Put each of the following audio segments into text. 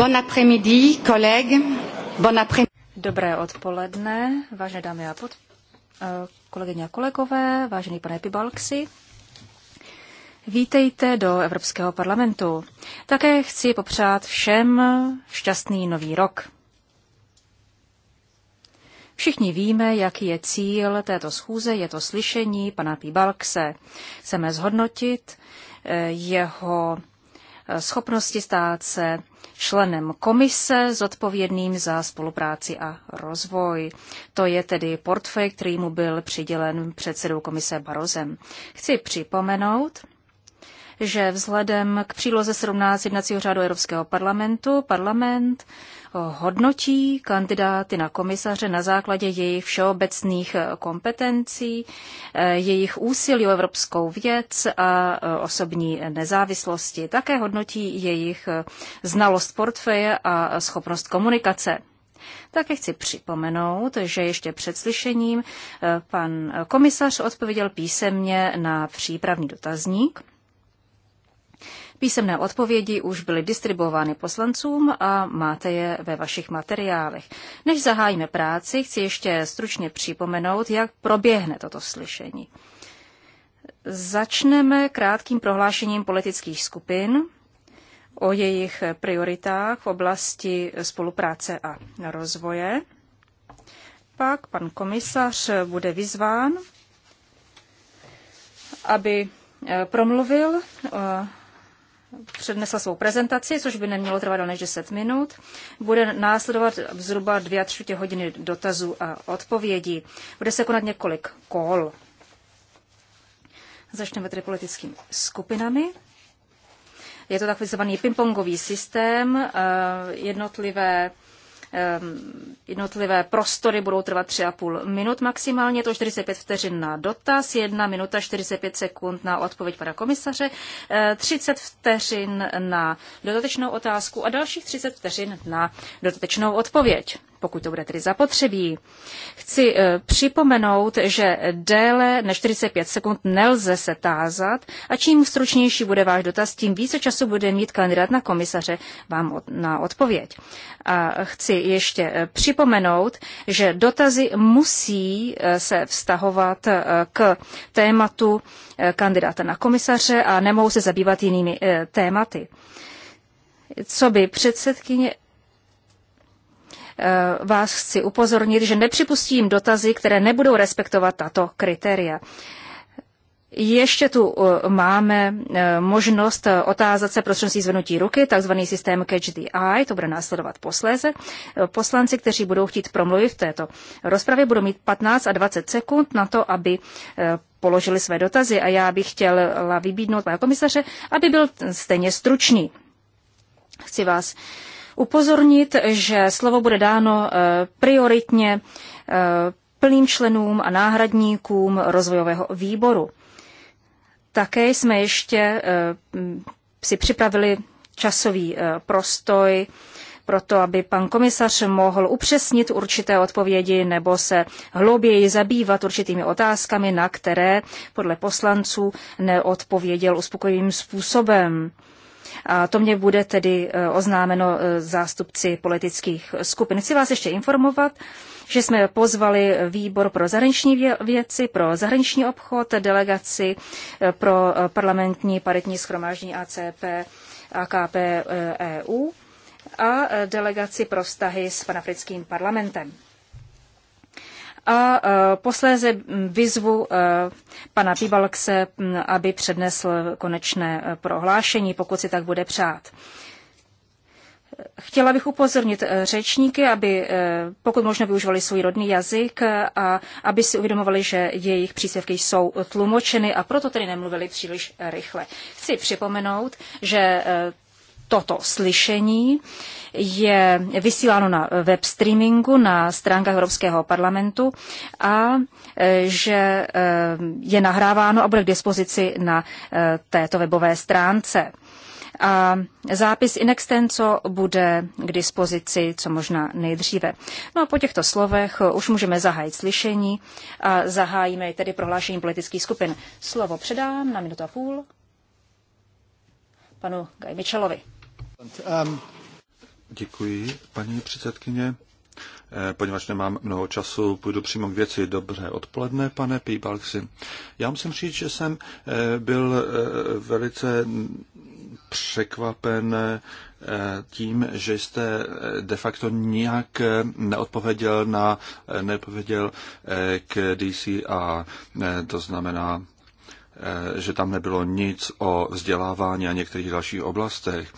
Bon après-midi, collègues. Bon après Dobré odpoledne, vážené dámy a pod, eh, kolegyně a kolegové, vážený pane Pibalksi. Vítejte do Evropského parlamentu. Také chci popřát všem šťastný nový rok. Všichni víme, jaký je cíl této schůze, je to slyšení pana Pibalkse. Chceme zhodnotit eh, jeho eh, schopnosti stát se členem komise zodpovědným za spolupráci a rozvoj. To je tedy portfej, který mu byl přidělen předsedou komise Barozem. Chci připomenout, že vzhledem k příloze 17 jednacího řádu Evropského parlamentu parlament hodnotí kandidáty na komisaře na základě jejich všeobecných eh, kompetencí, eh, jejich úsilí o evropskou věc a eh, osobní nezávislosti. Také hodnotí jejich znalost portfeje a schopnost komunikace. Také chci připomenout, že ještě před slyšením pan komisař odpověděl písemně na přípravný dotazník Písemné odpovědi už byly distribuovány poslancům a máte je ve vašich materiálech. Než zahájíme práci, chci ještě stručně připomenout, jak proběhne toto slyšení. Začneme krátkým prohlášením politických skupin o jejich prioritách v oblasti spolupráce a rozvoje. Pak pan komisař bude vyzván, aby promluvil eh, Přednesla svou prezentaci, což by nemělo trvat než 10 minut. Bude následovat zhruba 2 třetí hodiny dotazů a odpovědí. Bude se konat několik kol. Začneme tedy politickými skupinami. Je to takový zvaný pingpongový systém. Eh, jednotlivé Ehm, jednotlivé prostory budou trvat 3,5 minut maximálně, to 45 vteřin na dotaz, 1 minuta 45 sekund na odpověď pana komisaře, 30 eh, vteřin na dodatečnou otázku a dalších 30 vteřin na dodatečnou odpověď pokud to bude tedy zapotřebí. Chci eh, připomenout, že déle než 45 sekund nelze se tázat a čím stručnější bude váš dotaz, tím více času bude mít kandidát na komisaře vám na odpověď. A chci ještě eh, připomenout, že dotazy musí eh, se vztahovat k tématu kandidáta na komisaře a nemohou se zabývat jinými tématy co by předsedkyně Eh, vás chci upozornit, že nepřipustím dotazy, které nebudou respektovat tato kritéria. Ještě tu eh, máme eh, možnost otázat se prostřednictvím zvednutí ruky, takzvaný systém Catch the Eye, to bude následovat posléze. Poslanci, kteří budou chtít promluvit v této rozpravě, budou mít 15 a 20 sekund na to, aby položili své dotazy a já bych chtěla vybídnout pana komisaře, aby byl stejně stručný. Chci vás uh, upozornit, že slovo bude dáno eh, prioritně eh, plným členům a náhradníkům rozvojového výboru. Také jsme ještě eh, si připravili časový prostoj proto, aby pan komisař mohl upřesnit určité odpovědi nebo se hlouběji zabývat určitými otázkami, na které podle poslanců neodpověděl uspokojivým způsobem. A to mě bude tedy e, oznámeno e, zástupci politických skupin. Chci vás ještě informovat, že jsme pozvali výbor pro zahraniční věci, pro zahraniční obchod, delegaci e, pro parlamentní paritní schromáždění ACP, AKP EU a delegaci pro vztahy s panafrickým parlamentem a e, posléze vyzvu e, pana Pibalkse, aby přednesl konečné e, prohlášení, pokud si tak bude přát. Chtěla bych upozornit řečníky, aby pokud možno využívali svůj rodný jazyk a aby si uvědomovali, že jejich příspěvky jsou tlumočeny a proto tedy nemluvili příliš rychle. Chci připomenout, že toto slyšení je vysíláno na web streamingu na stránkách Evropského parlamentu a e, že e, je nahráváno a bude k dispozici na e, této webové stránce. A zápis in extenso bude k dispozici co možná nejdříve. No a po těchto slovech už můžeme zahájit slyšení a zahájíme tedy prohlášení politických skupin. Slovo předám na minutu a půl panu Gajmičelovi. Um. Děkuji, paní předsedkyně. Eh, poněvadž nemám mnoho času, půjdu přímo k věci. Dobře, odpoledne, pane Píbalksi. Já musím říct, že jsem eh, byl eh, velice překvapen tím, že jste de facto nijak neodpověděl na neodpověděl k DC a to znamená že tam nebylo nic o vzdělávání a některých dalších oblastech.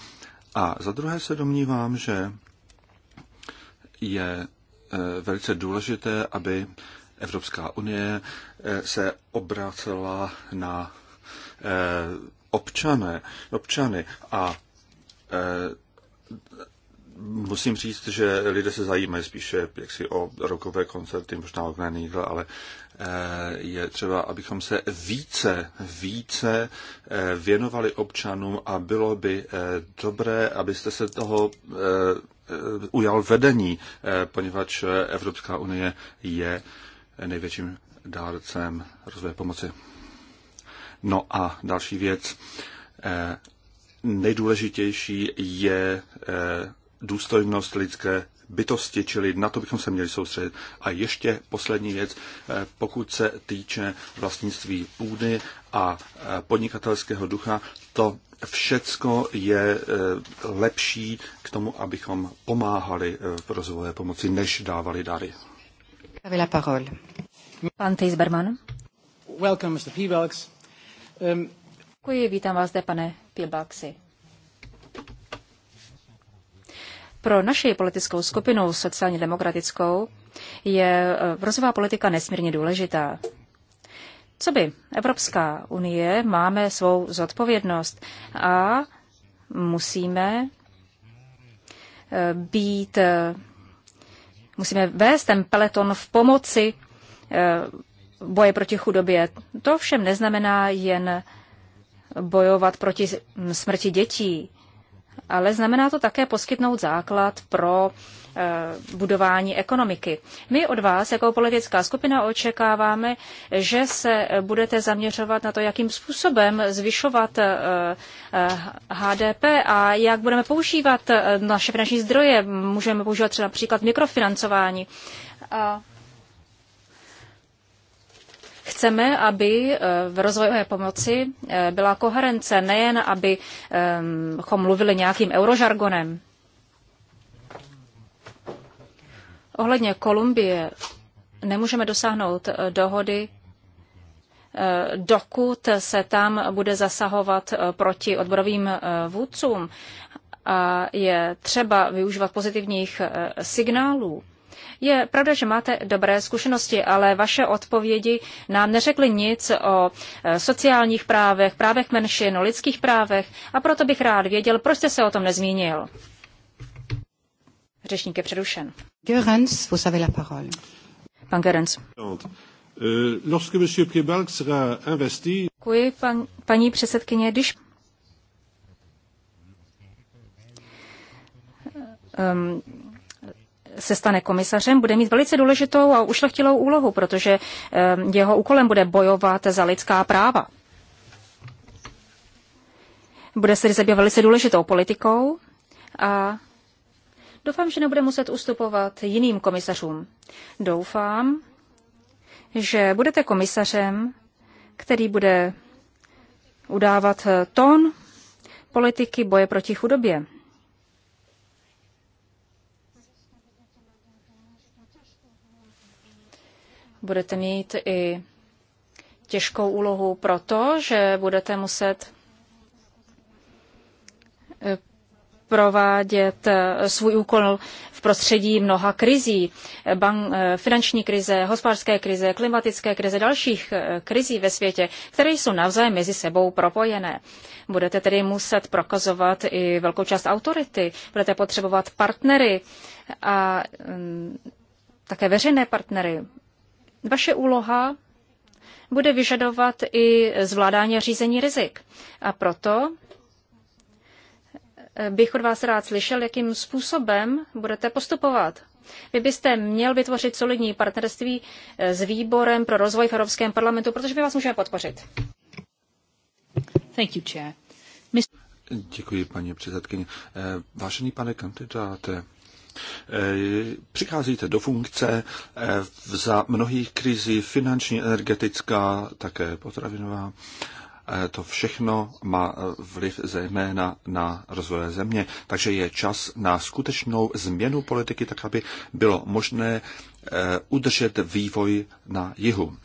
A za druhé se domnívám, že je e, velice důležité, aby Evropská unie e, se obracela na e, občané, občany a musím říct, že lidé se zajímají spíše jaksi o rokové koncerty, možná o Glenn Eagle, ale Eh, je třeba, abychom se více, více eh, věnovali občanům a bylo by eh, dobré, abyste se toho ujal vedení, poněvadž Evropská unie je největším dárcem rozvoje pomoci. No a další věc. Nejdůležitější je důstojnost lidské bytosti, čili na to bychom se měli soustředit. A ještě poslední věc, eh, pokud se týče vlastnictví půdy a eh, podnikatelského ducha, to všecko je eh, lepší k tomu, abychom pomáhali v rozvoje pomoci, než dávali dary. Pan Tejsberman. Welcome, Mr. Um, Děkuji, vítám vás zde, pane Pilbaxi. Pro naši politickou skupinu sociálně demokratickou je eh, rozvojová politika nesmírně důležitá. Co by Evropská unie, máme svou zodpovědnost a musíme eh, být, eh, musíme vést ten peleton v pomoci boje proti chudobě. To všem neznamená jen bojovat proti smrti dětí ale znamená to také poskytnout základ pro eh, budování ekonomiky. My od vás jako politická skupina očekáváme, že se budete zaměřovat na to, jakým způsobem zvyšovat HDP eh, eh, a jak budeme používat naše finanční zdroje. Můžeme používat třeba například mikrofinancování. A Chceme, aby eh, v rozvojové pomoci eh, byla koherence, nejen abychom mluvili nějakým eurožargonem. Ohledně Kolumbie nemůžeme dosáhnout eh, dohody, dokud se tam bude zasahovat proti odborovým vůdcům. A je třeba využívat pozitivních signálů je pravda, že máte dobré zkušenosti, ale vaše odpovědi nám neřekly nic o e, sociálních právech, právech menšin, o lidských právech a proto bych rád věděl, proč jste se o tom nezmínil. Řečník je předušen. Görens, vous avez la parole. Pan Görens. Lorsque monsieur Piebalg sera investi... Děkuji, pan, paní předsedkyně. Když um, se stane komisařem, bude mít velice důležitou a ušlechtilou úlohu, protože eh, jeho úkolem bude bojovat za lidská práva. Bude se zabývat velice důležitou politikou a doufám, že nebude muset ustupovat jiným komisařům. Doufám, že budete komisařem, který bude udávat eh, tón politiky boje proti chudobě. budete mít i těžkou úlohu proto, že budete muset eh, provádět eh, svůj úkol v prostředí mnoha krizí. Bank, eh, finanční krize, hospodářské krize, klimatické krize, dalších krizí ve světě, které jsou navzájem mezi sebou propojené. Budete tedy muset prokazovat i velkou část autority, budete potřebovat partnery a mm, také veřejné partnery, vaše úloha bude vyžadovat i zvládání a řízení rizik. A proto bych od vás rád slyšel, jakým způsobem budete postupovat. Vy byste měl vytvořit solidní partnerství eh, s výborem pro rozvoj v Evropském parlamentu, protože my vás můžeme podpořit. Thank you, chair. Děkuji, paní předsedkyně. Eh, vážený pane kandidáte, Eh, přicházíte do funkce eh, za mnohých krizí, finanční, energetická, také potravinová. Eh, to všechno má vliv zejména na rozvoje země. Takže je čas na skutečnou změnu politiky, tak aby bylo možné udržet vývoj na jihu.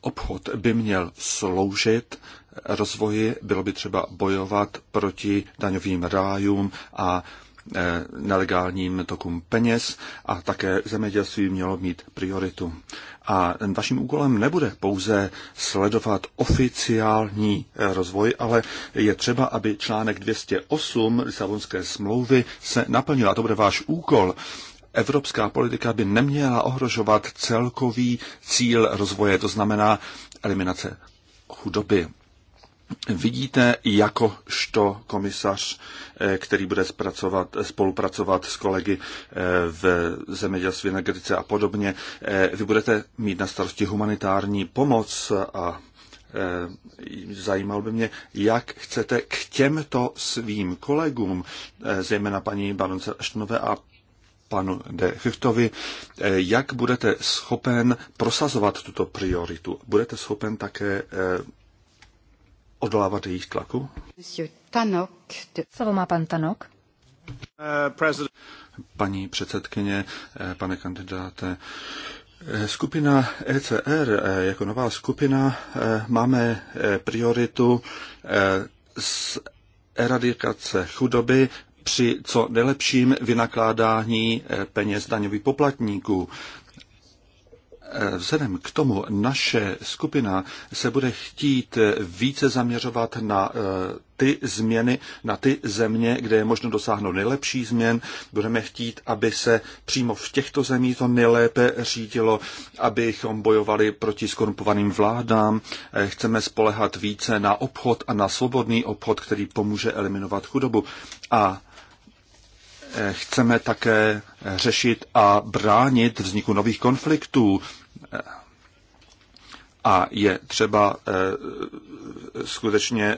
Obchod by měl sloužit rozvoji, bylo by třeba bojovat proti daňovým rájům a Eh, nelegálním tokům peněz a také zemědělství mělo mít prioritu. A vaším úkolem nebude pouze sledovat oficiální eh, rozvoj, ale je třeba, aby článek 208 Lisabonské smlouvy se naplnil. A to bude váš úkol. Evropská politika by neměla ohrožovat celkový cíl rozvoje, to znamená eliminace chudoby vidíte jakožto komisař, eh, který bude zpracovat, eh, spolupracovat s kolegy eh, v zemědělství, energetice a podobně. Vy budete mít na starosti humanitární pomoc a zajímal by mě, jak chcete k těmto svým kolegům, zejména paní baronce Aštnové a panu de Chichtovi, jak budete schopen prosazovat tuto prioritu? Budete schopen také odolávat jejich tlaku? Slovo má pan Tanok. Eh, Paní předsedkyně, eh, pane kandidáte, eh, Skupina ECR jako nová skupina máme prioritu z eradikace chudoby při co nejlepším vynakládání peněz daňových poplatníků. Vzhledem k tomu naše skupina se bude chtít více zaměřovat na eh, ty změny, na ty země, kde je možno dosáhnout nejlepší změn. Budeme chtít, aby se přímo v těchto zemích to nejlépe řídilo, abychom bojovali proti skorumpovaným vládám. Eh, chceme spolehat více na obchod a na svobodný obchod, který pomůže eliminovat chudobu. A eh, chceme také řešit a bránit vzniku nových konfliktů a je třeba eh, skutečně eh,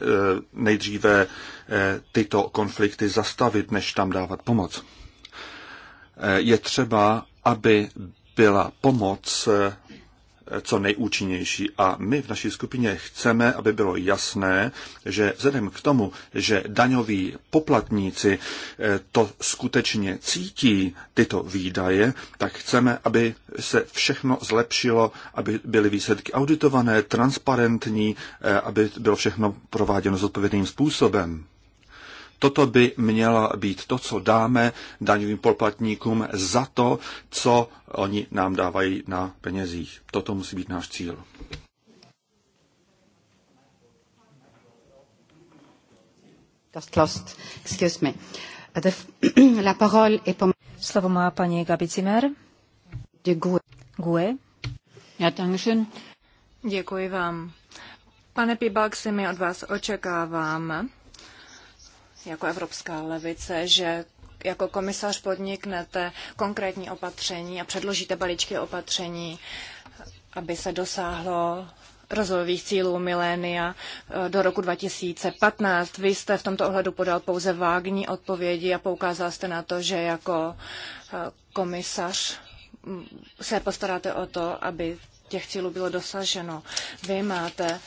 nejdříve eh, tyto konflikty zastavit, než tam dávat pomoc. Je třeba, aby byla pomoc co nejúčinnější. A my v naší skupině chceme, aby bylo jasné, že vzhledem k tomu, že daňoví poplatníci eh, to skutečně cítí, tyto výdaje, tak chceme, aby se všechno zlepšilo, aby byly výsledky auditované, transparentní, eh, aby bylo všechno prováděno zodpovědným způsobem. Toto by měla být to, co dáme daňovým poplatníkům za to, co oni nám dávají na penězích. Toto musí být náš cíl. Excuse me. La parole Slovo má paní Gabi Zimmer. Gue. Ja, Děkuji vám. Pane si mi od vás očekávám jako Evropská levice, že jako komisař podniknete konkrétní opatření a předložíte balíčky opatření, aby se dosáhlo rozvojových cílů milénia e, do roku 2015. Vy jste v tomto ohledu podal pouze vágní odpovědi a poukázal jste na to, že jako e, komisař se postaráte o to, aby těch cílů bylo dosaženo. Vy máte e,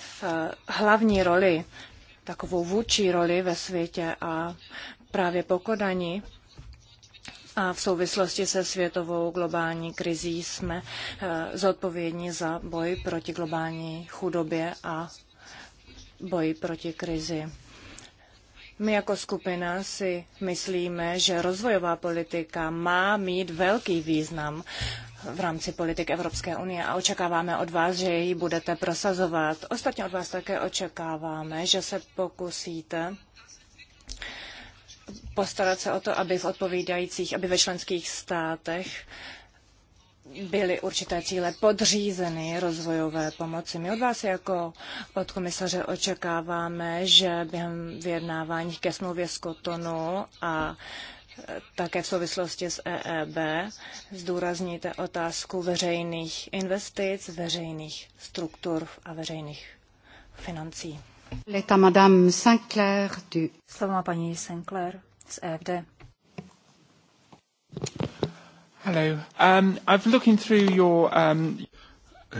hlavní roli takovou vůči roli ve světě a právě pokodaní. a v souvislosti se světovou globální krizí jsme eh, zodpovědní za boj proti globální chudobě a boj proti krizi. My jako skupina si myslíme, že rozvojová politika má mít velký význam v rámci politik Evropské unie a očekáváme od vás, že ji budete prosazovat. Ostatně od vás také očekáváme, že se pokusíte postarat se o to, aby v odpovídajících, aby ve členských státech byly určité cíle podřízeny rozvojové pomoci. My od vás jako od komisaře očekáváme, že během vyjednávání ke smlouvě z Kotonu a také v souvislosti s EEB zdůrazníte otázku veřejných investic, veřejných struktur a veřejných financí. Leta Madame Sinclair du... Slovo má paní Sinclair z EFD. Hello. Um, I've looking through your, um...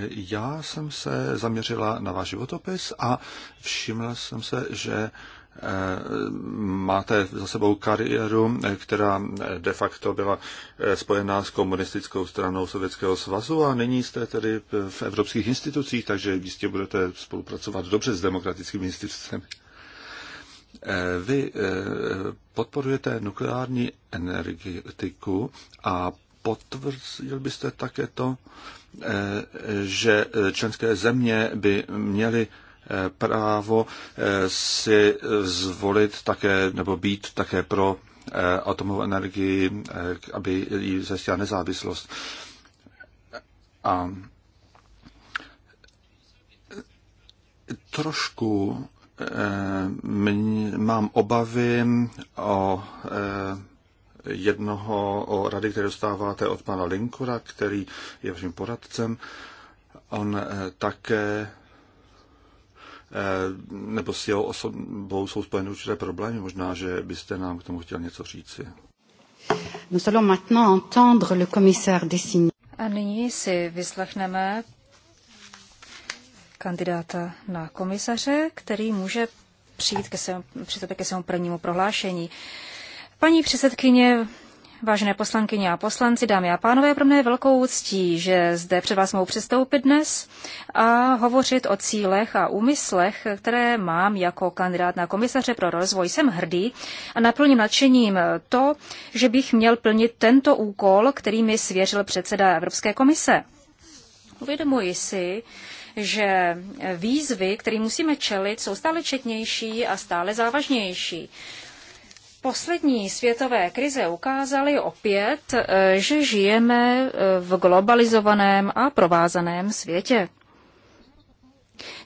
Já jsem se zaměřila na váš životopis a všimla jsem se, že Eh, máte za sebou kariéru, která de facto byla eh, spojená s komunistickou stranou Sovětského svazu a nyní jste tedy v evropských institucích, takže jistě budete spolupracovat dobře s demokratickými institucemi. Eh, vy podporujete nukleární energetiku a potvrdil byste také to, že členské země by měly právo eh, si zvolit také nebo být také pro eh, atomovou energii, eh, aby jí zajistila nezávislost. A trošku mám obavy o jednoho o rady, které dostáváte od pana Linkura, který je vaším poradcem. On také Eh, nebo s jeho osobou jsou spojeny určité problémy. Možná, že byste nám k tomu chtěl něco říci. Nous allons maintenant entendre le commissaire désigné. A nyní si vyslechneme kandidáta na komisaře, který může přijít ke svému, přistoupit ke svému prvnímu prohlášení. Paní předsedkyně, vážené poslankyně a poslanci, dámy a pánové, pro mě je velkou ctí, že zde před vás mohu přistoupit dnes a hovořit o cílech a úmyslech, které mám jako kandidát na komisaře pro rozvoj. Jsem hrdý a naplním nadšením to, že bych měl plnit tento úkol, který mi svěřil předseda Evropské komise. Uvědomuji si, že výzvy, které musíme čelit, jsou stále četnější a stále závažnější. Poslední světové krize ukázaly opět, eh, že žijeme eh, v globalizovaném a provázaném světě.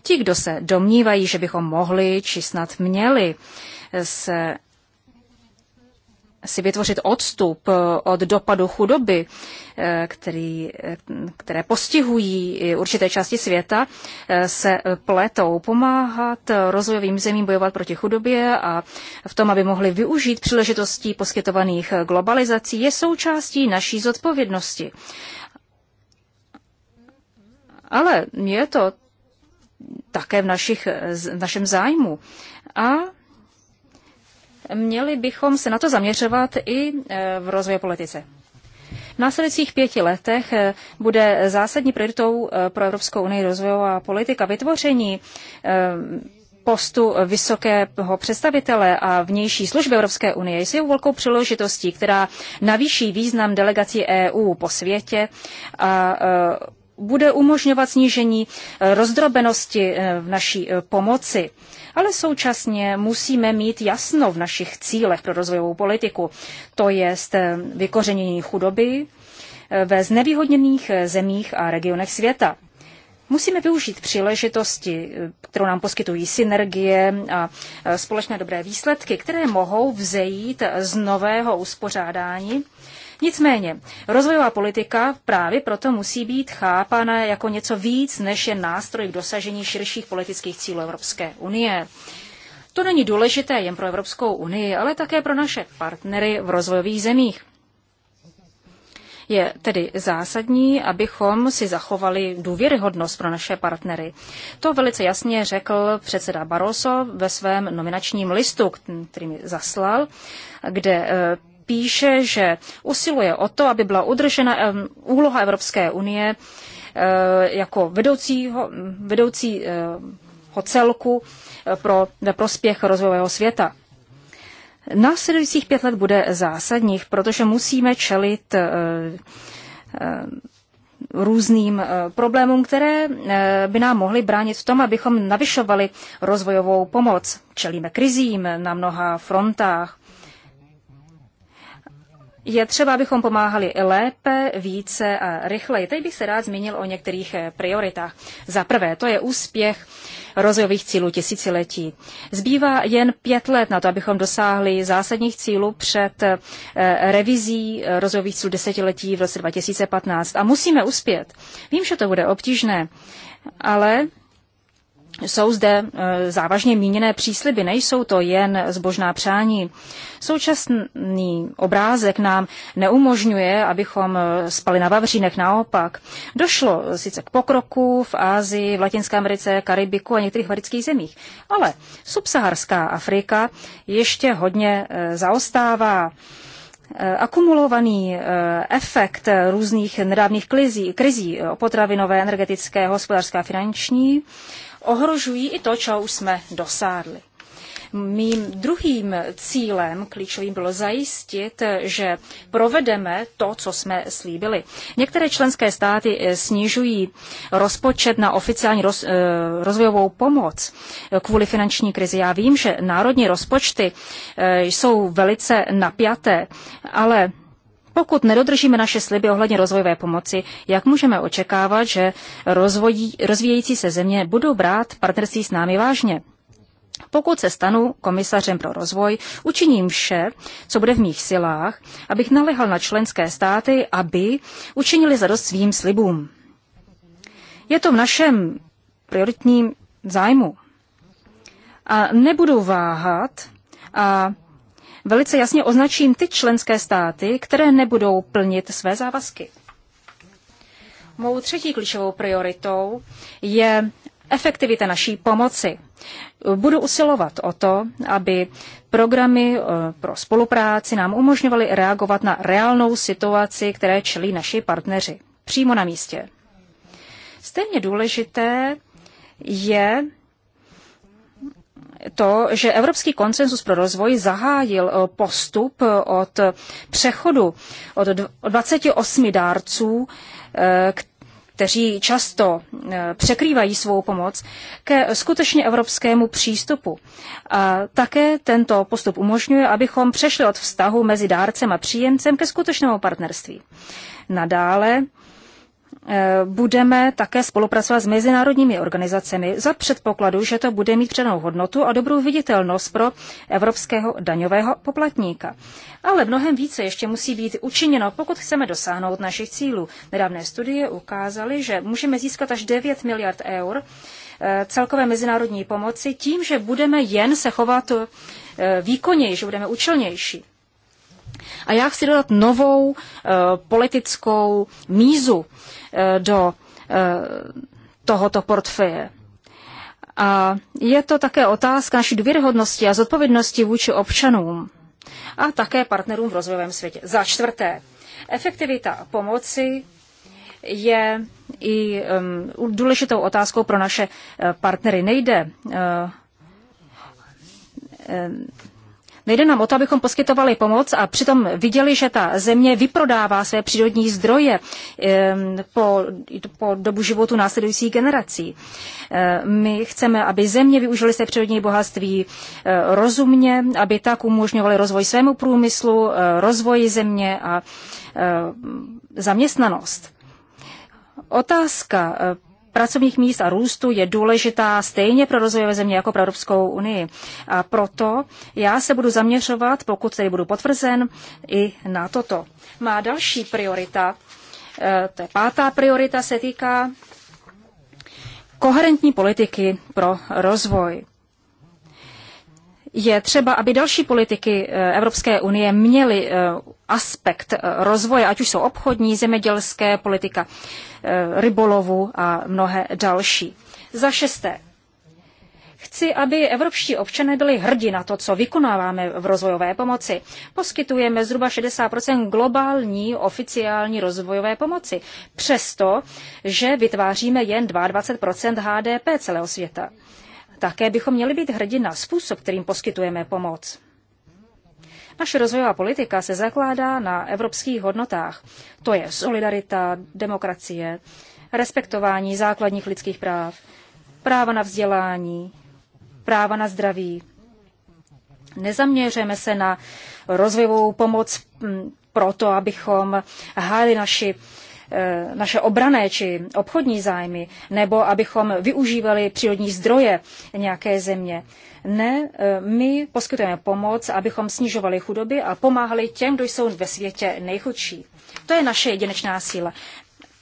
Ti, kdo se domnívají, že bychom mohli či snad měli se si vytvořit odstup eh, od dopadu chudoby, eh, který, eh, které postihují určité části světa, se pletou pomáhat rozvojovým zemím bojovat proti chudobě a v tom, aby mohli využít příležitostí poskytovaných globalizací, je součástí naší zodpovědnosti. Ale je to také v, našich, v našem zájmu. A měli bychom se na to zaměřovat i e, v rozvoji politice. V následujících pěti letech e, bude zásadní prioritou e, pro Evropskou unii rozvojová politika vytvoření postu vysokého představitele a vnější služby Evropské unie jsou velkou příležitostí, která navýší význam delegací EU po světě a bude umožňovat snížení rozdrobenosti v naší pomoci ale současně musíme mít jasno v našich cílech pro rozvojovou politiku. To je eh, vykořenění chudoby eh, ve znevýhodněných eh, zemích a regionech světa. Musíme využít příležitosti, kterou nám poskytují synergie a společné dobré výsledky, které mohou vzejít z nového uspořádání Nicméně, rozvojová politika právě proto musí být chápána jako něco víc než je nástroj k dosažení širších politických cílů Evropské unie. To není důležité jen pro Evropskou unii, ale také pro naše partnery v rozvojových zemích. Je tedy zásadní, abychom si zachovali důvěryhodnost pro naše partnery. To velice jasně řekl předseda Barroso ve svém nominačním listu, který mi zaslal, kde eh, píše, že usiluje o to, aby byla udržena úloha Evropské unie eh, jako vedoucího, vedoucího eh, celku eh, pro prospěch rozvojového světa. Následujících pět let bude zásadních, protože musíme čelit různým problémům, které by nám mohly bránit v tom, abychom navyšovali rozvojovou pomoc. Čelíme krizím na mnoha frontách. Je třeba, abychom pomáhali lépe, více a rychleji. Teď bych se rád zmínil o některých eh, prioritách. Za prvé, to je úspěch rozvojových cílů tisíciletí. Zbývá jen pět let na to, abychom dosáhli zásadních cílů před eh, revizí rozvojových cílů desetiletí v roce 2015. A musíme uspět. Vím, že to bude obtížné, ale jsou zde e, závažně míněné přísliby, nejsou to jen zbožná přání. Současný obrázek nám neumožňuje, abychom e, spali na vavřínech, naopak. Došlo sice k pokroku v Ázii, v Latinské Americe, Karibiku a některých varických zemích, ale subsaharská Afrika ještě hodně e, zaostává akumulovaný efekt různých nedávných krizí, krizí potravinové, energetické, hospodářské a finanční ohrožují i to, čeho už jsme dosáhli. Mým druhým cílem klíčovým bylo zajistit, že provedeme to, co jsme slíbili. Některé členské státy eh, snižují rozpočet na oficiální roz, eh, rozvojovou pomoc kvůli finanční krizi. Já vím, že národní rozpočty eh, jsou velice napjaté, ale pokud nedodržíme naše sliby ohledně rozvojové pomoci, jak můžeme očekávat, že rozvojí, rozvíjející se země budou brát partnerství s námi vážně? Pokud se stanu komisařem pro rozvoj, učiním vše, co bude v mých silách, abych nalehal na členské státy, aby učinili zadost svým slibům. Je to v našem prioritním zájmu. A nebudu váhat a velice jasně označím ty členské státy, které nebudou plnit své závazky. Mou třetí klíčovou prioritou je efektivita naší pomoci. Budu usilovat o to, aby programy eh, pro spolupráci nám umožňovaly reagovat na reálnou situaci, které čelí naši partneři přímo na místě. Stejně důležité je to, že Evropský konsenzus pro rozvoj zahájil eh, postup eh, od přechodu od 28 dárců, eh, kteří často překrývají svou pomoc, ke skutečně evropskému přístupu. A také tento postup umožňuje, abychom přešli od vztahu mezi dárcem a příjemcem ke skutečnému partnerství. Nadále Eh, budeme také spolupracovat s mezinárodními organizacemi za předpokladu, že to bude mít přenou hodnotu a dobrou viditelnost pro evropského daňového poplatníka. Ale mnohem více ještě musí být učiněno, pokud chceme dosáhnout našich cílů. Nedávné studie ukázaly, že můžeme získat až 9 miliard eur eh, celkové mezinárodní pomoci tím, že budeme jen se chovat eh, výkonněji, že budeme účelnější. A já chci dodat novou uh, politickou mízu uh, do uh, tohoto portfeje. A je to také otázka naší důvěryhodnosti a zodpovědnosti vůči občanům a také partnerům v rozvojovém světě. Za čtvrté, efektivita pomoci je i um, důležitou otázkou pro naše partnery. Nejde uh, Nejde nám o to, abychom poskytovali pomoc a přitom viděli, že ta země vyprodává své přírodní zdroje ehm, po, po dobu životu následujících generací. Ehm, my chceme, aby země využily své přírodní bohatství ehm, rozumně, aby tak umožňovaly rozvoj svému průmyslu, rozvoji země a zaměstnanost. Otázka pracovních míst a růstu je důležitá stejně pro rozvojové země jako pro Evropskou unii. A proto já se budu zaměřovat, pokud tedy budu potvrzen, i na toto. Má další priorita, eh, to je pátá priorita, se týká koherentní politiky pro rozvoj je třeba, aby další politiky eh, Evropské unie měly eh, aspekt eh, rozvoje, ať už jsou obchodní, zemědělské, politika rybolovu a mnohé další. Za šesté. Chci, aby evropští občané byli hrdí na to, co vykonáváme v rozvojové pomoci. Poskytujeme zhruba 60 globální oficiální rozvojové pomoci, přesto, že vytváříme jen 22 HDP celého světa. Také bychom měli být hrdí na způsob, kterým poskytujeme pomoc. Naše rozvojová politika se zakládá na evropských hodnotách. To je solidarita, demokracie, respektování základních lidských práv, práva na vzdělání, práva na zdraví. Nezaměřujeme se na rozvojovou pomoc mm, proto, abychom hájili naši Eh, naše obrané či obchodní zájmy, nebo abychom využívali přírodní zdroje nějaké země. Ne, eh, my poskytujeme pomoc, abychom snižovali chudoby a pomáhali těm, kdo jsou ve světě nejchudší. To je naše jedinečná síla.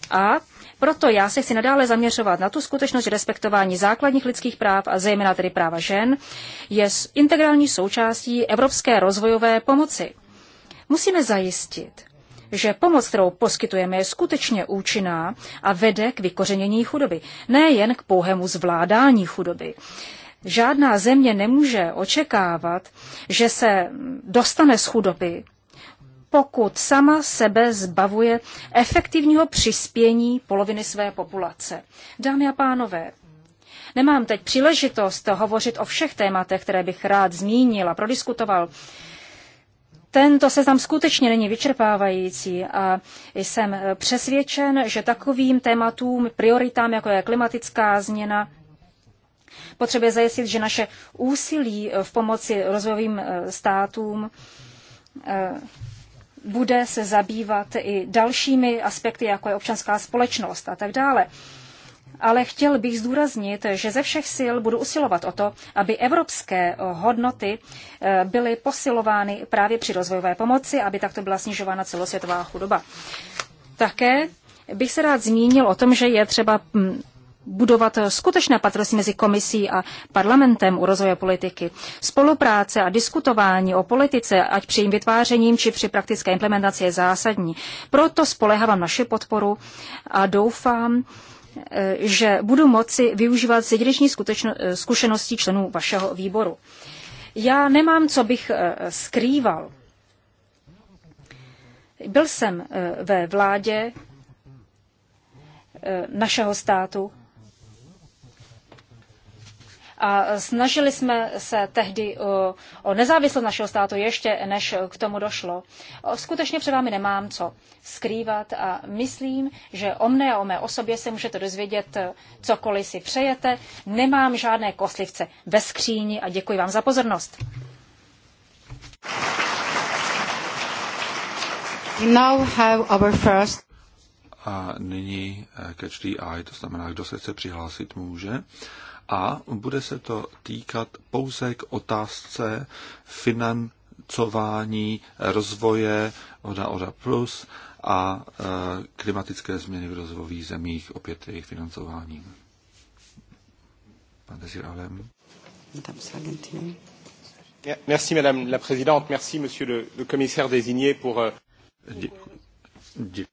A proto já se chci nadále zaměřovat na tu skutečnost, že respektování základních lidských práv a zejména tedy práva žen je integrální součástí evropské rozvojové pomoci. Musíme zajistit, že pomoc, kterou poskytujeme, je skutečně účinná a vede k vykořenění chudoby, nejen k pouhému zvládání chudoby. Žádná země nemůže očekávat, že se dostane z chudoby, pokud sama sebe zbavuje efektivního přispění poloviny své populace. Dámy a pánové, nemám teď příležitost hovořit o všech tématech, které bych rád zmínil a prodiskutoval. Tento seznam skutečně není vyčerpávající a jsem přesvědčen, že takovým tématům, prioritám, jako je klimatická změna, potřebuje zajistit, že naše úsilí v pomoci rozvojovým eh, státům eh, bude se zabývat i dalšími aspekty, jako je občanská společnost a tak dále ale chtěl bych zdůraznit, že ze všech sil budu usilovat o to, aby evropské hodnoty eh, byly posilovány právě při rozvojové pomoci, aby takto byla snižována celosvětová chudoba. Také bych se rád zmínil o tom, že je třeba mm, budovat skutečné patrosti mezi komisí a parlamentem u rozvoje politiky. Spolupráce a diskutování o politice, ať při jejím vytvářením či při praktické implementaci, je zásadní. Proto spolehávám naši podporu a doufám, Eh, že budu moci využívat jedinečný eh, zkušenosti členů vašeho výboru. Já nemám, co bych eh, skrýval. Byl jsem ve vládě našeho státu a snažili jsme se tehdy o, o nezávislost našeho státu ještě, než k tomu došlo. Skutečně před vámi nemám co skrývat a myslím, že o mne a o mé osobě se můžete dozvědět, cokoliv si přejete. Nemám žádné koslivce ve skříni a děkuji vám za pozornost. Now have our first a nyní eh, the eye, to znamená, kdo se chce přihlásit, může a bude se to týkat pouze k otázce financování rozvoje ODA ODA Plus a e, klimatické změny v rozvojových zemích, opět jejich financování. Pan Desir Merci, madame la présidente. Merci, monsieur le, le commissaire désigné pour... Euh, Děkuji.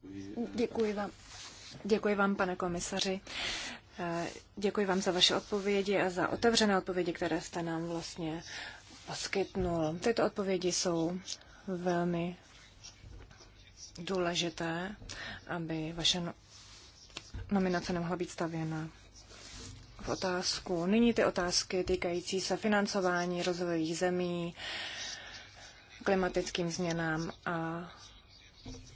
Děkuji vám. Děkuji vám, pane komisaři, Děkuji vám za vaše odpovědi a za otevřené odpovědi, které jste nám vlastně poskytnul. Tyto odpovědi jsou velmi důležité, aby vaše no- nominace nemohla být stavěna v otázku. Nyní ty otázky týkající se financování rozvojových zemí, klimatickým změnám a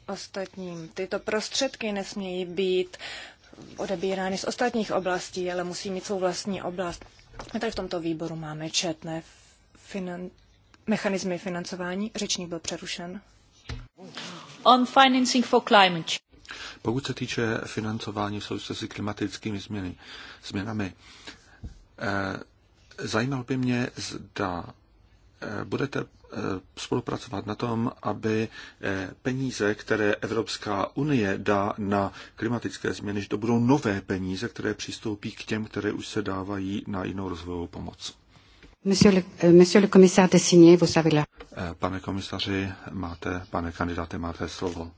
ostatním. Tyto prostředky nesmějí být odebírány z ostatních oblastí, ale musí mít svou vlastní oblast. A tady v tomto výboru máme četné finan- mechanismy financování. Řečník byl přerušen. On financing for climate Pokud se týče financování v souvislosti s klimatickými změny, změnami, eh, zajímalo by mě, zda eh, budete Eh, spolupracovat na tom, aby eh, peníze, které Evropská unie dá na klimatické změny, že to budou nové peníze, které přistoupí k těm, které už se dávají na jinou rozvojovou pomoc. Monsieur le eh, vous Pane komisaři, máte, pane kandidáte, máte slovo.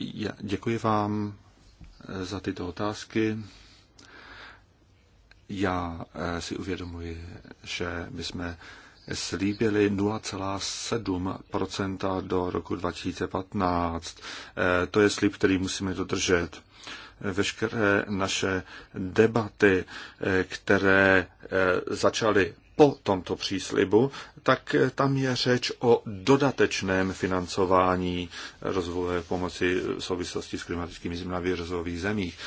Já děkuji vám za tyto otázky. Já eh, si uvědomuji, že my jsme slíbili 0,7 do roku 2015. Eh, to je slib, který musíme dodržet. Veškeré naše debaty, eh, které začaly po tomto příslibu, tak tam je řeč o dodatečném financování rozvoje pomoci v souvislosti s klimatickými změnami v rozvojových zemích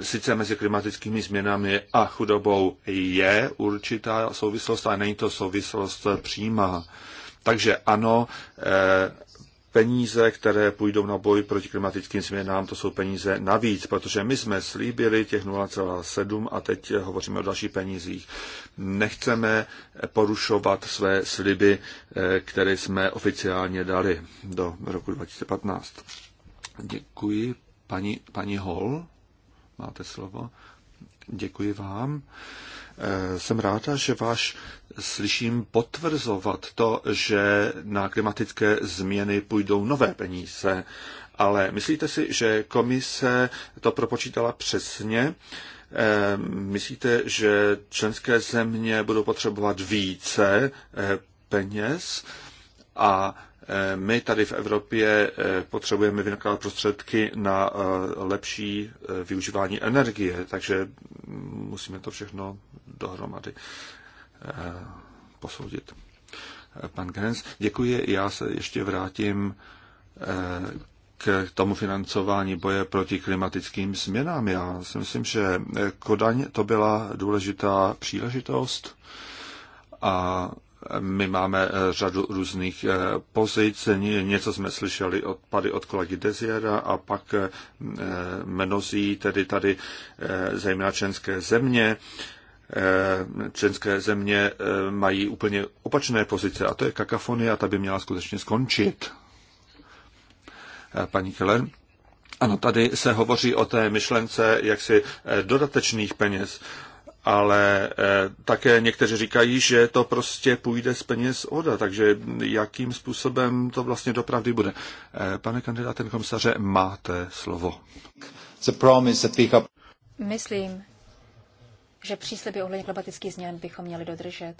sice mezi klimatickými změnami a chudobou je určitá souvislost, ale není to souvislost přímá. Takže ano, eh, peníze, které půjdou na boj proti klimatickým změnám, to jsou peníze navíc, protože my jsme slíbili těch 0,7 a teď hovoříme o dalších penízích. Nechceme porušovat své sliby, eh, které jsme oficiálně dali do roku 2015. Děkuji. Paní, paní Hall? Máte slovo. Děkuji vám. Eh, jsem ráda, že váš slyším potvrzovat to, že na klimatické změny půjdou nové peníze. Ale myslíte si, že komise to propočítala přesně? Eh, myslíte, že členské země budou potřebovat více eh, peněz? A Eh, my tady v Evropě eh, potřebujeme vynakládat prostředky na eh, lepší využívání energie, takže musíme to všechno dohromady posoudit. Pan Gens, děkuji. Já se ještě vrátím k tomu financování boje proti klimatickým změnám. Já si myslím, že Kodaň to byla důležitá příležitost a my máme eh, řadu různých eh, pozic, něco jsme slyšeli od, tady od kolegy Deziera a pak eh, mnozí, tedy tady zejména členské země, členské země mají úplně opačné pozice a to je kakafonie a ta by měla skutečně skončit. Paní Keller? Ano, tady se hovoří o té myšlence jaksi dodatečných peněz ale eh, také někteří říkají, že to prostě půjde z peněz ODA, takže jakým způsobem to vlastně dopravdy bude. Eh, pane ten komisaře, máte slovo. Myslím, že přísliby ohledně klimatických změn bychom měli dodržet.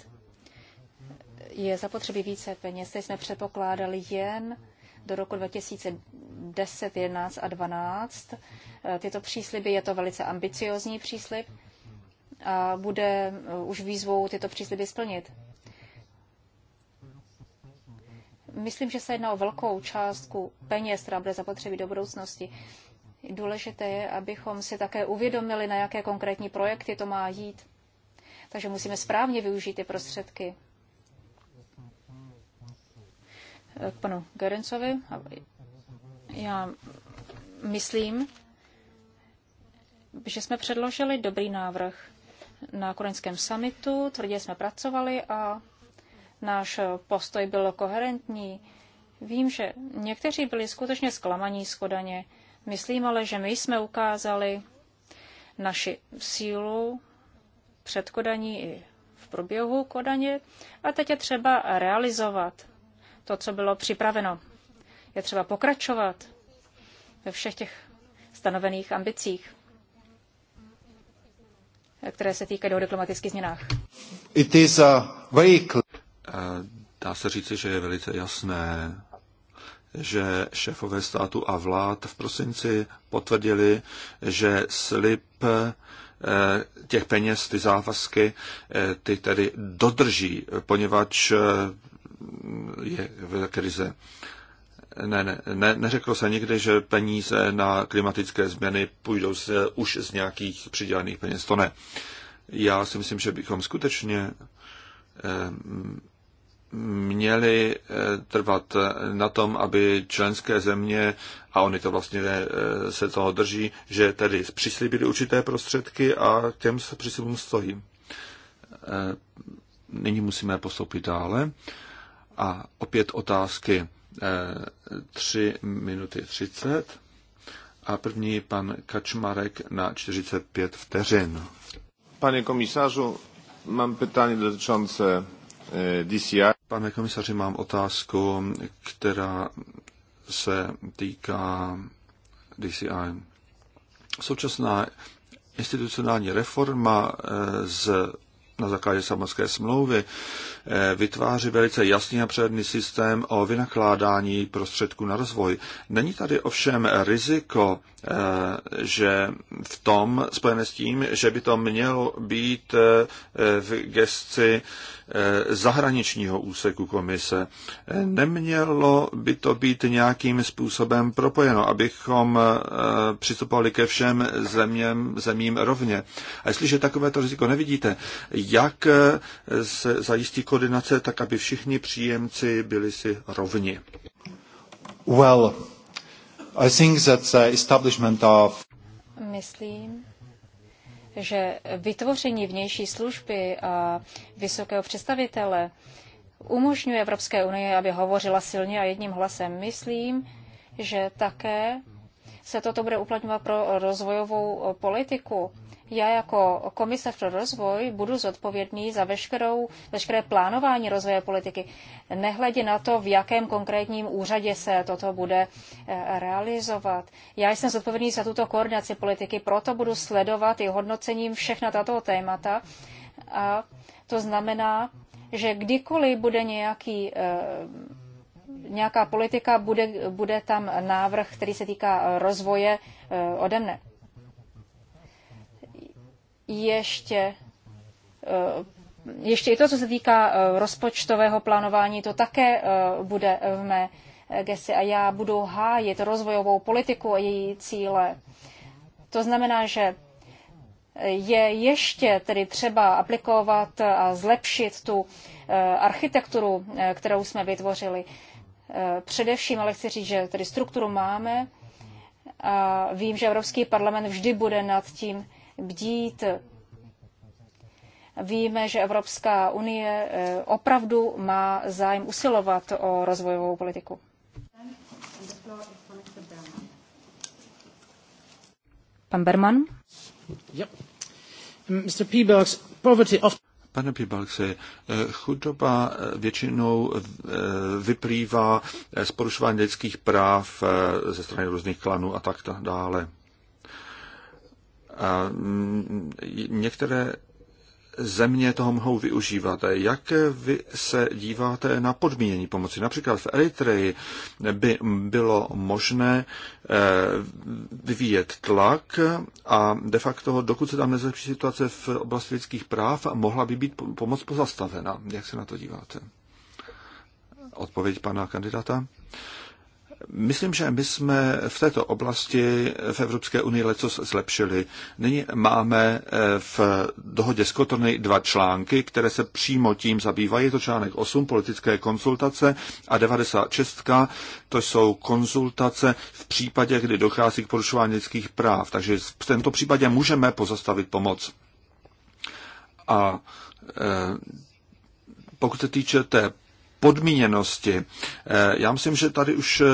Je zapotřebí více peněz, teď jsme předpokládali jen do roku 2010, 11 a 12. Eh, tyto přísliby, je to velice ambiciozní příslib, a bude uh, už výzvou tyto přísliby splnit. Myslím, že se jedná o velkou částku peněz, která bude zapotřebí do budoucnosti. Důležité je, abychom si také uvědomili, na jaké konkrétní projekty to má jít. Takže musíme správně využít ty prostředky. K panu Gerencovi. Já myslím, že jsme předložili dobrý návrh na koreňském summitu, tvrdě jsme pracovali a náš postoj byl koherentní. Vím, že někteří byli skutečně zklamaní z Kodaně. Myslím ale, že my jsme ukázali naši sílu před Kodaní i v průběhu Kodaně a teď je třeba realizovat to, co bylo připraveno. Je třeba pokračovat ve všech těch stanovených ambicích které se týkají dohody o klimatických změnách. It is a very eh, Dá se říci, že je velice jasné, že šéfové státu a vlád v prosinci potvrdili, že slib eh, těch peněz, ty závazky, eh, ty tedy dodrží, poněvadž je krize ne, ne, ne, neřeklo se nikdy, že peníze na klimatické změny půjdou z, už z nějakých přidělených peněz. To ne. Já si myslím, že bychom skutečně eh, měli eh, trvat na tom, aby členské země, a oni to vlastně eh, se toho drží, že tedy přislíbili určité prostředky a těm se přislíbům stojí. Nyní musíme postoupit dále. A opět otázky 3 eh, minuty 30 a první pan Kačmarek na 45 vteřin. Pane komisařu, mám pytání dotyčące eh, DCI. Pane komisaři, mám otázku, která se týká DCI. Současná institucionální reforma eh, z, na základě samarské smlouvy Eh, vytváří velice jasný a přehledný systém o vynakládání prostředků na rozvoj. Není tady ovšem riziko, eh, že v tom, spojené s tím, že by to mělo být eh, v gesci zahraničního úseku komise. Nemělo by to být nějakým způsobem propojeno, abychom přistupovali ke všem zeměm, zemím rovně. A jestliže takovéto riziko nevidíte, jak se zajistí koordinace, tak aby všichni příjemci byli si rovni? Well, I think that the establishment of... Myslím, že vytvoření vnější služby a vysokého představitele umožňuje Evropské unii, aby hovořila silně a jedním hlasem. Myslím, že také se toto bude uplatňovat pro rozvojovou politiku já jako komisař pro rozvoj budu zodpovědný za veškerou, veškeré plánování rozvoje politiky, nehledě na to, v jakém konkrétním úřadě se toto bude eh, realizovat. Já jsem zodpovědný za tuto koordinaci politiky, proto budu sledovat i hodnocením všechna tato témata. A to znamená, že kdykoliv bude nějaký eh, nějaká politika, bude, bude tam návrh, který se týká rozvoje eh, ode mne ještě eh, ještě i to, co se týká eh, rozpočtového plánování, to také eh, bude v mé gesi a já budu hájit rozvojovou politiku a její cíle. To znamená, že je ještě tedy třeba aplikovat a zlepšit tu architekturu, kterou jsme vytvořili. Především ale chci říct, že tedy strukturu máme a vím, že Evropský parlament vždy bude nad tím bdít. Víme, že Evropská unie eh, opravdu má zájem usilovat o rozvojovou politiku. Pan Berman. Pane Pibalksi, eh, chudoba eh, většinou vyplývá z porušování lidských práv ze strany různých klanů a tak dále. A mm, některé země toho mohou využívat. Jak vy se díváte na podmínění pomoci? Například v Eritreji by bylo možné eh, vyvíjet tlak a de facto, dokud se tam nezlepší situace v oblasti lidských práv, mohla by být pomoc pozastavena. Jak se na to díváte? Odpověď pana kandidáta. Myslím, že my jsme v této oblasti v Evropské unii leco zlepšili. Nyní máme eh, v dohodě z Kotorny dva články, které se přímo tím zabývají. Je to článek 8, politické konsultace a 96, to jsou konzultace v případě, kdy dochází k porušování lidských práv. Takže v tomto případě můžeme pozastavit pomoc. A eh, pokud se týče té podmíněnosti. Eh, já myslím, že tady už eh,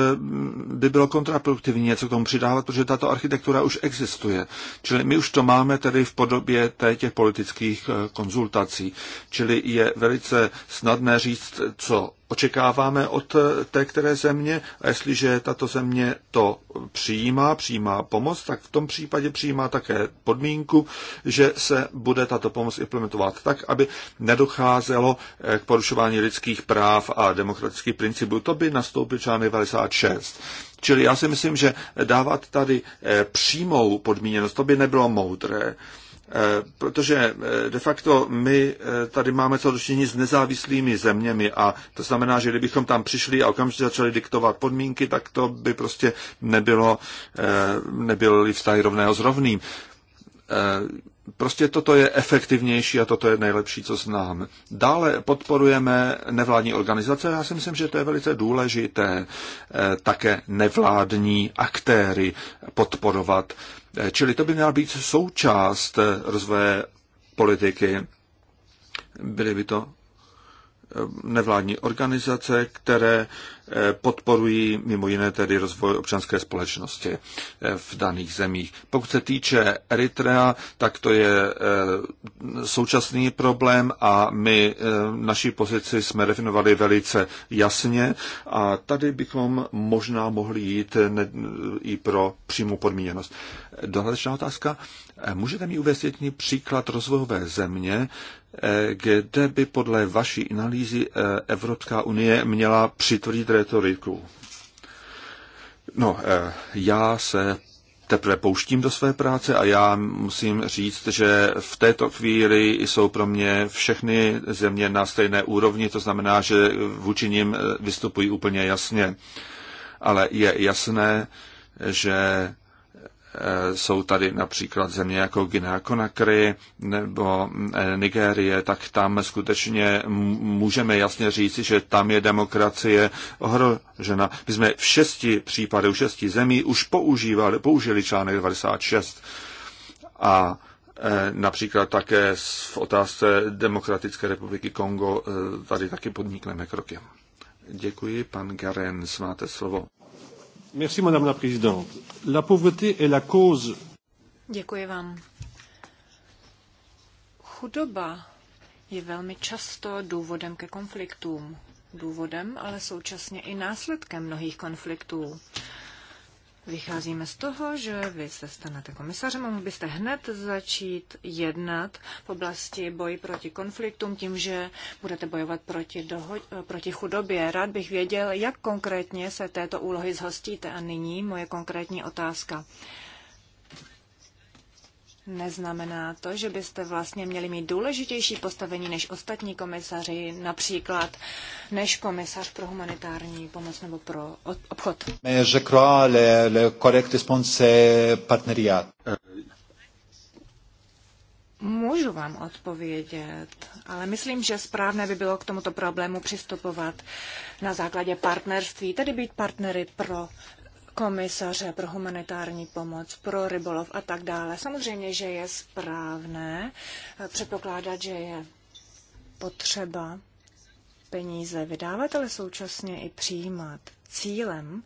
by bylo kontraproduktivní něco k tomu přidávat, protože tato architektura už existuje. Čili my už to máme tedy v podobě těch politických eh, konzultací. Čili je velice snadné říct, co očekáváme od té které země a jestliže tato země to přijímá, přijímá pomoc, tak v tom případě přijímá také podmínku, že se bude tato pomoc implementovat tak, aby nedocházelo eh, k porušování lidských práv a demokratických principů. To by nastoupil článek 96. Čili já si myslím, že dávat tady eh, přímou podmíněnost, to by nebylo moudré. Eh, protože eh, de facto my eh, tady máme co dočinění s nezávislými zeměmi a to znamená, že kdybychom tam přišli a okamžitě začali diktovat podmínky, tak to by prostě nebylo, nebyly vztahy rovného s rovným prostě toto je efektivnější a toto je nejlepší, co znám. Dále podporujeme nevládní organizace. Já si myslím, že to je velice důležité eh, také nevládní aktéry podporovat. Eh, čili to by měla být součást eh, rozvoje politiky. Byly by to nevládní organizace, které eh, podporují mimo jiné tedy rozvoj občanské společnosti eh, v daných zemích. Pokud se týče Eritrea, tak to je eh, současný problém a my naší pozici jsme definovali velice jasně a tady bychom možná mohli jít i pro přímou podmíněnost. Dohledečná otázka. Můžete mi uvést jediný příklad rozvojové země, kde by podle vaší analýzy eh, Evropská unie měla přitvrdit retoriku? No, eh, já se teprve pouštím do své práce a já musím říct, že v této chvíli jsou pro mě všechny země na stejné úrovni, to znamená, že vůči nim eh, vystupují úplně jasně. Ale je jasné, že Eh, jsou tady například země jako Guinea Conakry nebo eh, Nigérie, tak tam skutečně můžeme jasně říci, že tam je demokracie ohrožena. My jsme v šesti případech, v šesti zemí už používali, použili článek 96 a eh, například také v otázce Demokratické republiky Kongo tady taky podnikneme kroky. Děkuji, pan Garen, máte slovo. Merci, madame la présidente. La pauvreté est la cause... Děkuji vám. Chudoba je velmi často důvodem ke konfliktům. Důvodem, ale současně i následkem mnohých konfliktů. Vycházíme z toho, že vy se stanete komisařem a byste hned začít jednat v oblasti boji proti konfliktům tím, že budete bojovat proti, doho- proti chudobě. Rád bych věděl, jak konkrétně se této úlohy zhostíte. A nyní moje konkrétní otázka. Neznamená to, že byste vlastně měli mít důležitější postavení než ostatní komisaři, například než komisař pro humanitární pomoc nebo pro obchod? Je le, le correct response eh, Můžu vám odpovědět, ale myslím, že správné by bylo k tomuto problému přistupovat na základě partnerství, tedy být partnery pro komisaře pro humanitární pomoc, pro rybolov a tak dále. Samozřejmě, že je správné eh, předpokládat, že je potřeba peníze vydávat, ale současně i přijímat. Cílem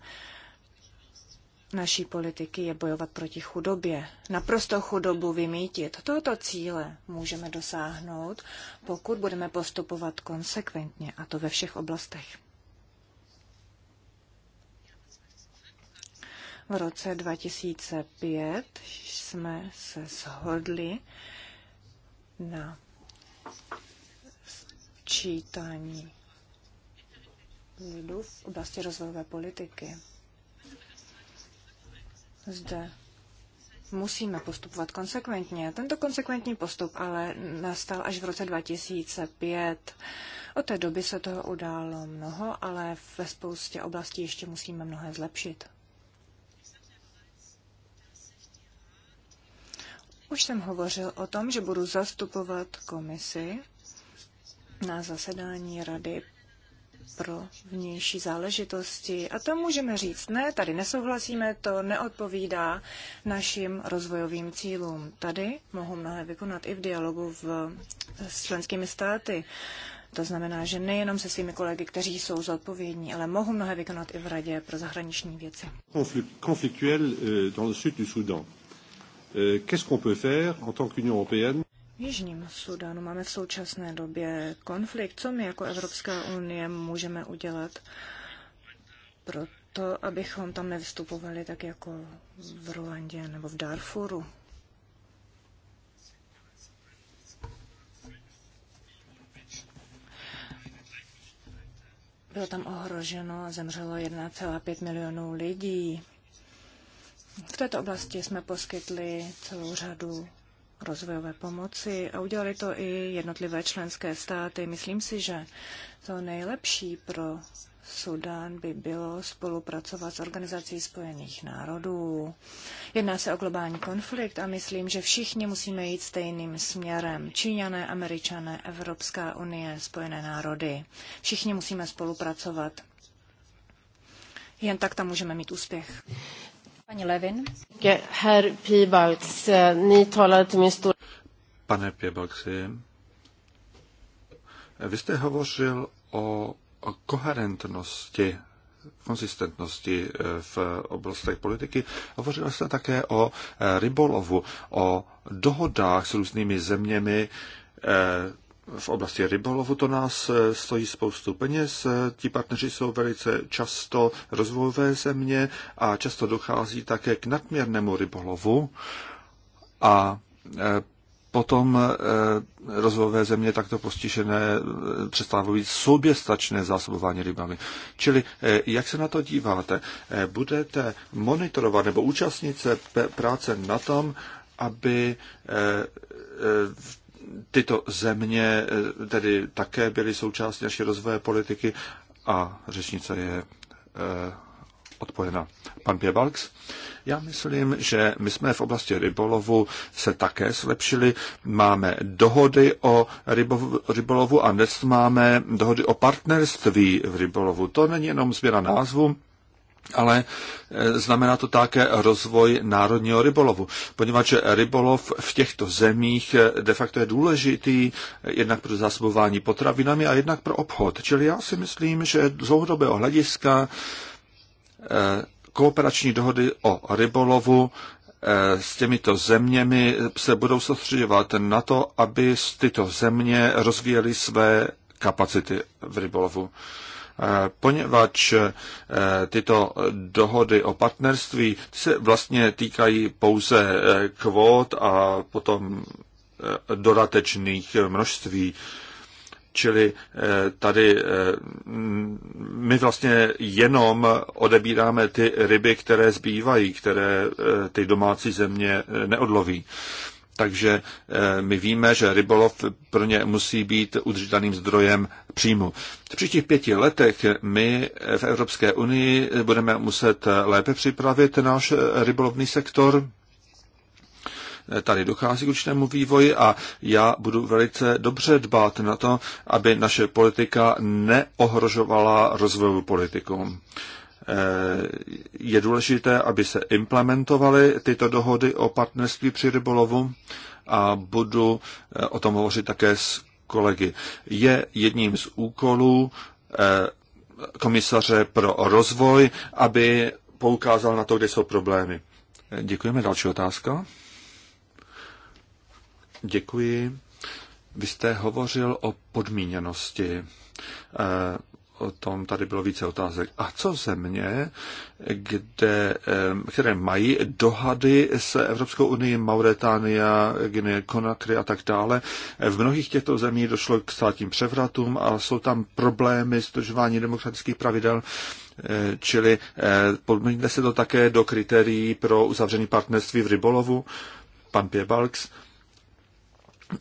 naší politiky je bojovat proti chudobě. Naprosto chudobu vymítit. Tohoto cíle můžeme dosáhnout, pokud budeme postupovat konsekventně, a to ve všech oblastech. V roce 2005 jsme se shodli na čítání lidu v oblasti rozvojové politiky. Zde musíme postupovat konsekventně. Tento konsekventní postup ale nastal až v roce 2005. Od té doby se toho událo mnoho, ale ve spoustě oblastí ještě musíme mnohé zlepšit. Už jsem hovořil o tom, že budu zastupovat komisi na zasedání Rady pro vnější záležitosti. A tam můžeme říct, ne, tady nesouhlasíme, to neodpovídá našim rozvojovým cílům. Tady mohu mnohé vykonat i v dialogu v, s členskými státy. To znamená, že nejenom se svými kolegy, kteří jsou zodpovědní, ale mohu mnohé vykonat i v Radě pro zahraniční věci. Konflikt, konfliktuel eh, dans le sud du Soudan. Euh, qu'est-ce qu'on peut faire en tant qu'Union européenne v Jižním Sudánu máme v současné době konflikt. Co my jako Evropská unie můžeme udělat pro to, abychom tam nevystupovali tak jako v Ruandě nebo v Darfuru? Bylo tam ohroženo a zemřelo 1,5 milionů lidí. V této oblasti jsme poskytli celou řadu rozvojové pomoci a udělali to i jednotlivé členské státy. Myslím si, že to nejlepší pro Sudan by bylo spolupracovat s Organizací spojených národů. Jedná se o globální konflikt a myslím, že všichni musíme jít stejným směrem. Číňané, Američané, Evropská unie, Spojené národy. Všichni musíme spolupracovat. Jen tak tam můžeme mít úspěch. Pani Levin. Herr Pibalks, uh, ni talade till min stor... Pane Pibalksi, vy jste hovořil o, o koherentnosti konzistentnosti eh, v oblastech politiky. Hovořil jste také o eh, rybolovu, o dohodách s různými zeměmi, eh, v oblasti rybolovu to nás eh, stojí spoustu peněz. Eh, ti partneři jsou velice často rozvojové země a často dochází také k nadměrnému rybolovu. A eh, potom rozvojové země takto postižené přestávají souběstačné zásobování rybami. Čili jak se na to díváte? Budete monitorovat nebo účastnit se práce na tom, aby tyto země eh, tedy také byly součástí naší rozvoje politiky a řečnice je eh, odpojena. Pan Pěbalks? Já myslím, že my jsme v oblasti rybolovu se také zlepšili. Máme dohody o rybolovu a dnes máme dohody o partnerství v rybolovu. To není jenom změna názvu, ale e, znamená to také rozvoj národního rybolovu, poněvadž rybolov v těchto zemích e, de facto je důležitý e, jednak pro zásobování potravinami a jednak pro obchod. Čili já si myslím, že z dlouhodobého hlediska kooperační dohody o rybolovu s těmito zeměmi se budou soustředovat na to, aby tyto země rozvíjely své kapacity v rybolovu poněvadž eh, tyto dohody o partnerství se vlastně týkají pouze eh, kvót a potom eh, dodatečných množství. Čili tady my vlastně jenom odebíráme ty ryby, které zbývají, které ty domácí země neodloví takže eh, my víme, že rybolov pro ně musí být udržitelným zdrojem příjmu. V příštích pěti letech my eh, v Evropské unii eh, budeme muset lépe připravit náš rybolovný sektor. Tady dochází k určitému vývoji a já budu velice dobře dbát na to, aby naše politika neohrožovala rozvojovou politiku. Eh, je důležité, aby se implementovaly tyto dohody o partnerství při rybolovu a budu eh, o tom hovořit také s kolegy. Je jedním z úkolů eh, komisaře pro rozvoj, aby poukázal na to, kde jsou problémy. Děkujeme. Další otázka. Děkuji. Vy jste hovořil o podmíněnosti o tom tady bylo více otázek. A co země, kde, které mají dohady s Evropskou unii, Mauretánia, Guinea, Conakry a tak dále. V mnohých těchto zemí došlo k státním převratům a jsou tam problémy s dodržování demokratických pravidel. Eh, čili eh, podmíněte se to také do kritérií pro uzavření partnerství v rybolovu. Pan Pěbalks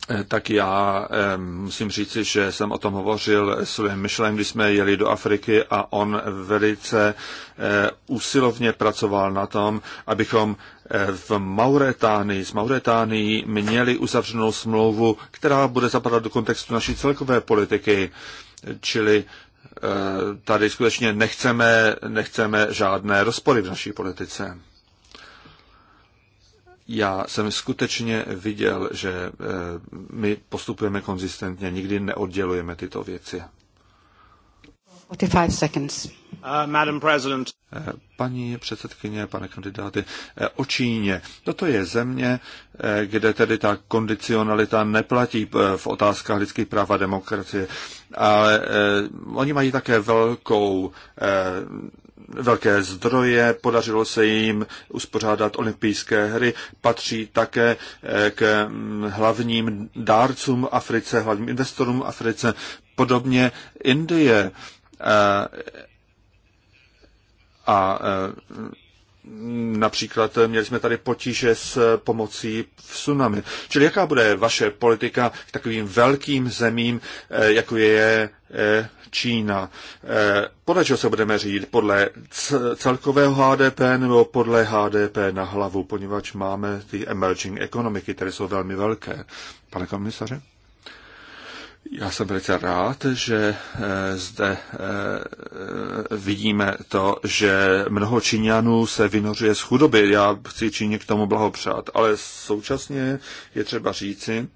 Eh, tak já eh, musím říci, že jsem o tom hovořil s Louisem Michelem, když jsme jeli do Afriky a on velice eh, usilovně pracoval na tom, abychom v Mauretánii, s Mauretánií měli uzavřenou smlouvu, která bude zapadat do kontextu naší celkové politiky, čili tady skutečně nechceme, nechceme žádné rozpory v naší politice já jsem skutečně viděl, že eh, my postupujeme konzistentně, nikdy neoddělujeme tyto věci. 45 seconds. Uh, Madam President. Eh, paní předsedkyně, pane kandidáty, eh, o Číně. Toto je země, kde tedy ta kondicionalita neplatí v otázkách lidských práv a demokracie, ale oni mají také velkou velké zdroje, podařilo se jim uspořádat olympijské hry, patří také eh, k mm, hlavním dárcům Africe, hlavním investorům Africe. Podobně Indie eh, a eh, Například eh, měli jsme tady potíže s eh, pomocí v tsunami. Čili jaká bude vaše politika k takovým velkým zemím, eh, jako je Čína? Podle čeho se budeme řídit? Podle celkového HDP nebo podle HDP na hlavu, poněvadž máme ty emerging ekonomiky, které jsou velmi velké. Pane komisaře? Já jsem velice rád, že eh, zde eh, vidíme to, že mnoho Číňanů se vynořuje z chudoby. Já chci Číně k tomu blahopřát, ale současně je třeba říci,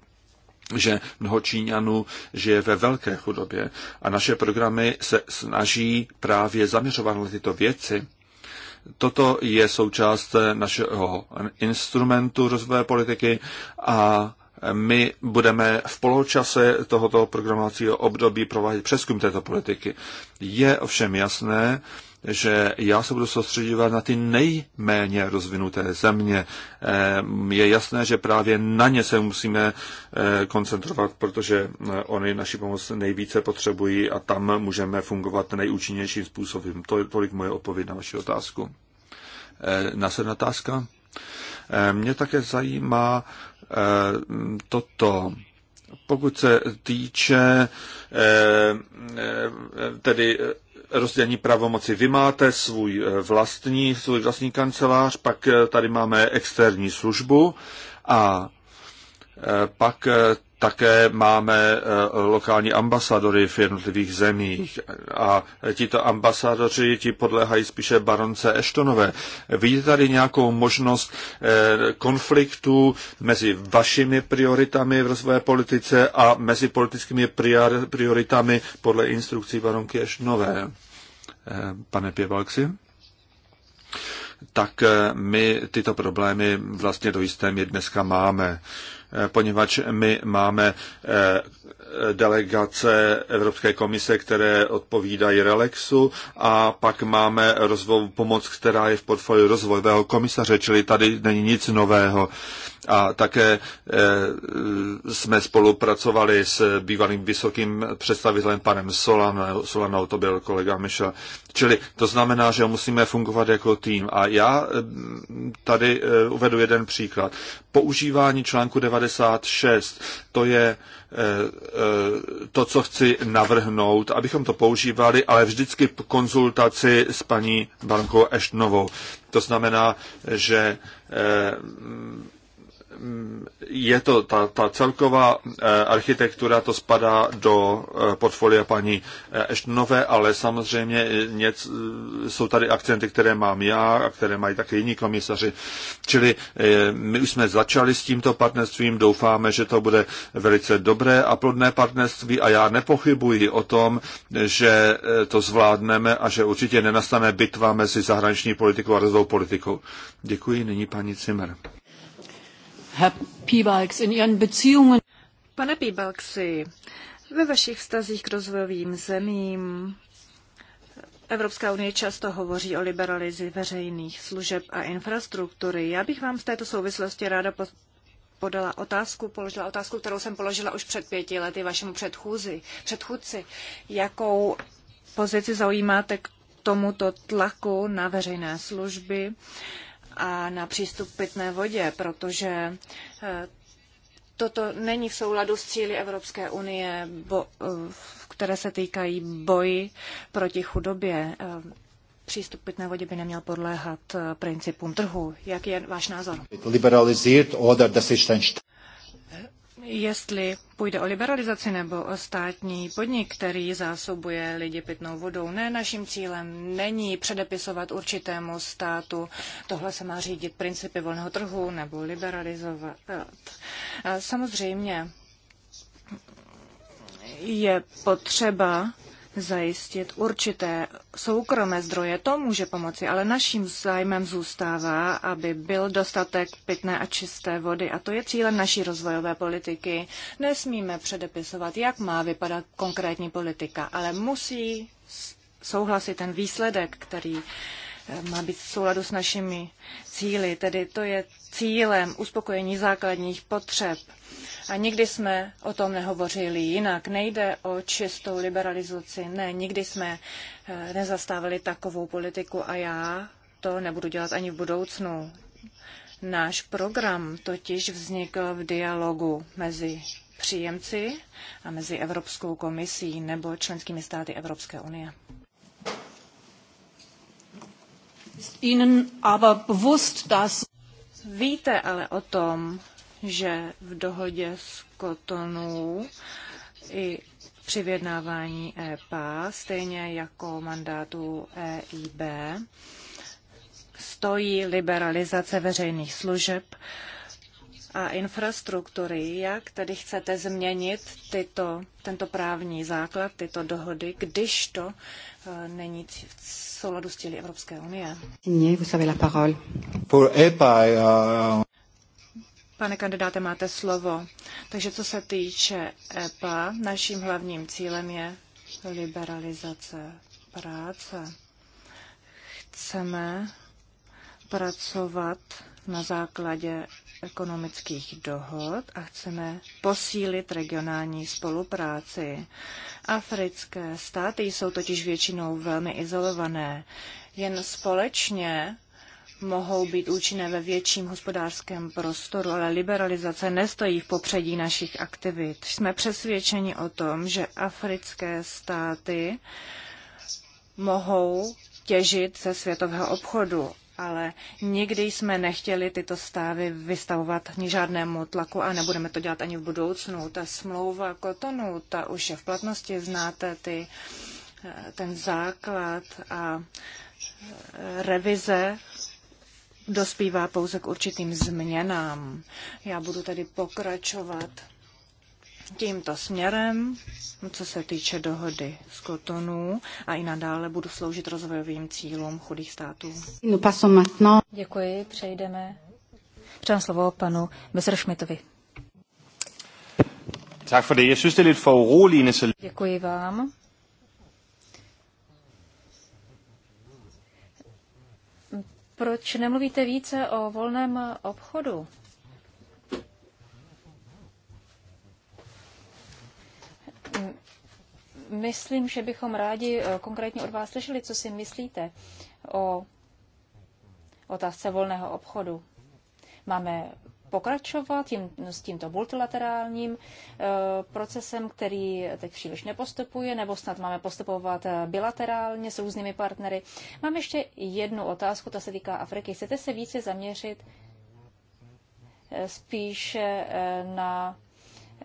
že mnoho Číňanů žije ve velké chudobě a naše programy se snaží právě zaměřovat na tyto věci. Toto je součást našeho instrumentu rozvoje politiky a my budeme v poločase tohoto programovacího období provádět přeskum této politiky. Je ovšem jasné, že já se budu soustředívat na ty nejméně rozvinuté země. Ehm, je jasné, že právě na ně se musíme eh, koncentrovat, protože eh, oni naši pomoc nejvíce potřebují a tam můžeme fungovat nejúčinnějším způsobem. To je tolik moje odpověď na vaši otázku. Eh, následná otázka. Ehm, mě také zajímá Eh, toto. Pokud se týče eh, eh, tedy rozdělení pravomoci. Vy máte svůj vlastní, svůj vlastní kancelář, pak tady máme externí službu a pak také máme eh, lokální ambasadory v jednotlivých zemích a tito ambasadoři ti podléhají spíše baronce Eštonové. Vidíte tady nějakou možnost eh, konfliktu mezi vašimi prioritami v rozvoje politice a mezi politickými prioritami podle instrukcí baronky Eštonové? Eh, pane Pěvalksi? tak my tyto problémy vlastně do jisté míry dneska máme poněvadž my máme eh, delegace Evropské komise, které odpovídají Relexu a pak máme rozvoj, pomoc, která je v portfoliu rozvojového komisaře, čili tady není nic nového. A také e, jsme spolupracovali s bývalým vysokým představitelem panem Solanou, Solanou to byl kolega Michel. Čili to znamená, že musíme fungovat jako tým. A já e, tady e, uvedu jeden příklad. Používání článku 96, to je e, Eh, eh, to, co chci navrhnout, abychom to používali, ale vždycky po konzultaci s paní Bankou Eštnovou. To znamená, že eh, je to ta, ta celková eh, architektura, to spadá do eh, portfolia paní eh, Eštnové, ale samozřejmě něc, jsou tady akcenty, které mám já a které mají také jiní komisaři. Čili my už jsme začali s tímto partnerstvím, doufáme, že to bude velice dobré a plodné partnerství a já nepochybuji o tom, že to zvládneme a že určitě nenastane bitva mezi zahraniční politikou a rozvou politikou. Děkuji, nyní paní Cimer. Pane Pibalksi, ve vašich vztazích k rozvojovým zemím Evropská unie často hovoří o liberalizi veřejných služeb a infrastruktury. Já bych vám v této souvislosti ráda podala otázku, položila otázku, kterou jsem položila už před pěti lety vašemu předchůzi, předchůdci. Jakou pozici zaujímáte k tomuto tlaku na veřejné služby? Uh, a na přístup k pitné vodě, protože eh, toto není v souladu s cíli Evropské unie, bo, eh, které se týkají boji proti chudobě. Eh, přístup k pitné vodě by neměl podléhat principům trhu. Jaký je váš názor? jestli půjde o liberalizaci nebo o státní podnik, který zásobuje lidi pitnou vodou. Ne, naším cílem není předepisovat určitému státu, tohle se má řídit principy volného trhu nebo liberalizovat. Samozřejmě je potřeba zajistit určité soukromé zdroje. To může pomoci, ale naším zájmem zůstává, aby byl dostatek pitné a čisté vody. A to je cílem naší rozvojové politiky. Nesmíme předepisovat, jak má vypadat konkrétní politika, ale musí souhlasit ten výsledek, který má být v souladu s našimi cíly. Tedy to je cílem uspokojení základních potřeb. A nikdy jsme o tom nehovořili jinak. Nejde o čistou liberalizaci. Ne, nikdy jsme eh, nezastávali takovou politiku a já to nebudu dělat ani v budoucnu. Náš program totiž vznikl v dialogu mezi příjemci a mezi Evropskou komisí nebo členskými státy Evropské unie. Ihnen aber bewusst, dass... Víte ale o tom, že v dohodě s Kotonu i při vyjednávání EPA, stejně jako mandátu EIB, stojí liberalizace veřejných služeb, a infrastruktury. Jak tedy chcete změnit tyto, tento právní základ, tyto dohody, když to e, není v souladu s cíli Evropské unie? Uh, Pane kandidáte, máte slovo. Takže co se týče EPA, naším hlavním cílem je liberalizace práce. Chceme pracovat na základě ekonomických dohod a chceme posílit regionální spolupráci. Africké státy jsou totiž většinou velmi izolované. Jen společně mohou být účinné ve větším hospodářském prostoru, ale liberalizace nestojí v popředí našich aktivit. Jsme přesvědčeni o tom, že africké státy mohou těžit ze světového obchodu ale nikdy jsme nechtěli tyto stávy vystavovat ani žádnému tlaku a nebudeme to dělat ani v budoucnu. Ta smlouva kotonu, ta už je v platnosti, znáte ty, eh, ten základ a eh, revize dospívá pouze k určitým změnám. Já budu tedy pokračovat tímto směrem, co se týče dohody z Kotonu a i nadále budu sloužit rozvojovým cílům chudých států. Děkuji, přejdeme. Předám slovo panu Messerschmittovi. Tak for det. Jeg synes, det er lidt for uroligende. Så... Děkuji vám. Proč nemluvíte více o volném obchodu? myslím, že bychom rádi eh, konkrétně od vás slyšeli, co si myslíte o otázce volného obchodu. Máme pokračovat tím, s tímto multilaterálním eh, procesem, který teď příliš nepostupuje, nebo snad máme postupovat eh, bilaterálně s různými partnery. Mám ještě jednu otázku, ta se týká Afriky. Chcete se více zaměřit spíše na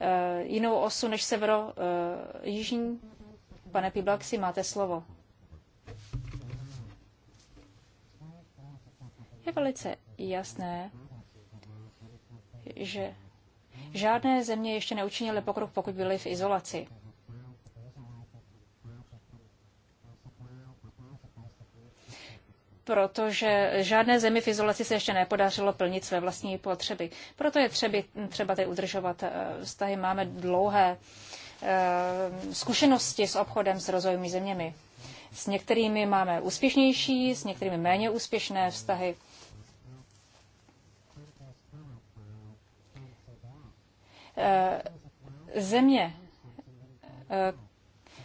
Eh, jinou osu než severo-jižní? Eh, Pane Piblaxi, máte slovo. Je velice jasné, že žádné země ještě neučinily pokrok, pokud byly v izolaci. protože žádné zemi v izolaci se ještě nepodařilo plnit své vlastní potřeby. Proto je třeba, třeba tady udržovat eh, vztahy. Máme dlouhé eh, zkušenosti s obchodem s rozvojovými zeměmi. S některými máme úspěšnější, s některými méně úspěšné vztahy. Eh, země,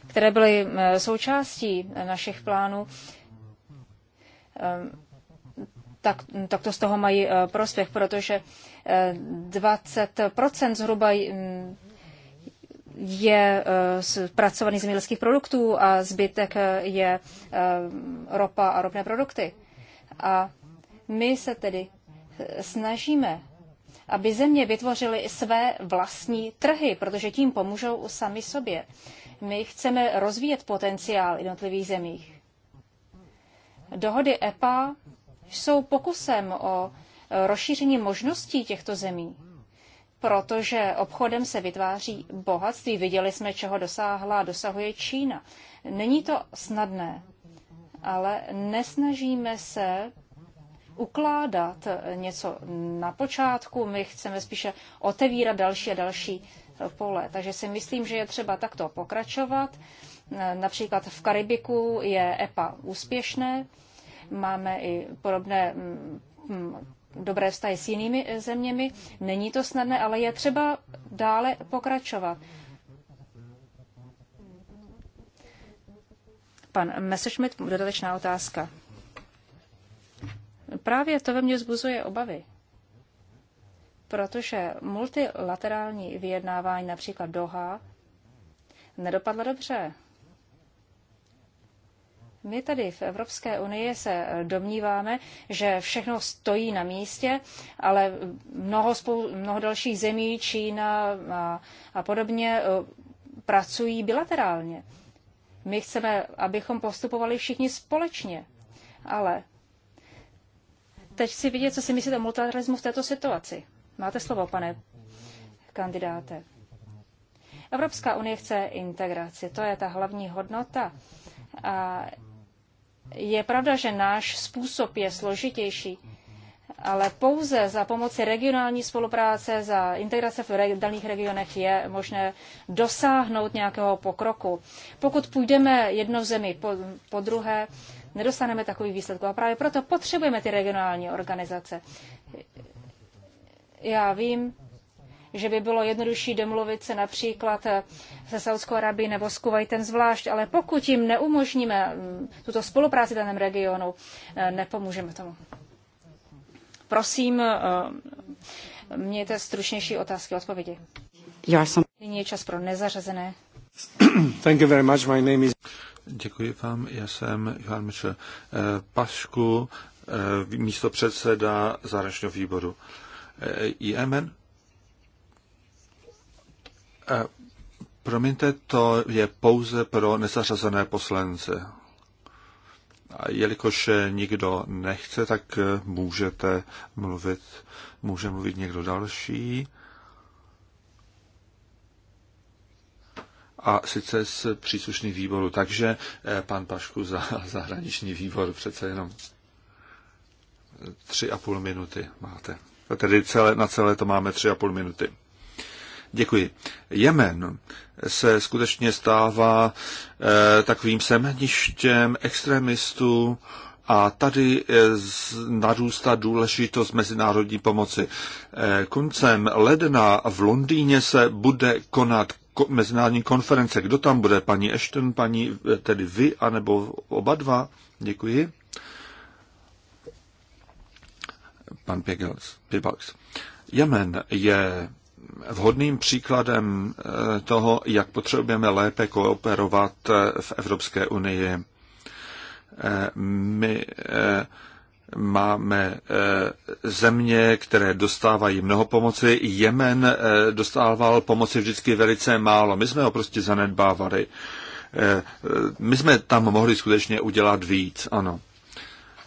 které byly součástí našich plánů, Ehm, tak, tak to z toho mají eh, prospěch, protože 20% eh, zhruba hm, je eh, zpracovaný zemědělských produktů a zbytek je ropa a ropné produkty. A my se tedy snažíme, aby země vytvořily své vlastní trhy, protože tím pomůžou sami sobě. My chceme rozvíjet potenciál jednotlivých zemích Dohody EPA jsou pokusem o eh, rozšíření možností těchto zemí, protože obchodem se vytváří bohatství. Viděli jsme, čeho dosáhla a dosahuje Čína. Není to snadné, ale nesnažíme se ukládat eh, něco na počátku, my chceme spíše otevírat další a další eh, pole. Takže si myslím, že je třeba takto pokračovat Například v Karibiku je EPA úspěšné, máme i podobné mm, mm, dobré vztahy s jinými eh, zeměmi. Není to snadné, ale je třeba dále pokračovat. Pan Messerschmidt, dodatečná otázka. Právě to ve mně zbuzuje obavy, protože multilaterální vyjednávání, například Doha, nedopadla dobře. My tady v Evropské unii se eh, domníváme, že všechno stojí na místě, ale mnoho, spolu, mnoho dalších zemí, Čína a, a podobně, eh, pracují bilaterálně. My chceme, abychom postupovali všichni společně, ale teď si vidět, co si myslíte o multilateralismu v této situaci. Máte slovo, pane kandidáte. Evropská unie chce integraci, to je ta hlavní hodnota. A je pravda, že náš způsob je složitější, ale pouze za pomoci regionální spolupráce, za integrace v re- daných regionech je možné dosáhnout nějakého pokroku. Pokud půjdeme jednou zemi po, po druhé, nedostaneme takový výsledek A právě proto potřebujeme ty regionální organizace. Já vím, že by bylo jednodušší domluvit se například eh, se Saudskou Arabií nebo s Kuwaitem zvlášť, ale pokud jim neumožníme mm, tuto spolupráci v daném regionu, eh, nepomůžeme tomu. Prosím, eh, mějte stručnější otázky a odpovědi. Já jsem... Nyní je čas pro nezařazené. Thank you very much. My name is... Děkuji vám, já jsem Johan Mitchell Pašku, místo předseda zahraničního výboru. Jemen Eh, promiňte, to je pouze pro nezařazené poslance. A jelikož nikdo nechce, tak eh, můžete mluvit, může mluvit někdo další. A sice z příslušných výborů. Takže eh, pan Pašku za zahraniční výbor přece jenom tři a půl minuty máte. Tedy celé, na celé to máme tři a půl minuty. Děkuji. Jemen se skutečně stává e, takovým semeništěm extremistů a tady eh, narůstá důležitost mezinárodní pomoci. E, koncem ledna v Londýně se bude konat ko- mezinárodní konference. Kdo tam bude? Paní Ashton, paní tedy vy, anebo oba dva? Děkuji. Pan Pibaks. Jemen je vhodným příkladem eh, toho, jak potřebujeme lépe kooperovat eh, v Evropské unii. Eh, my máme země, které dostávají mnoho pomoci. Jemen dostával pomoci vždycky velice málo. My jsme ho prostě zanedbávali. My jsme tam mohli skutečně udělat víc, ano.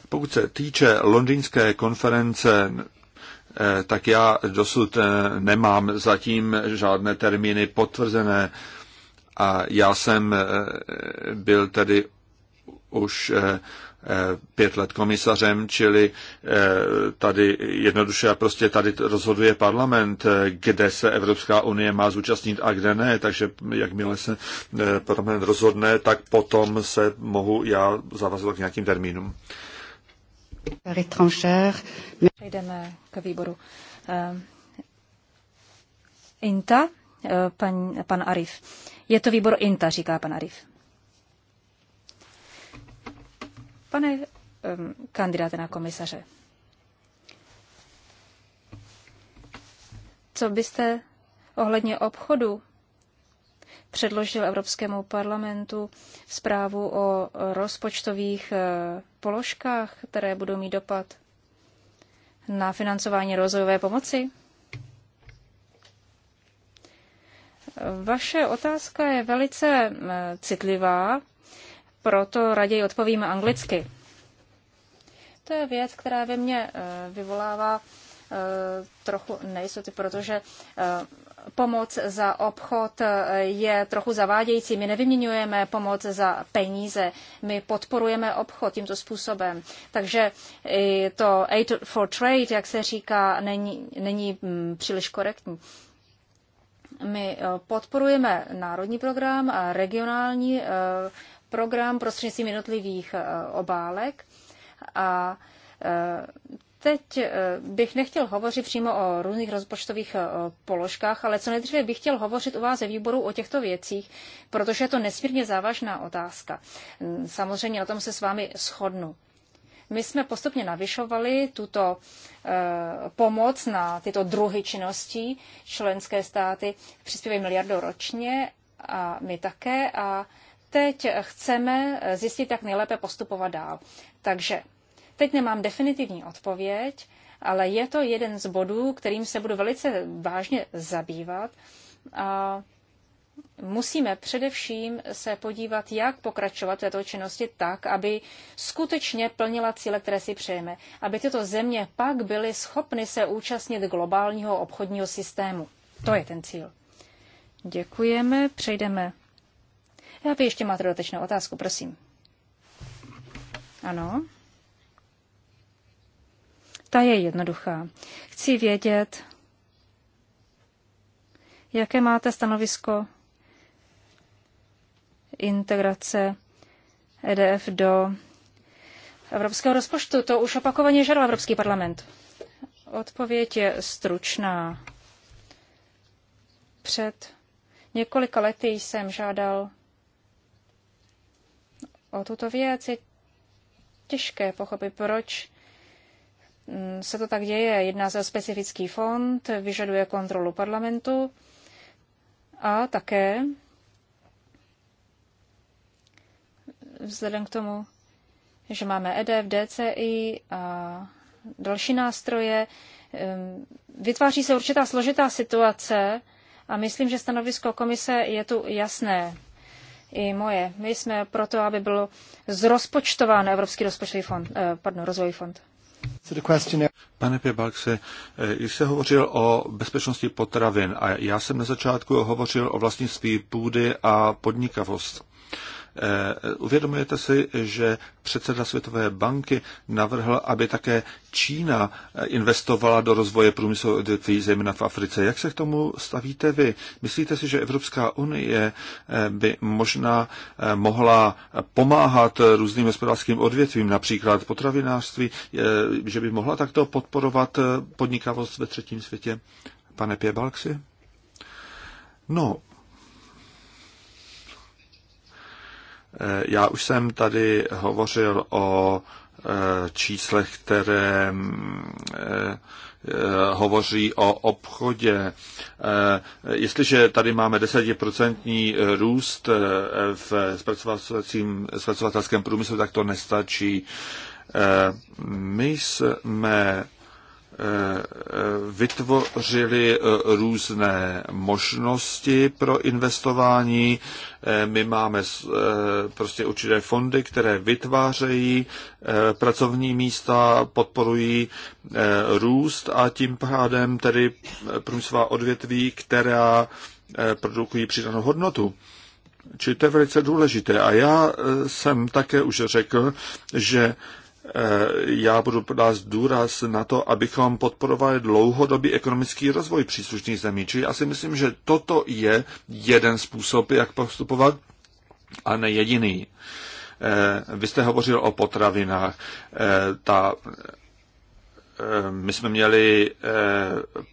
Pokud se týče londýnské konference Eh, tak já dosud eh, nemám zatím žádné termíny potvrzené a já jsem eh, byl tedy už pět let komisařem, čili tady jednoduše a prostě tady rozhoduje parlament, kde se Evropská unie má zúčastnit a kde ne, takže jakmile se parlament rozhodne, tak potom se mohu já zavazovat k nějakým termínům. Přejdeme k výboru. Eh, INTA, eh, pan, pan Arif. Je to výbor INTA, říká pan Arif. Pane um, kandidáte na komisaře, co byste ohledně obchodu předložil Evropskému parlamentu zprávu o rozpočtových eh, položkách, které budou mít dopad na financování rozvojové pomoci? Vaše otázka je velice eh, citlivá, proto raději odpovíme anglicky. To je věc, která ve mně eh, vyvolává trochu nejistoty, protože pomoc za obchod je trochu zavádějící. My nevyměňujeme pomoc za peníze, my podporujeme obchod tímto způsobem. Takže to aid for trade, jak se říká, není, není mm, příliš korektní. My eh, podporujeme národní program a regionální eh, program prostřednictvím jednotlivých eh, obálek a Teď eh, bych nechtěl hovořit přímo o různých rozpočtových eh, položkách, ale co nejdříve bych chtěl hovořit u vás ze výboru o těchto věcích, protože je to nesmírně závažná otázka. Hm, samozřejmě na tom se s vámi shodnu. My jsme postupně navyšovali tuto eh, pomoc na tyto druhy činností. Členské státy přispívají miliardu ročně a my také. A teď chceme zjistit, jak nejlépe postupovat dál. Takže Teď nemám definitivní odpověď, ale je to jeden z bodů, kterým se budu velice vážně zabývat. A musíme především se podívat, jak pokračovat této činnosti tak, aby skutečně plnila cíle, které si přejeme, aby tyto země pak byly schopny se účastnit globálního obchodního systému. To je ten cíl. Děkujeme, přejdeme. Já vy ještě máte dotečnou otázku, prosím. Ano. Ta je jednoduchá. Chci vědět, jaké máte stanovisko integrace EDF do evropského rozpočtu. To už opakovaně žádal Evropský parlament. Odpověď je stručná. Před několika lety jsem žádal o tuto věc. Je těžké pochopit, proč se to tak děje. Jedná se o specifický fond, vyžaduje kontrolu parlamentu a také vzhledem k tomu, že máme EDF, DCI a další nástroje, vytváří se určitá složitá situace a myslím, že stanovisko komise je tu jasné. I moje. My jsme proto, aby byl zrozpočtován Evropský rozpočtový fond, eh, pardon, rozvojový fond. Pane Pěbalkse, když eh, se hovořil o bezpečnosti potravin a já jsem na začátku hovořil o vlastnictví půdy a podnikavost. Eh, uvědomujete si, že předseda Světové banky navrhl, aby také Čína eh, investovala do rozvoje průmyslu odvětví, zejména v Africe. Jak se k tomu stavíte vy? Myslíte si, že Evropská unie eh, by možná mohla pomáhat různým hospodářským odvětvím, například potravinářství, že by mohla takto podporovat podnikavost ve třetím světě? Pane Pěbalksi? No, Eh, já už jsem tady hovořil o eh, číslech, které mm, eh, hovoří o obchodě. Jestliže tady máme desetiprocentní růst v zpracovatelském průmyslu, tak to nestačí. My jsme Eh, vytvořili eh, různé možnosti pro investování. Eh, my máme prostě určité fondy, které vytvářejí pracovní místa, podporují růst a tím pádem tedy průmyslová odvětví, která produkují přidanou hodnotu. Čili to je velice důležité. A já jsem také už řekl, že Eh, já budu dát důraz na to, abychom podporovali dlouhodobý ekonomický rozvoj příslušných zemí. Čili já si myslím, že toto je jeden způsob, jak postupovat, a ne jediný. Eh, vy jste hovořil o potravinách. Eh, ta, my jsme měli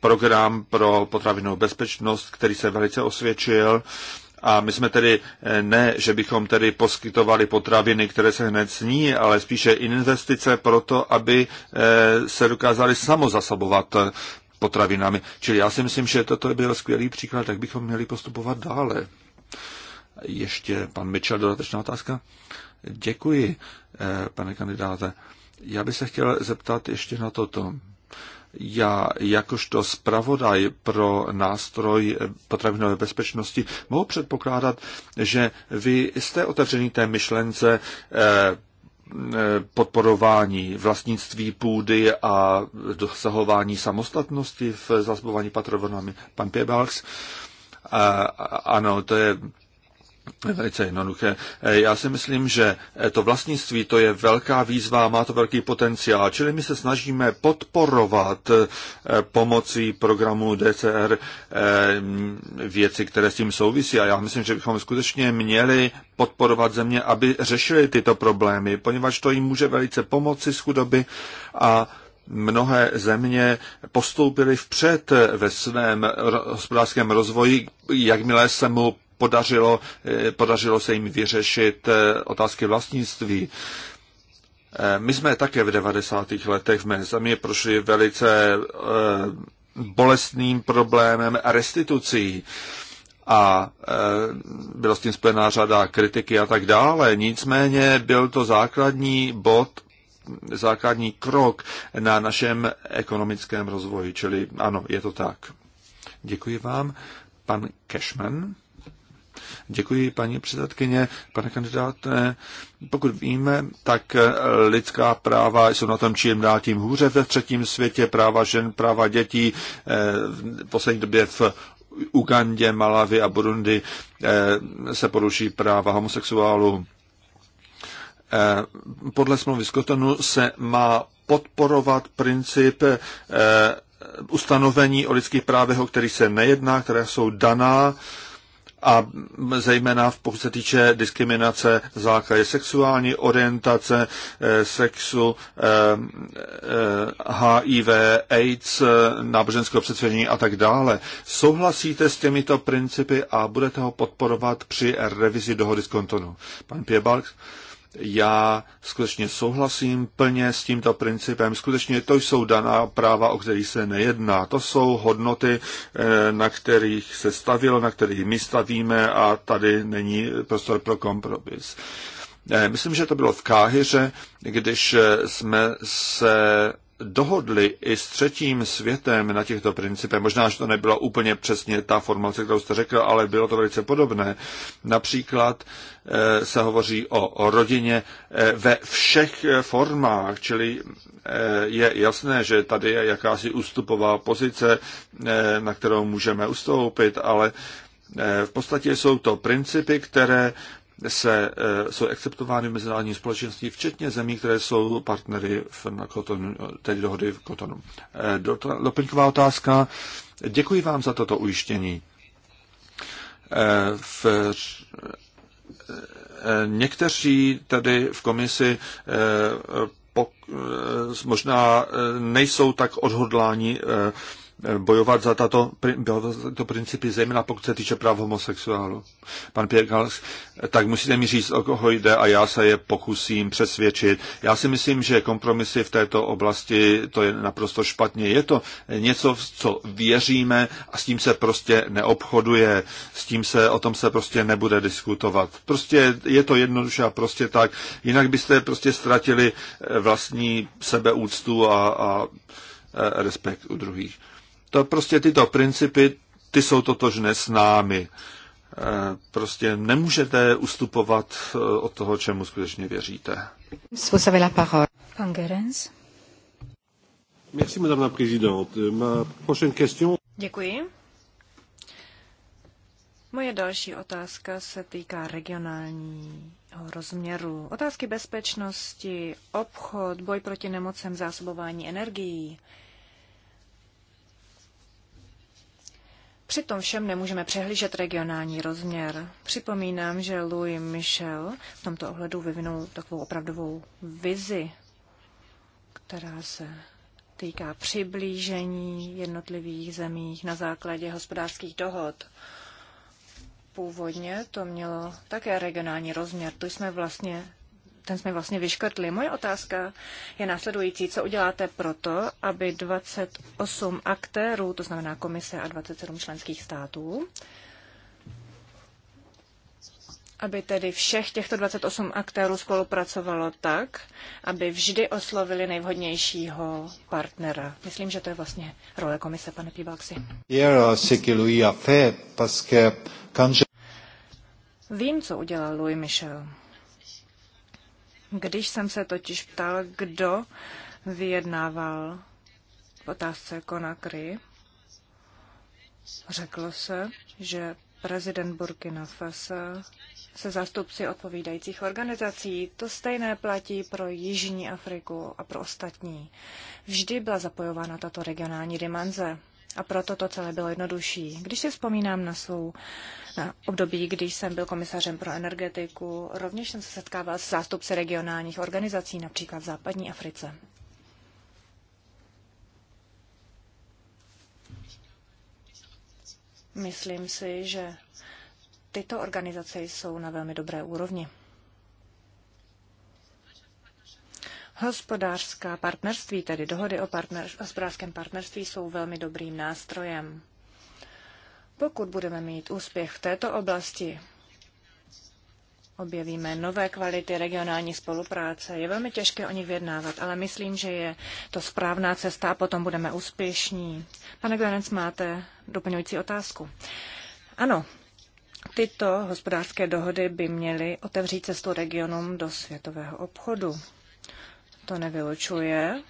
program pro potravinovou bezpečnost, který se velice osvědčil a my jsme tedy eh, ne, že bychom tedy poskytovali potraviny, které se hned sní, ale spíše investice pro to, aby eh, se dokázali samozasobovat potravinami. Čili já si myslím, že toto byl skvělý příklad, jak bychom měli postupovat dále. Ještě pan Mitchell, dodatečná otázka. Děkuji, eh, pane kandidáte. Já bych se chtěl zeptat ještě na toto já jakožto zpravodaj pro nástroj potravinové bezpečnosti mohu předpokládat, že vy jste otevřený té myšlence eh, eh, podporování vlastnictví půdy a dosahování samostatnosti v zazbování patrovanami. Pan Pěbalx, eh, ano, to je velice jednoduché. Eh, já si myslím, že eh, to vlastnictví to je velká výzva, má to velký potenciál, čili my se snažíme podporovat eh, pomocí programu DCR věci, které s tím souvisí a já myslím, že bychom skutečně měli podporovat země, aby řešili tyto problémy, poněvadž to jim může velice pomoci z chudoby a mnohé země postoupily vpřed ve svém hospodářském rozvoji, jakmile se mu podařilo, eh, podařilo se jim vyřešit eh, otázky vlastnictví. Eh, my jsme také v 90. letech v mé zemi prošli velice bolestným problémem restitucí a bylo s tím spojená řada kritiky a tak dále. Nicméně byl to základní bod, základní krok na našem ekonomickém rozvoji, čili ano, je to tak. Děkuji vám. Pan Cashman. Děkuji, paní předsedkyně. Pane kandidáte, pokud víme, tak eh, lidská práva jsou na tom čím dál tím hůře ve třetím světě, práva žen, práva dětí, eh, v poslední době v Ugandě, Malavi a Burundi eh, se poruší práva homosexuálů. Podle smlouvy z Kotonu se má podporovat princip ustanovení o lidských právech, o kterých se nejedná, které jsou daná a zejména pokud se týče diskriminace základě sexuální orientace, eh, sexu, HIV, eh, eh, AIDS, náboženského přesvědčení a tak dále. Souhlasíte s těmito principy a budete ho podporovat při revizi dohody z kontonu. Pan Pěbalk? já skutečně souhlasím plně s tímto principem. Skutečně to jsou daná práva, o kterých se nejedná. To jsou hodnoty, eh, na kterých se stavilo, na kterých my stavíme a tady není prostor pro kompromis. Eh, myslím, že to bylo v Káhyře, když eh, jsme se dohodli i s třetím světem na těchto principech. Možná, že to nebyla úplně přesně ta formace, kterou jste řekl, ale bylo to velice podobné. Například eh, se hovoří o rodině eh, ve všech formách, čili eh, je jasné, že tady je jakási ústupová pozice, na kterou můžeme ustoupit, ale v podstatě jsou to principy, které se, eh, jsou akceptovány v mezinárodní společenství, včetně zemí, které jsou partnery v Kotonu, tedy dohody v Kotonu. Eh, doplňková otázka. Děkuji vám za toto ujištění. Eh, v někteří tady v komisi možná nejsou tak odhodláni bojovat za tato, tato principy, zejména pokud se týče práv homosexuálu. Pan Pěkals, tak musíte mi říct, o koho jde a já se je pokusím přesvědčit. Já si myslím, že kompromisy v této oblasti, to je naprosto špatně. Je to něco, v co věříme a s tím se prostě neobchoduje, s tím se o tom se prostě nebude diskutovat. Prostě je to jednoduše a prostě tak. Jinak byste prostě ztratili vlastní sebeúctu a, a e, respekt u druhých. To prostě tyto principy, ty jsou totožné s námi. E, prostě nemůžete ustupovat e, od toho, čemu skutečně věříte. Merci, madame la présidente. Ma prochaine question... Děkuji. Moje další otázka se týká regionálního rozměru. Otázky bezpečnosti, obchod, boj proti nemocem, zásobování energií. Přitom všem nemůžeme přehlížet regionální rozměr. Připomínám, že Louis Michel v tomto ohledu vyvinul takovou opravdovou vizi, která se týká přiblížení jednotlivých zemí na základě hospodářských dohod. Původně to mělo také regionální rozměr. Tu jsme vlastně ten jsme vlastně vyškrtli. Moje otázka je následující. Co uděláte proto, aby 28 aktérů, to znamená komise a 27 členských států, aby tedy všech těchto 28 aktérů spolupracovalo tak, aby vždy oslovili nejvhodnějšího partnera. Myslím, že to je vlastně role komise, pane Pibaxi. Vím, co udělal Louis Michel. Když jsem se totiž ptal, kdo vyjednával v otázce Konakry, řeklo se, že prezident Burkina Faso se zástupci odpovídajících organizací. To stejné platí pro Jižní Afriku a pro ostatní. Vždy byla zapojována tato regionální dimenze a proto to celé bylo jednodušší. Když si vzpomínám na svou na období, když jsem byl komisařem pro energetiku, rovněž jsem se setkával s zástupci regionálních organizací, například v západní Africe. Myslím si, že tyto organizace jsou na velmi dobré úrovni. Hospodářská partnerství, tedy dohody o partner, hospodářském partnerství, jsou velmi dobrým nástrojem. Pokud budeme mít úspěch v této oblasti, objevíme nové kvality regionální spolupráce. Je velmi těžké o nich vyjednávat, ale myslím, že je to správná cesta a potom budeme úspěšní. Pane Glenec, máte doplňující otázku? Ano, tyto hospodářské dohody by měly otevřít cestu regionům do světového obchodu. To nevylučuje,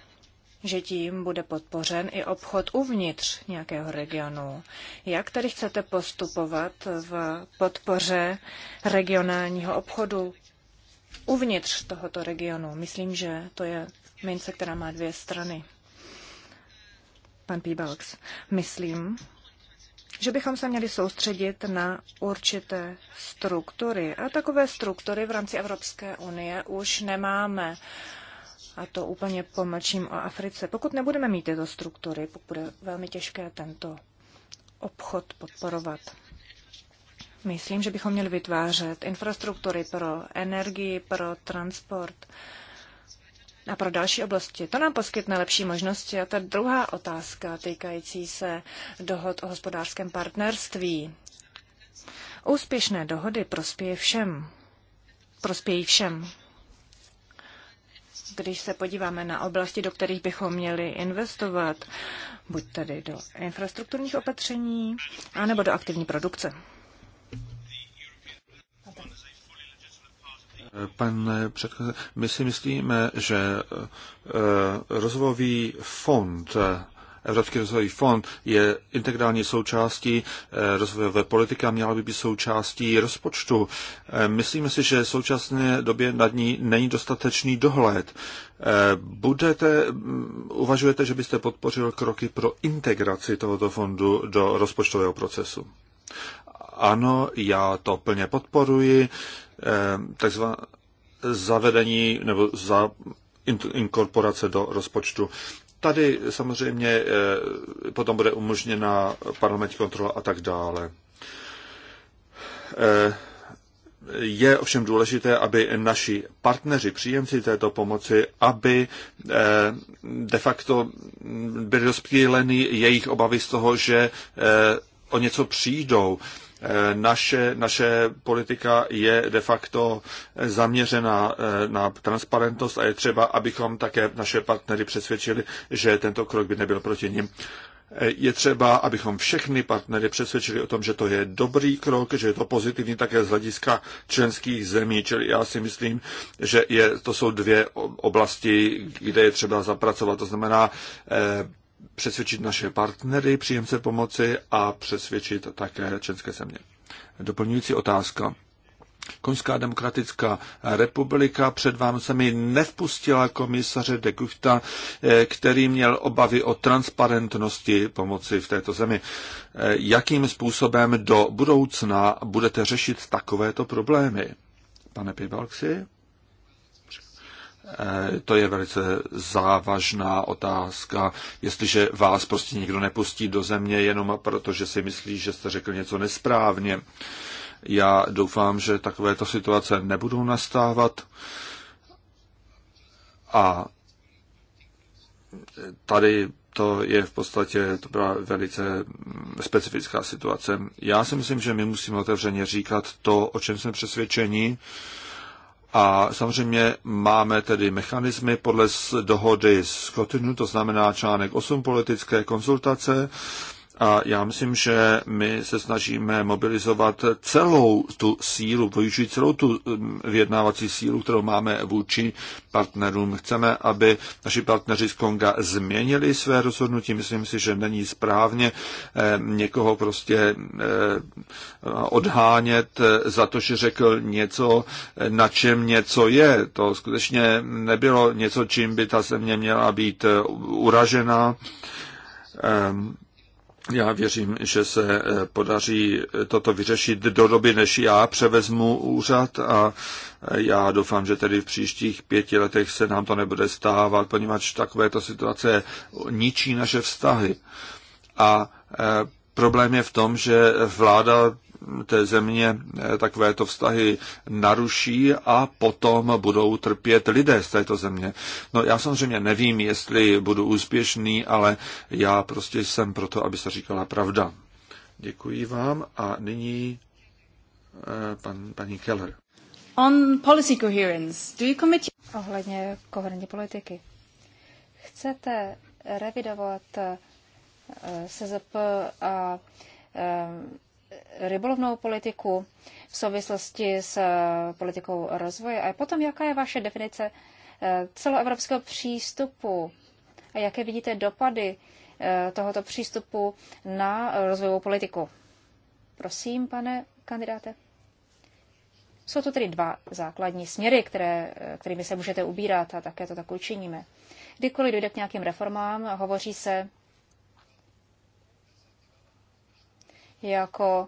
že tím bude podpořen i obchod uvnitř nějakého regionu. Jak tedy chcete postupovat v podpoře regionálního obchodu uvnitř tohoto regionu? Myslím, že to je mince, která má dvě strany. Pan Píbalks, myslím, že bychom se měli soustředit na určité struktury. A takové struktury v rámci Evropské unie už nemáme. A to úplně pomlčím o Africe. Pokud nebudeme mít tyto struktury, pokud bude velmi těžké tento obchod podporovat. Myslím, že bychom měli vytvářet infrastruktury pro energii, pro transport a pro další oblasti. To nám poskytne lepší možnosti. A ta druhá otázka týkající se dohod o hospodářském partnerství. Úspěšné dohody prospějí všem. Prospějí všem když se podíváme na oblasti, do kterých bychom měli investovat, buď tedy do infrastrukturních opatření, anebo do aktivní produkce. Pane předchozí, my si myslíme, že eh, rozvojový fond Evropský rozvojový fond je integrální součástí eh, rozvojové politiky a měla by být součástí rozpočtu. Eh, myslíme si, že v současné době nad ní není dostatečný dohled. Eh, budete, mm, uvažujete, že byste podpořil kroky pro integraci tohoto fondu do rozpočtového procesu? Ano, já to plně podporuji. Takzvané zavedení nebo za inkorporace do rozpočtu. Tady samozřejmě eh, potom bude umožněna parlamentní kontrola a tak dále. Eh, je ovšem důležité, aby naši partneři, příjemci této pomoci, aby eh, de facto byly rozptýleny jejich obavy z toho, že o něco přijdou. Naše, naše politika je de facto zaměřena eh, na transparentnost a je třeba, abychom také naše partnery přesvědčili, že tento krok by nebyl proti ním. Eh, je třeba, abychom všechny partnery přesvědčili o tom, že to je dobrý krok, že je to pozitivní také z hlediska členských zemí. Čili já si myslím, že je, to jsou dvě oblasti, kde je třeba zapracovat. To znamená eh, přesvědčit naše partnery, příjemce pomoci a přesvědčit také české země. Doplňující otázka. Koňská demokratická republika před Vánocemi nevpustila komisaře de Guchta, eh, který měl obavy o transparentnosti pomoci v této zemi. Eh, jakým způsobem do budoucna budete řešit takovéto problémy? Pane Pibalksi? Eh, to je velice závažná otázka. Jestliže vás prostě nikdo nepustí do země jenom proto, že si myslí, že jste řekl něco nesprávně. Já doufám, že takovéto situace nebudou nastávat. A tady to je v podstatě to byla velice specifická situace. Já si myslím, že my musíme otevřeně říkat to, o čem jsme přesvědčeni, a samozřejmě máme tedy mechanismy podle dohody z Kotinu, to znamená článek 8 politické konzultace, a já myslím, že my se snažíme mobilizovat celou tu sílu, využít celou tu mm, vyjednávací sílu, kterou máme vůči partnerům. Chceme, aby naši partneři z Konga změnili své rozhodnutí. Myslím si, že není správně eh, někoho prostě eh, odhánět za to, že řekl něco, na čem něco je. To skutečně nebylo něco, čím by ta země měla být uražena. Ehm, já věřím, že se eh, podaří eh, toto vyřešit do doby, než já převezmu úřad a eh, já doufám, že tedy v příštích pěti letech se nám to nebude stávat, poněvadž takovéto situace ničí naše vztahy. A problém je v tom, že vláda té země eh, takovéto vztahy naruší a potom budou trpět lidé z této země. No já samozřejmě nevím, jestli budu úspěšný, ale já prostě jsem proto, aby se říkala pravda. Děkuji vám a nyní eh, pan, paní Keller. On policy coherence, do you commit... Ohledně koherentní politiky. Chcete revidovat eh, SZP a rybolovnou politiku v souvislosti s eh, politikou rozvoje. A potom, jaká je vaše definice eh, celoevropského přístupu a jaké vidíte dopady eh, tohoto přístupu na rozvojovou politiku? Prosím, pane kandidáte. Jsou to tedy dva základní směry, které, kterými se můžete ubírat a také to tak učiníme. Kdykoliv dojde k nějakým reformám, hovoří se jako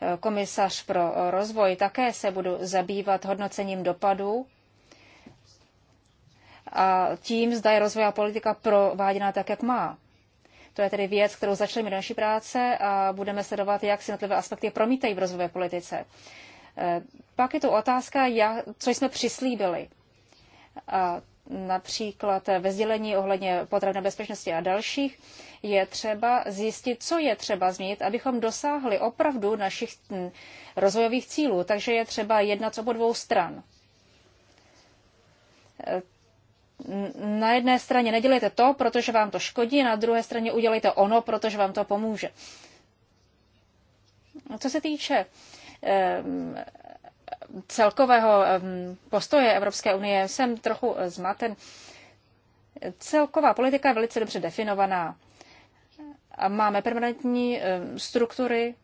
eh, komisař pro rozvoj také se budu zabývat hodnocením dopadů a tím, zda je rozvojová politika prováděna tak, jak má. To je tedy věc, kterou začneme do naší práce a budeme sledovat, jak se jednotlivé aspekty promítají v rozvojové politice. Eh, pak je tu otázka, co jsme přislíbili. A například ve sdělení ohledně potravné bezpečnosti a dalších, je třeba zjistit, co je třeba změnit, abychom dosáhli opravdu našich hm, rozvojových cílů. Takže je třeba jednat z obou dvou stran. Na jedné straně nedělejte to, protože vám to škodí, na druhé straně udělejte ono, protože vám to pomůže. Co se týče hm, celkového postoje Evropské unie jsem trochu eh, zmaten. Celková politika je velice dobře definovaná. Máme permanentní struktury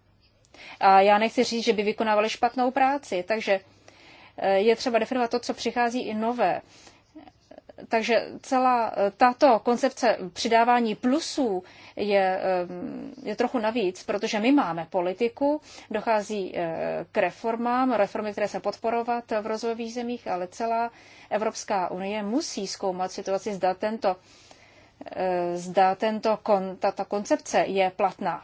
a já nechci říct, že by vykonávali špatnou práci, takže eh, je třeba definovat to, co přichází i nové takže celá eh, tato koncepce přidávání plusů je, eh, je trochu navíc, protože my máme politiku, dochází eh, k reformám, reformy, které se podporovat v rozvojových zemích, ale celá Evropská unie musí zkoumat situaci, zda tento zda tento kon, tato koncepce je platná.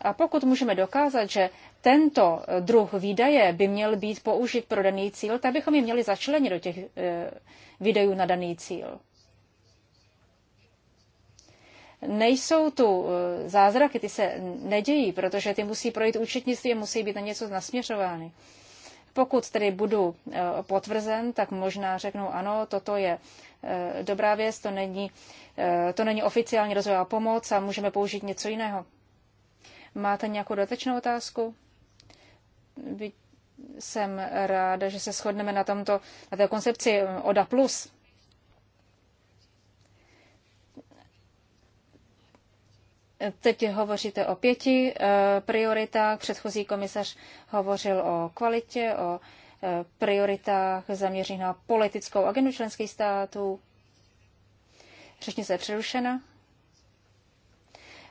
A pokud můžeme dokázat, že tento druh výdaje by měl být použit pro daný cíl, tak bychom je měli začlenit do těch e, výdajů na daný cíl. Nejsou tu e, zázraky, ty se nedějí, protože ty musí projít účetnictví, musí být na něco nasměřovány. Pokud tedy budu e, potvrzen, tak možná řeknou ano, toto je dobrá věc, to není, to není oficiální rozvojová pomoc a můžeme použít něco jiného. Máte nějakou dotečnou otázku? Jsem ráda, že se shodneme na, tomto, na té koncepci eh, ODA+. Plus. Teď hovoříte o pěti eh, prioritách. Předchozí komisař hovořil o kvalitě, o eh, prioritách zaměřených na politickou agendu členských států. Řečnice je přerušena.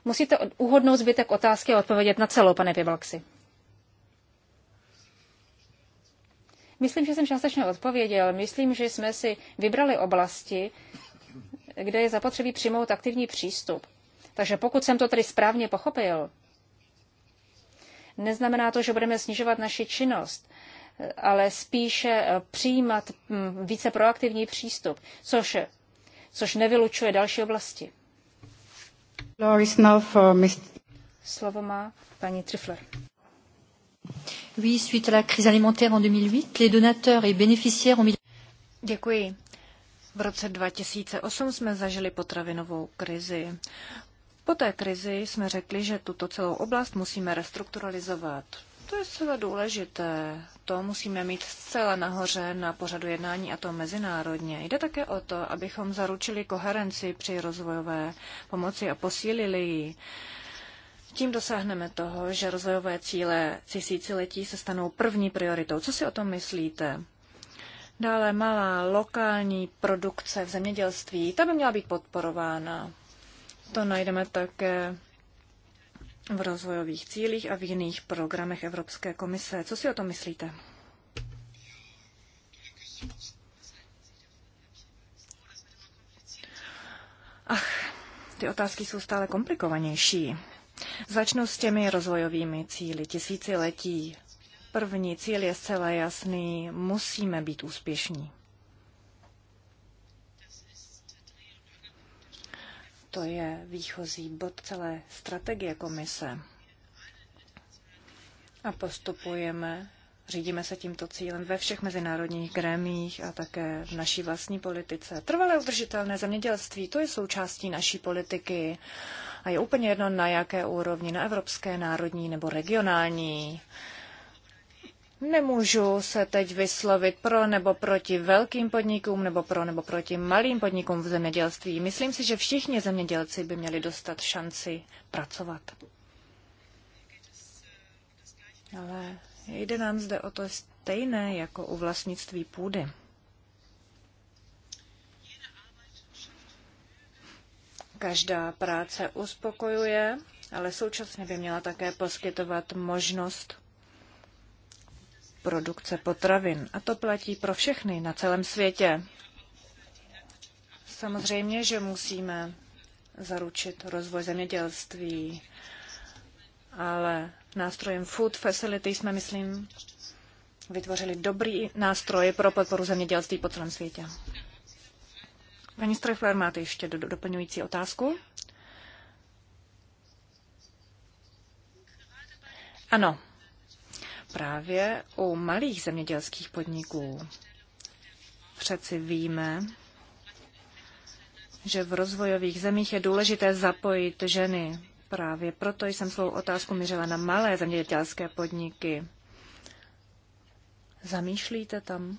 Musíte uhodnout zbytek otázky a odpovědět na celou, pane Pibalksi. Myslím, že jsem částečně odpověděl. Myslím, že jsme si vybrali oblasti, kde je zapotřebí přijmout aktivní přístup. Takže pokud jsem to tady správně pochopil, neznamená to, že budeme snižovat naši činnost, ale spíše eh, přijímat hm, více proaktivní přístup, což, eh, což nevylučuje další oblasti. Slovo má paní Trifler. Oui, suite à la crise alimentaire en 2008, les donateurs et bénéficiaires ont Děkuji. V roce 2008 jsme zažili potravinovou krizi. Po té krizi jsme řekli, že tuto celou oblast musíme restrukturalizovat. To je celé důležité. To musíme mít zcela nahoře na pořadu jednání a to mezinárodně. Jde také o to, abychom zaručili koherenci při rozvojové pomoci a posílili ji. Tím dosáhneme toho, že rozvojové cíle tisíciletí se stanou první prioritou. Co si o tom myslíte? Dále malá lokální produkce v zemědělství, ta by měla být podporována. To najdeme také v rozvojových cílích a v jiných programech Evropské komise. Co si o tom myslíte? Ach, ty otázky jsou stále komplikovanější. Začnu s těmi rozvojovými cíly. Tisíciletí. První cíl je zcela jasný. Musíme být úspěšní. To je výchozí bod celé strategie komise. A postupujeme, řídíme se tímto cílem ve všech mezinárodních grémích a také v naší vlastní politice. Trvalé udržitelné zemědělství, to je součástí naší politiky a je úplně jedno na jaké úrovni, na evropské, národní nebo regionální. Nemůžu se teď vyslovit pro nebo proti velkým podnikům nebo pro nebo proti malým podnikům v zemědělství. Myslím si, že všichni zemědělci by měli dostat šanci pracovat. Ale jde nám zde o to stejné jako u vlastnictví půdy. Každá práce uspokojuje, ale současně by měla také poskytovat možnost produkce potravin. A to platí pro všechny na celém světě. Samozřejmě, že musíme zaručit rozvoj zemědělství, ale nástrojem Food Facility jsme, myslím, vytvořili dobrý nástroj pro podporu zemědělství po celém světě. Paní Strefler, máte ještě do, doplňující otázku? Ano, právě u malých zemědělských podniků. Přeci víme, že v rozvojových zemích je důležité zapojit ženy. Právě proto jsem svou otázku mířila na malé zemědělské podniky. Zamýšlíte tam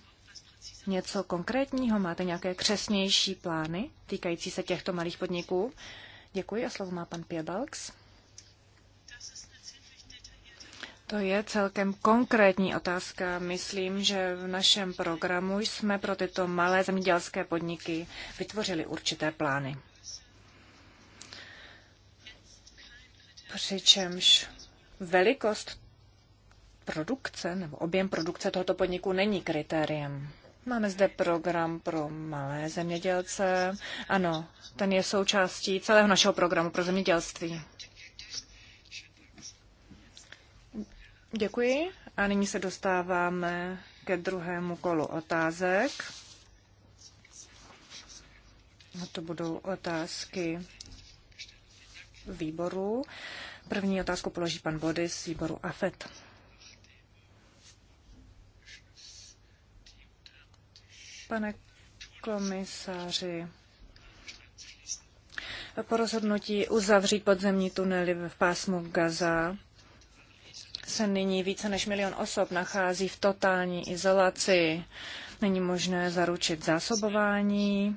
něco konkrétního? Máte nějaké křesnější plány týkající se těchto malých podniků? Děkuji a slovo má pan Piebalks. To je celkem konkrétní otázka. Myslím, že v našem programu jsme pro tyto malé zemědělské podniky vytvořili určité plány. Přičemž velikost produkce nebo objem produkce tohoto podniku není kritériem. Máme zde program pro malé zemědělce. Ano, ten je součástí celého našeho programu pro zemědělství. Děkuji a nyní se dostáváme ke druhému kolu otázek. A to budou otázky výboru. První otázku položí pan Bodis z výboru AFET. Pane komisáři, po rozhodnutí uzavřít podzemní tunely v pásmu Gaza se nyní více než milion osob nachází v totální izolaci. Není možné zaručit zásobování,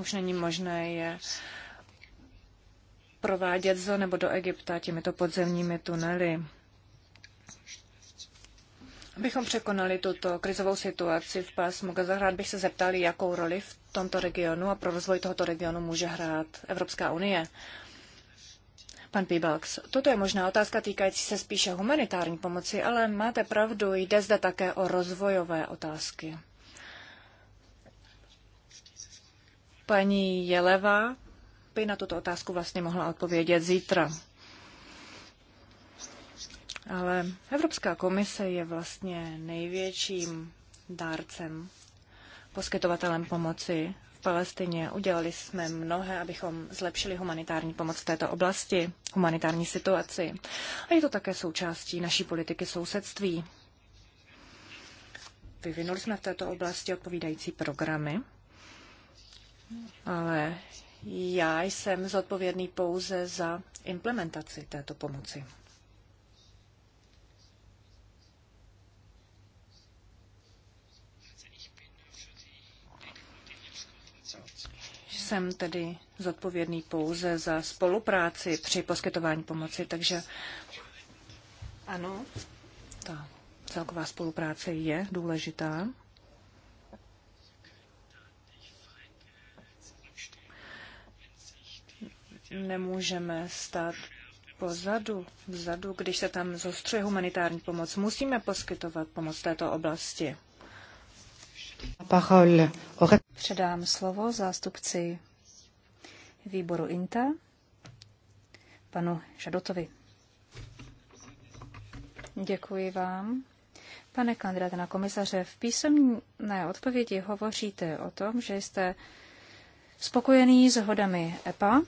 už není možné je provádět zo nebo do Egypta těmito podzemními tunely. Abychom překonali tuto krizovou situaci v pásmu Gazahrad, bych se zeptal, jakou roli v tomto regionu a pro rozvoj tohoto regionu může hrát Evropská unie. Pan Pibalks, toto je možná otázka týkající se spíše humanitární pomoci, ale máte pravdu, jde zde také o rozvojové otázky. Paní Jeleva by na tuto otázku vlastně mohla odpovědět zítra. Ale Evropská komise je vlastně největším dárcem, poskytovatelem pomoci Palestině. Udělali jsme mnohé, abychom zlepšili humanitární pomoc v této oblasti, humanitární situaci. A je to také součástí naší politiky sousedství. Vyvinuli jsme v této oblasti odpovídající programy, ale já jsem zodpovědný pouze za implementaci této pomoci. jsem tedy zodpovědný pouze za spolupráci při poskytování pomoci, takže ano, ta celková spolupráce je důležitá. Nemůžeme stát pozadu, vzadu, když se tam zostřuje humanitární pomoc. Musíme poskytovat pomoc této oblasti. Parole předám slovo zástupci výboru INTA, panu Žadotovi. Děkuji vám. Pane kandidáte na komisaře, v písemné odpovědi hovoříte o tom, že jste spokojený s hodami EPA.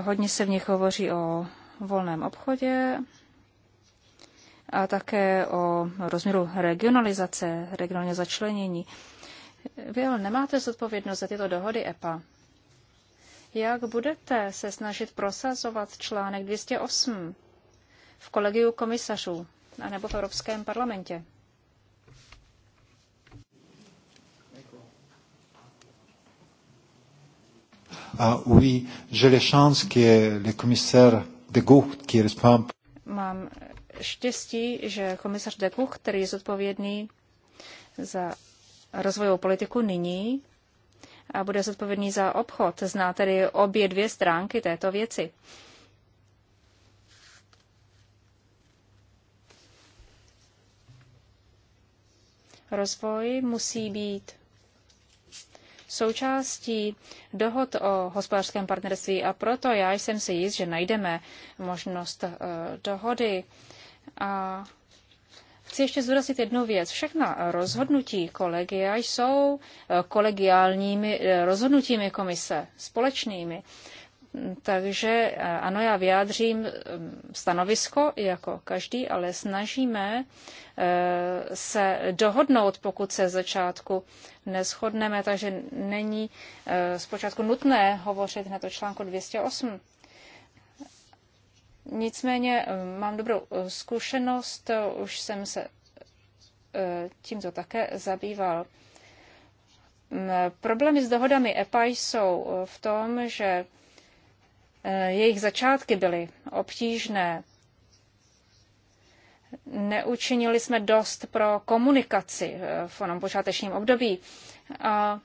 Hodně se v nich hovoří o volném obchodě a také o rozměru regionalizace, regionálně začlenění. Vy ale nemáte zodpovědnost za tyto dohody EPA. Jak budete se snažit prosazovat článek 208 v kolegiu komisařů anebo v Evropském parlamentě? Uh, oui, j'ai la chance que le commissaire de Gaulle, qui est responsable. Mám štěstí, že komisař Kuch, který je zodpovědný za rozvojovou politiku nyní a bude zodpovědný za obchod, zná tedy obě dvě stránky této věci. Rozvoj musí být součástí dohod o hospodářském partnerství a proto já jsem si jist, že najdeme možnost eh, dohody a chci ještě zdůraznit jednu věc. Všechna rozhodnutí kolegia jsou eh, kolegiálními eh, rozhodnutími komise, společnými. Takže eh, ano, já vyjádřím mm, stanovisko jako každý, ale snažíme se dohodnout, pokud se začátku neschodneme, takže není zpočátku nutné hovořit na to článku 208. Nicméně eh, mám dobrou eh, zkušenost, eh, už jsem se tímto také zabýval. Mm, problémy s dohodami EPA jsou v tom, že jejich začátky byly obtížné. Neučinili jsme dost pro komunikaci v onom počátečním období. A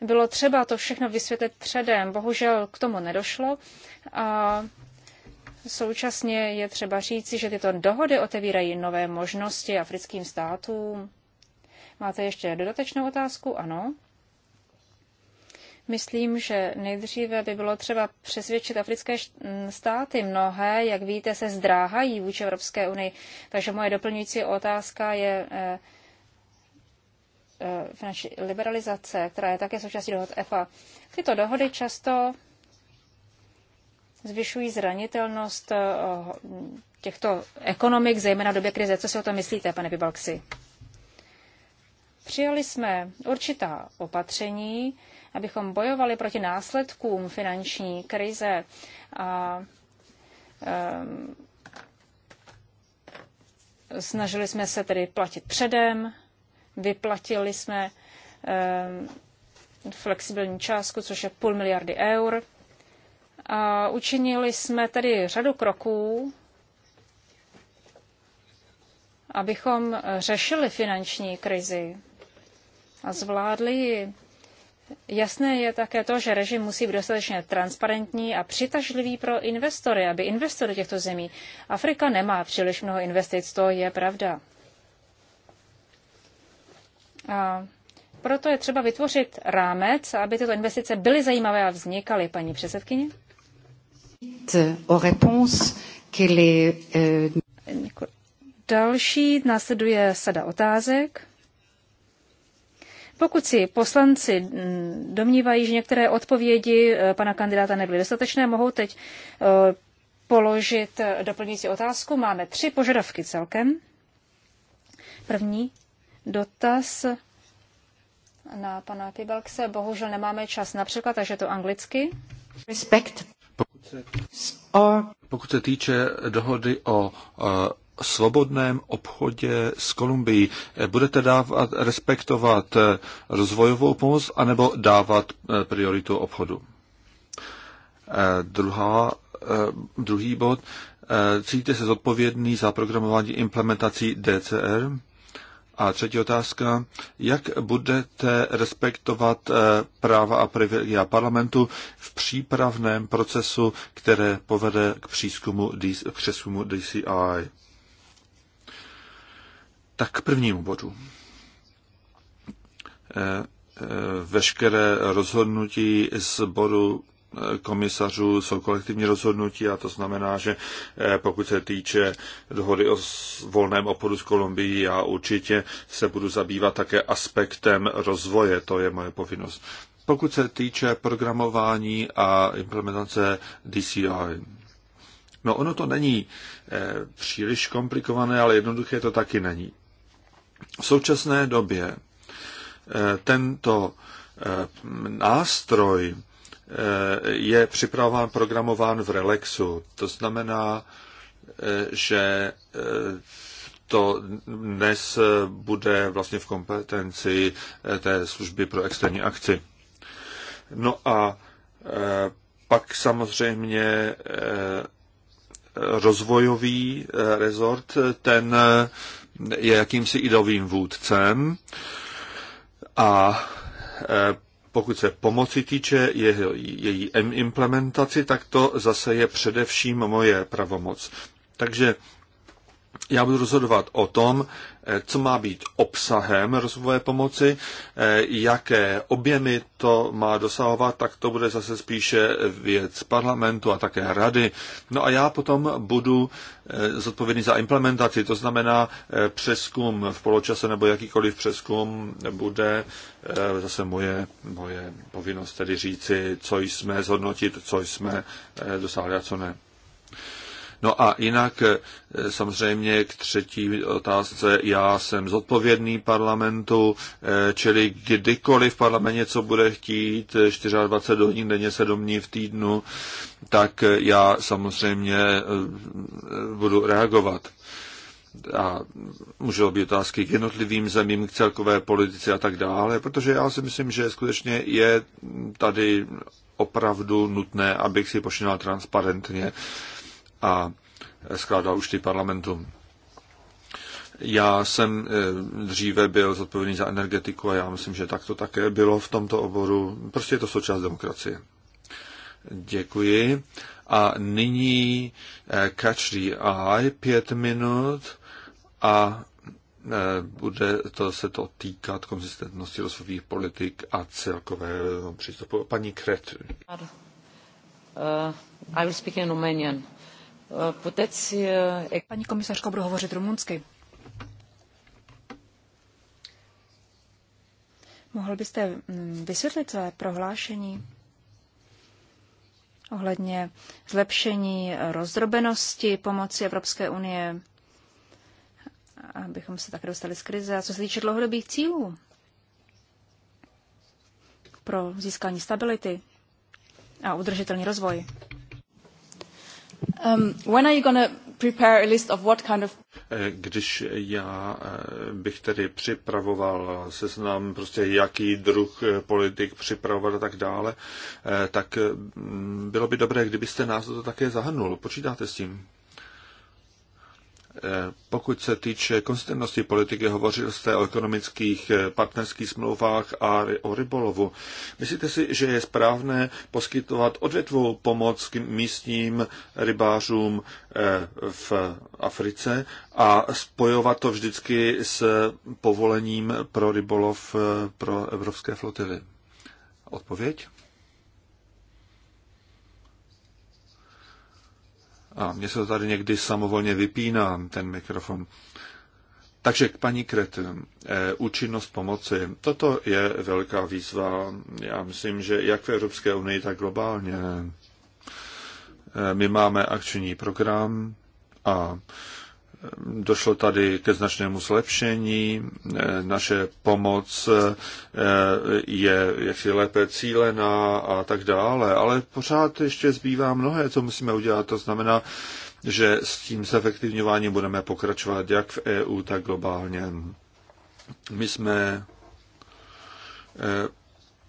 bylo třeba to všechno vysvětlit předem. Bohužel k tomu nedošlo. A Současně je třeba říci, že tyto dohody otevírají nové možnosti africkým státům. Máte ještě dodatečnou otázku? Ano. Myslím, že nejdříve by bylo třeba přesvědčit africké státy. Mnohé, jak víte, se zdráhají vůči Evropské unii. Takže moje doplňující otázka je eh, eh, finanční liberalizace, která je také součástí dohod EFA. Tyto dohody často zvyšují zranitelnost eh, těchto ekonomik, zejména v době krize. Co si o tom myslíte, pane Pibalksi? Přijali jsme určitá opatření, abychom bojovali proti následkům finanční krize a um, snažili jsme se tedy platit předem, vyplatili jsme um, flexibilní částku, což je půl miliardy eur a učinili jsme tedy řadu kroků, abychom řešili finanční krizi a zvládli ji. Jasné je také to, že režim musí být dostatečně transparentní a přitažlivý pro investory, aby investory těchto zemí. Afrika nemá příliš mnoho investic, to je pravda. A proto je třeba vytvořit rámec, aby tyto investice byly zajímavé a vznikaly, paní předsedkyně. Eh, eh, Další následuje sada otázek. Pokud si poslanci mm, domnívají, že některé odpovědi eh, pana kandidáta nebyly dostatečné, mohou teď položit doplňující otázku. Máme tři požadavky celkem. První dotaz na pana Pibalkse. Bohužel nemáme čas například, takže to anglicky. Respect pokud se týče dohody o e, svobodném obchodě s Kolumbií. E, budete dávat, respektovat e, rozvojovou pomoc anebo dávat prioritu obchodu? Druhá, druhý bod. Cítíte se zodpovědný za programování implementací DCR? A třetí otázka, jak budete respektovat eh, práva a privilegia parlamentu v přípravném procesu, které povede k přízkumu k přesumu DCI? Tak k prvnímu bodu. Eh, eh, veškeré rozhodnutí z bodu komisařů jsou kolektivní rozhodnutí a to znamená, že eh, pokud se týče dohody o volném obchodu s Kolumbií, já určitě se budu zabývat také aspektem rozvoje, to je moje povinnost. Pokud se týče programování a implementace DCI, no ono to není eh, příliš komplikované, ale jednoduché to taky není. V současné době eh, tento nástroj Eh, je připravován, programován v Relaxu. To znamená, eh, že eh, to dnes bude vlastně v kompetenci té služby pro externí akci. No a pak samozřejmě rozvojový rezort, ten je jakýmsi idovým vůdcem a pokud se pomoci týče jeho, její implementaci, tak to zase je především moje pravomoc. Takže já budu rozhodovat o tom, eh, co má být obsahem rozvojové pomoci, eh, jaké objemy to má dosahovat, tak to bude zase spíše věc parlamentu a také rady. No a já potom budu eh, zodpovědný za implementaci, to znamená přeskum v poločase nebo jakýkoliv přeskum bude zase moje, moje povinnost tedy říci, co jsme zhodnotit, co jsme dosáhli a co ne. No a jinak eh, samozřejmě k třetí otázce. Já jsem zodpovědný parlamentu, eh, čili kdykoliv parlament něco bude chtít, 24 eh, hodin denně, 7 dní v týdnu, tak já samozřejmě budu reagovat a můžou být otázky k jednotlivým zemím, k celkové politice a tak dále, protože já si myslím, že skutečně je tady opravdu nutné, abych si počínal transparentně a skládal účty parlamentu. Já jsem eh, dříve byl zodpovědný za energetiku a já myslím, že tak to také bylo v tomto oboru. Prostě je to součást demokracie. Děkuji. A nyní eh, Catch the Eye, pět minut a eh, bude to se to týkat konzistentnosti rozvojových politik a celkového přístupu. Paní Kret. Uh, I will speak in Romanian. Puteți... Paní komisařko, budu hovořit rumunsky. Mohl byste mm, vysvětlit své prohlášení ohledně zlepšení rozdrobenosti pomoci Evropské unie, abychom se také dostali z krize. A co se týče dlouhodobých cílů pro získání stability a udržitelný rozvoj? Um, when are you gonna prepare a list of what kind of... Eh, když já eh, bych tedy připravoval seznam, prostě jaký druh eh, politik připravovat a tak dále, tak mm, bylo by dobré, kdybyste nás to také zahrnul. Počítáte s tím? Pokud se týče konzistentnosti politiky, hovořil jste o ekonomických eh, partnerských smlouvách a o rybolovu. Myslíte si, že je správné poskytovat odvětvou pomoc k místním rybářům eh, v Africe a spojovat to vždycky s povolením pro rybolov eh, pro evropské flotily? Odpověď? A mě se to tady někdy samovolně vypíná, ten mikrofon. Takže k paní Kret, eh, účinnost pomoci. Toto je velká výzva, já myslím, že jak v Evropské unii, tak globálně. Eh, my máme akční program a Došlo tady ke značnému zlepšení, naše pomoc eh, je jaksi lépe cílená a tak dále, ale pořád ještě zbývá mnohé, co musíme udělat. To znamená, že s tím zefektivňováním budeme pokračovat jak v EU, tak globálně. My jsme eh,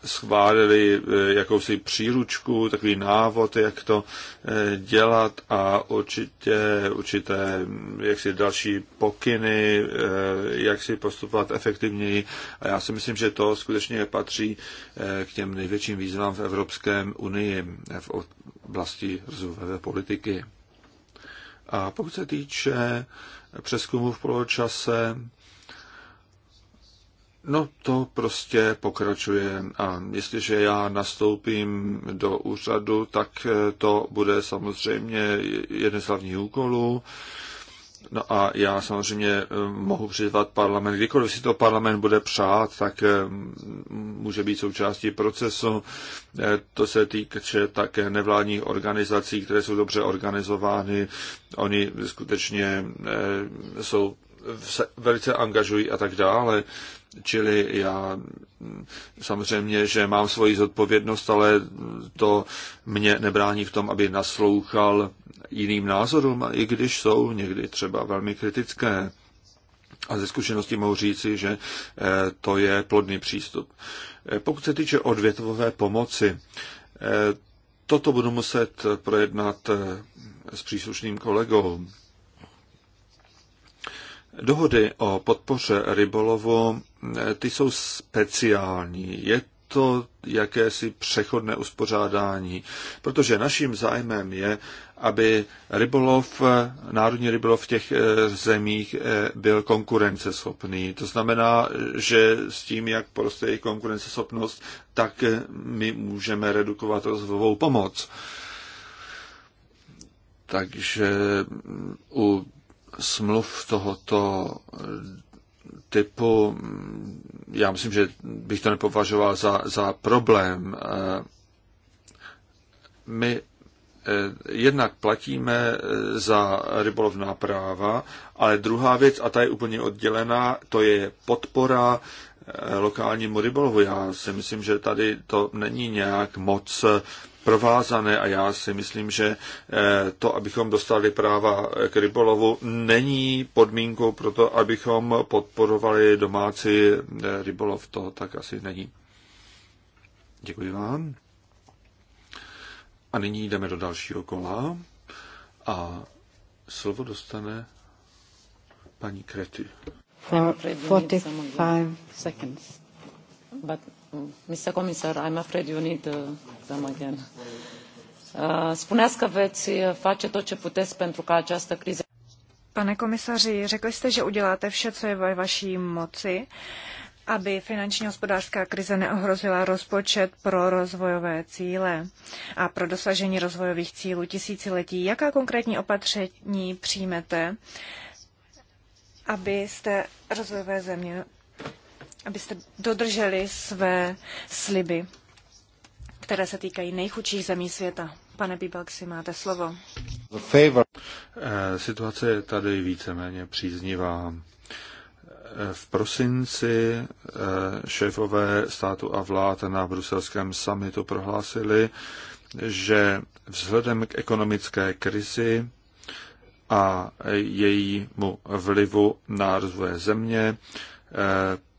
schválili eh, jakousi příručku, takový návod, jak to eh, dělat a určitě určité mm, jaksi další pokyny, eh, jak si postupovat efektivněji. A já si myslím, že to skutečně patří k těm největším výzvám v Evropské unii v oblasti rozvojové politiky. A pokud se týče přeskumu v poločase, No to prostě pokračuje a jestliže já nastoupím do úřadu, tak eh, to bude samozřejmě jeden z hlavních úkolů. No a já samozřejmě eh, mohu přizvat parlament, kdykoliv si to parlament bude přát, tak eh, může být součástí procesu. To se týče také nevládních organizací, které jsou dobře organizovány. Oni skutečně jsou se velice angažují a tak dále. Čili já mm, samozřejmě, že mám svoji zodpovědnost, ale to mě nebrání v tom, aby naslouchal jiným názorům, i když jsou někdy třeba velmi kritické. A ze zkušenosti mohu říci, že eh, to je plodný přístup. Eh, pokud se týče odvětvové pomoci, eh, toto budu muset projednat s příslušným kolegou. Dohody o podpoře rybolovu, eh, ty jsou speciální. Je to jakési přechodné uspořádání, protože naším zájmem je, aby rybolov, eh, národní rybolov v těch eh, zemích byl konkurenceschopný. To znamená, že s tím, jak poroste jejich konkurenceschopnost, tak my můžeme redukovat rozvojovou pomoc. Takže u smluv tohoto typu, já myslím, že bych to nepovažoval za, za problém. My eh, jednak platíme eh, za rybolovná práva, ale druhá věc, a ta je úplně oddělená, to je podpora eh, lokálnímu rybolovu. Já si myslím, že tady to není nějak moc provázané a já si myslím, že eh, to, abychom dostali práva eh, k rybolovu, není podmínkou pro to, abychom podporovali domácí eh, rybolov. To tak asi není. Děkuji vám. A nyní jdeme do dalšího kola a slovo dostane paní Krety. For 45 seconds. But Mr. Mm, Commissar, I'm afraid you need uh, them again. Uh, spuneați că veți uh, face tot ce puteți pentru ca această criză... Pane komisaři, řekli jste, že uděláte vše, co je ve vaší moci, aby finanční hospodářská krize neohrozila rozpočet pro rozvojové cíle a pro dosažení rozvojových cílů tisíciletí. Jaká konkrétní opatření přijmete, abyste rozvojové země abyste dodrželi své sliby, které se týkají nejchudších zemí světa. Pane Bibaxi, máte slovo. Eh, situace je tady víceméně příznivá. Eh, v prosinci eh, šéfové státu a vlád na bruselském summitu prohlásili, že vzhledem k ekonomické krizi a jejímu vlivu na rozvoje země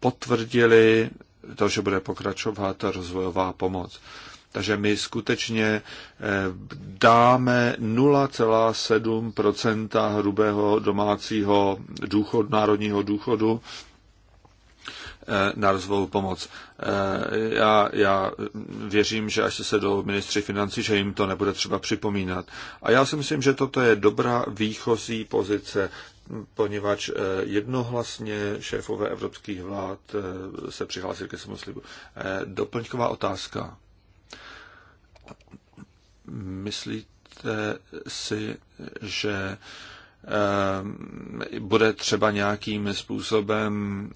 potvrdili to, že bude pokračovat rozvojová pomoc. Takže my skutečně eh, dáme 0,7 hrubého domácího důchod, národního důchodu eh, na rozvojovou pomoc. Eh, já, já věřím, že až se do ministři financí, že jim to nebude třeba připomínat. A já si myslím, že toto je dobrá výchozí pozice poněvadž eh, jednohlasně šéfové evropských vlád eh, se přihlásili ke svému slibu. Eh, doplňková otázka. Myslíte si, že bude třeba nějakým způsobem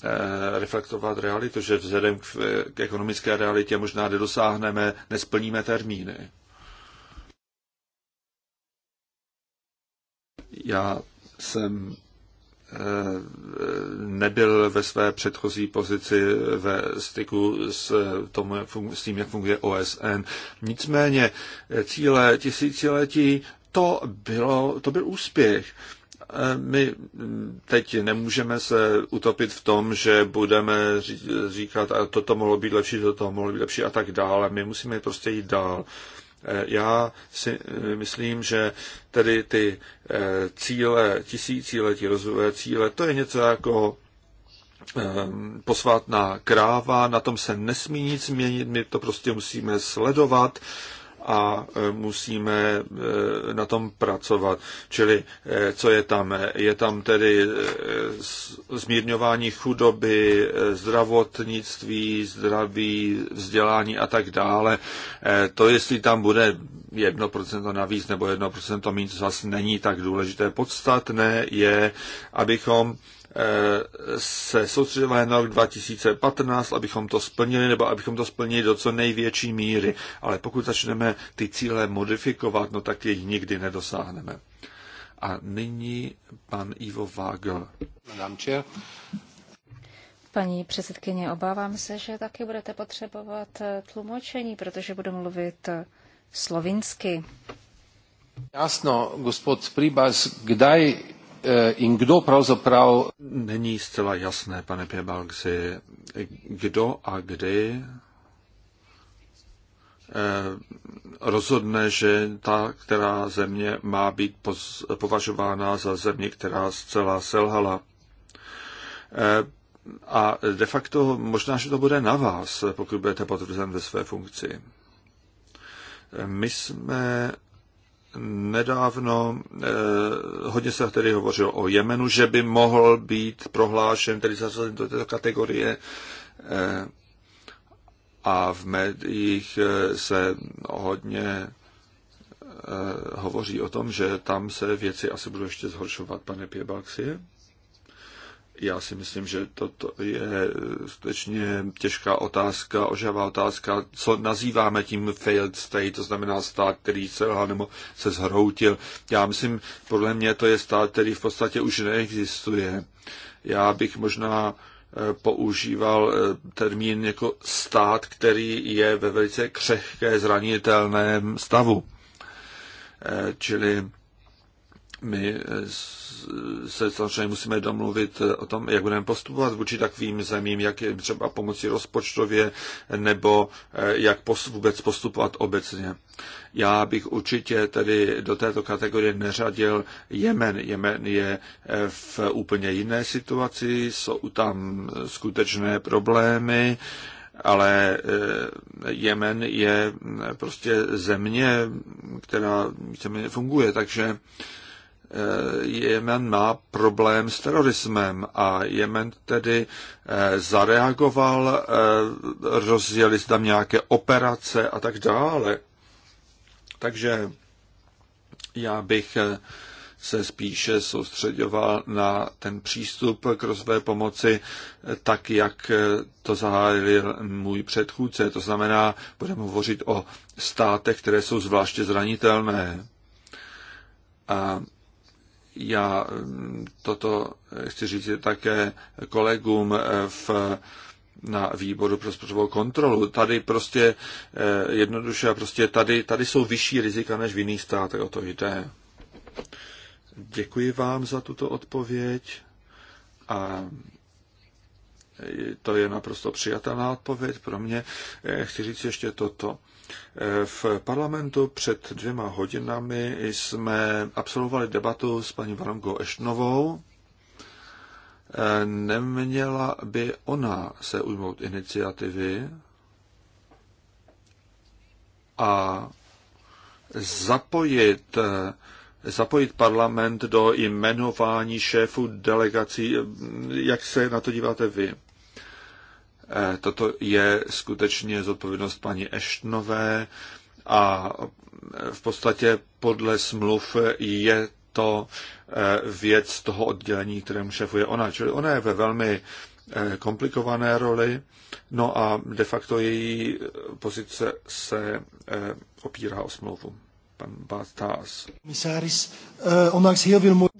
reflektovat realitu, že vzhledem k ekonomické realitě možná nedosáhneme, nesplníme termíny. Já jsem Eh, nebyl ve své předchozí pozici ve styku s, tom, s tím, jak funguje OSN. Nicméně eh, cíle tisíciletí, to, bylo, to byl úspěch. Eh, my hm, teď nemůžeme se utopit v tom, že budeme říkat, a toto mohlo být lepší, toto mohlo být lepší a tak dále. My musíme prostě jít dál. Eh, já si eh, myslím, že tedy ty eh, cíle, tisíciletí rozvojové cíle, to je něco jako ehm, posvátná kráva, na tom se nesmí nic měnit, my to prostě musíme sledovat a e, musíme e, na tom pracovat. Čili e, co je tam? Je tam tedy zmírňování chudoby, zdravotnictví, zdraví, vzdělání a tak dále. To, jestli tam bude 1% navíc nebo 1% méně, to zase není tak důležité. Podstatné je, abychom Eh, se soustředíme na rok 2015, abychom to splnili, nebo abychom to splnili do co největší míry. Ale pokud začneme ty cíle modifikovat, no tak jejich nikdy nedosáhneme. A nyní pan Ivo Vágel. Paní předsedkyně, obávám se, že taky budete potřebovat eh, tlumočení, protože budu mluvit eh, slovinsky. Jasno, gospod Pribas, kdaj Eh, in kdo pravzaprav... Není zcela jasné, pane Pěbalgzi, kdo a kdy eh, rozhodne, že ta, která země má být považována za země, která zcela selhala. Eh, a de facto možná, že to bude na vás, pokud budete potvrzen ve své funkci. My jsme Nedávno eh, hodně se tedy hovořilo o Jemenu, že by mohl být prohlášen, tedy zařazen do této kategorie. Eh, a v médiích eh, se hodně eh, hovoří o tom, že tam se věci asi budou ještě zhoršovat, pane Piebalxie. Já si myslím, že toto je skutečně těžká otázka, ožavá otázka, co nazýváme tím failed state, to znamená stát, který se nebo se zhroutil. Já myslím, podle mě to je stát, který v podstatě už neexistuje. Já bych možná eh, používal eh, termín jako stát, který je ve velice křehké, zranitelném stavu. Eh, čili my eh, se samozřejmě musíme domluvit eh, o tom, jak budeme postupovat vůči takovým zemím, jak je třeba pomoci rozpočtově, nebo eh, jak vůbec postupovat obecně. Já bych určitě tedy do této kategorie neřadil Jemen. Jemen je v úplně jiné situaci, jsou tam skutečné problémy, ale Jemen je mm, prostě země, která funguje, takže Jemen má problém s terorismem a Jemen tedy eh, zareagoval, eh, rozjeli tam nějaké operace a tak dále. Takže já bych eh, se spíše soustředoval na ten přístup k rozvoje pomoci, tak jak to zahájil můj předchůdce. To znamená, budeme hovořit o státech, které jsou zvláště zranitelné. A já mm, toto chci říct také kolegům eh, v na výboru pro spotřebovou kontrolu. Tady prostě eh, jednoduše prostě tady, tady jsou vyšší rizika než v jiných státech, o to jde. Děkuji vám za tuto odpověď a eh, to je naprosto přijatelná odpověď pro mě. Chci říct ještě toto. V parlamentu před dvěma hodinami jsme absolvovali debatu s paní Varankou Eštnovou. Neměla by ona se ujmout iniciativy a zapojit, zapojit parlament do jmenování šéfů delegací. Jak se na to díváte vy? Eh, toto je skutečně zodpovědnost paní Eštnové a eh, v podstatě podle smluv je to eh, věc toho oddělení, kterému šefuje ona. Čili ona je ve velmi komplikované roli, no a de facto její pozice se opírá o smlouvu. Eh,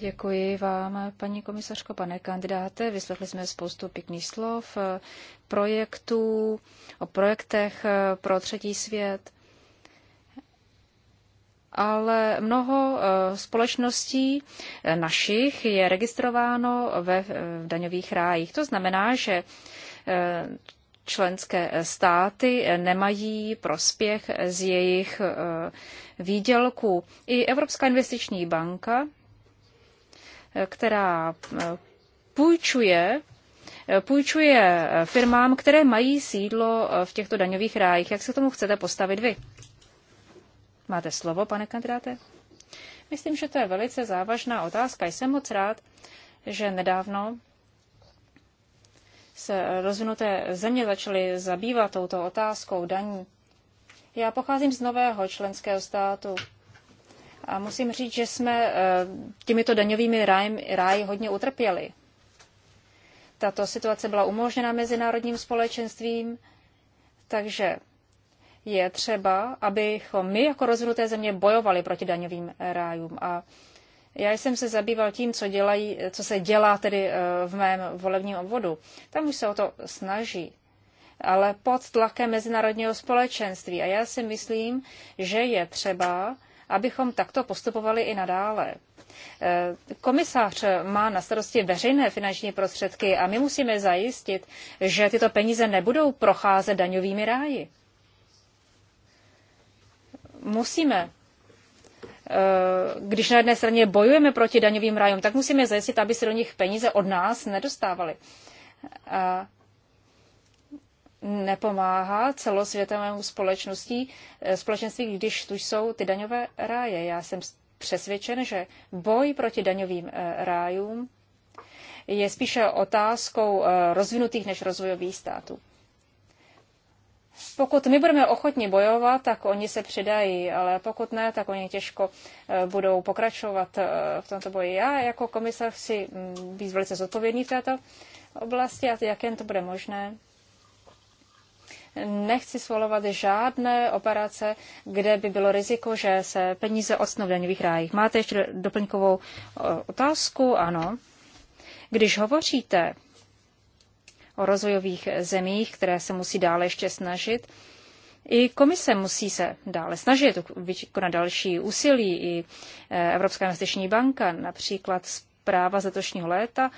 Děkuji vám, paní komisařko, pane kandidáte. Vyslechli jsme spoustu pěkných slov, eh, projektů, o projektech eh, pro třetí svět. Ale mnoho společností našich je registrováno ve daňových rájích. To znamená, že členské státy nemají prospěch z jejich výdělků. I Evropská investiční banka, která eh, půjčuje eh, půjčuje firmám, které mají sídlo eh, v těchto daňových rájích. Jak se tomu chcete postavit vy? Máte slovo, pane kandidáte? Myslím, že to je velice závažná otázka. Jsem moc rád, že nedávno se rozvinuté země začaly zabývat touto otázkou daní. Já pocházím z nového členského státu a musím říct, že jsme eh, těmito daňovými ráji, ráji hodně utrpěli. Tato situace byla umožněna mezinárodním společenstvím, takže je třeba, abychom my jako rozvinuté země bojovali proti daňovým rájům. A já jsem se zabýval tím, co, dělají, co se dělá tedy eh, v mém volebním obvodu. Tam už se o to snaží ale pod tlakem mezinárodního společenství. A já si myslím, že je třeba, abychom takto postupovali i nadále. Eh, komisář má na starosti veřejné finanční prostředky a my musíme zajistit, že tyto peníze nebudou procházet daňovými ráji. Musíme eh, když na jedné straně bojujeme proti daňovým rájům, tak musíme zajistit, aby se do nich peníze od nás nedostávaly nepomáhá celosvětovému společnosti, eh, společenství, když tu jsou ty daňové ráje. Já jsem přesvědčen, že boj proti daňovým eh, rájům je spíše otázkou eh, rozvinutých než rozvojových států. Pokud my budeme ochotni bojovat, tak oni se přidají, ale pokud ne, tak oni těžko budou pokračovat v tomto boji. Já jako komisar chci mm, být velice zodpovědný v této oblasti a jak jen to bude možné, nechci svolovat žádné operace, kde by bylo riziko, že se peníze odstnou v daňových rájích. Máte ještě doplňkovou otázku? Ano. Když hovoříte o rozvojových zemích, které se musí dále ještě snažit, i komise musí se dále snažit vykonat další úsilí. I e, Evropská investiční banka například zpráva z letošního léta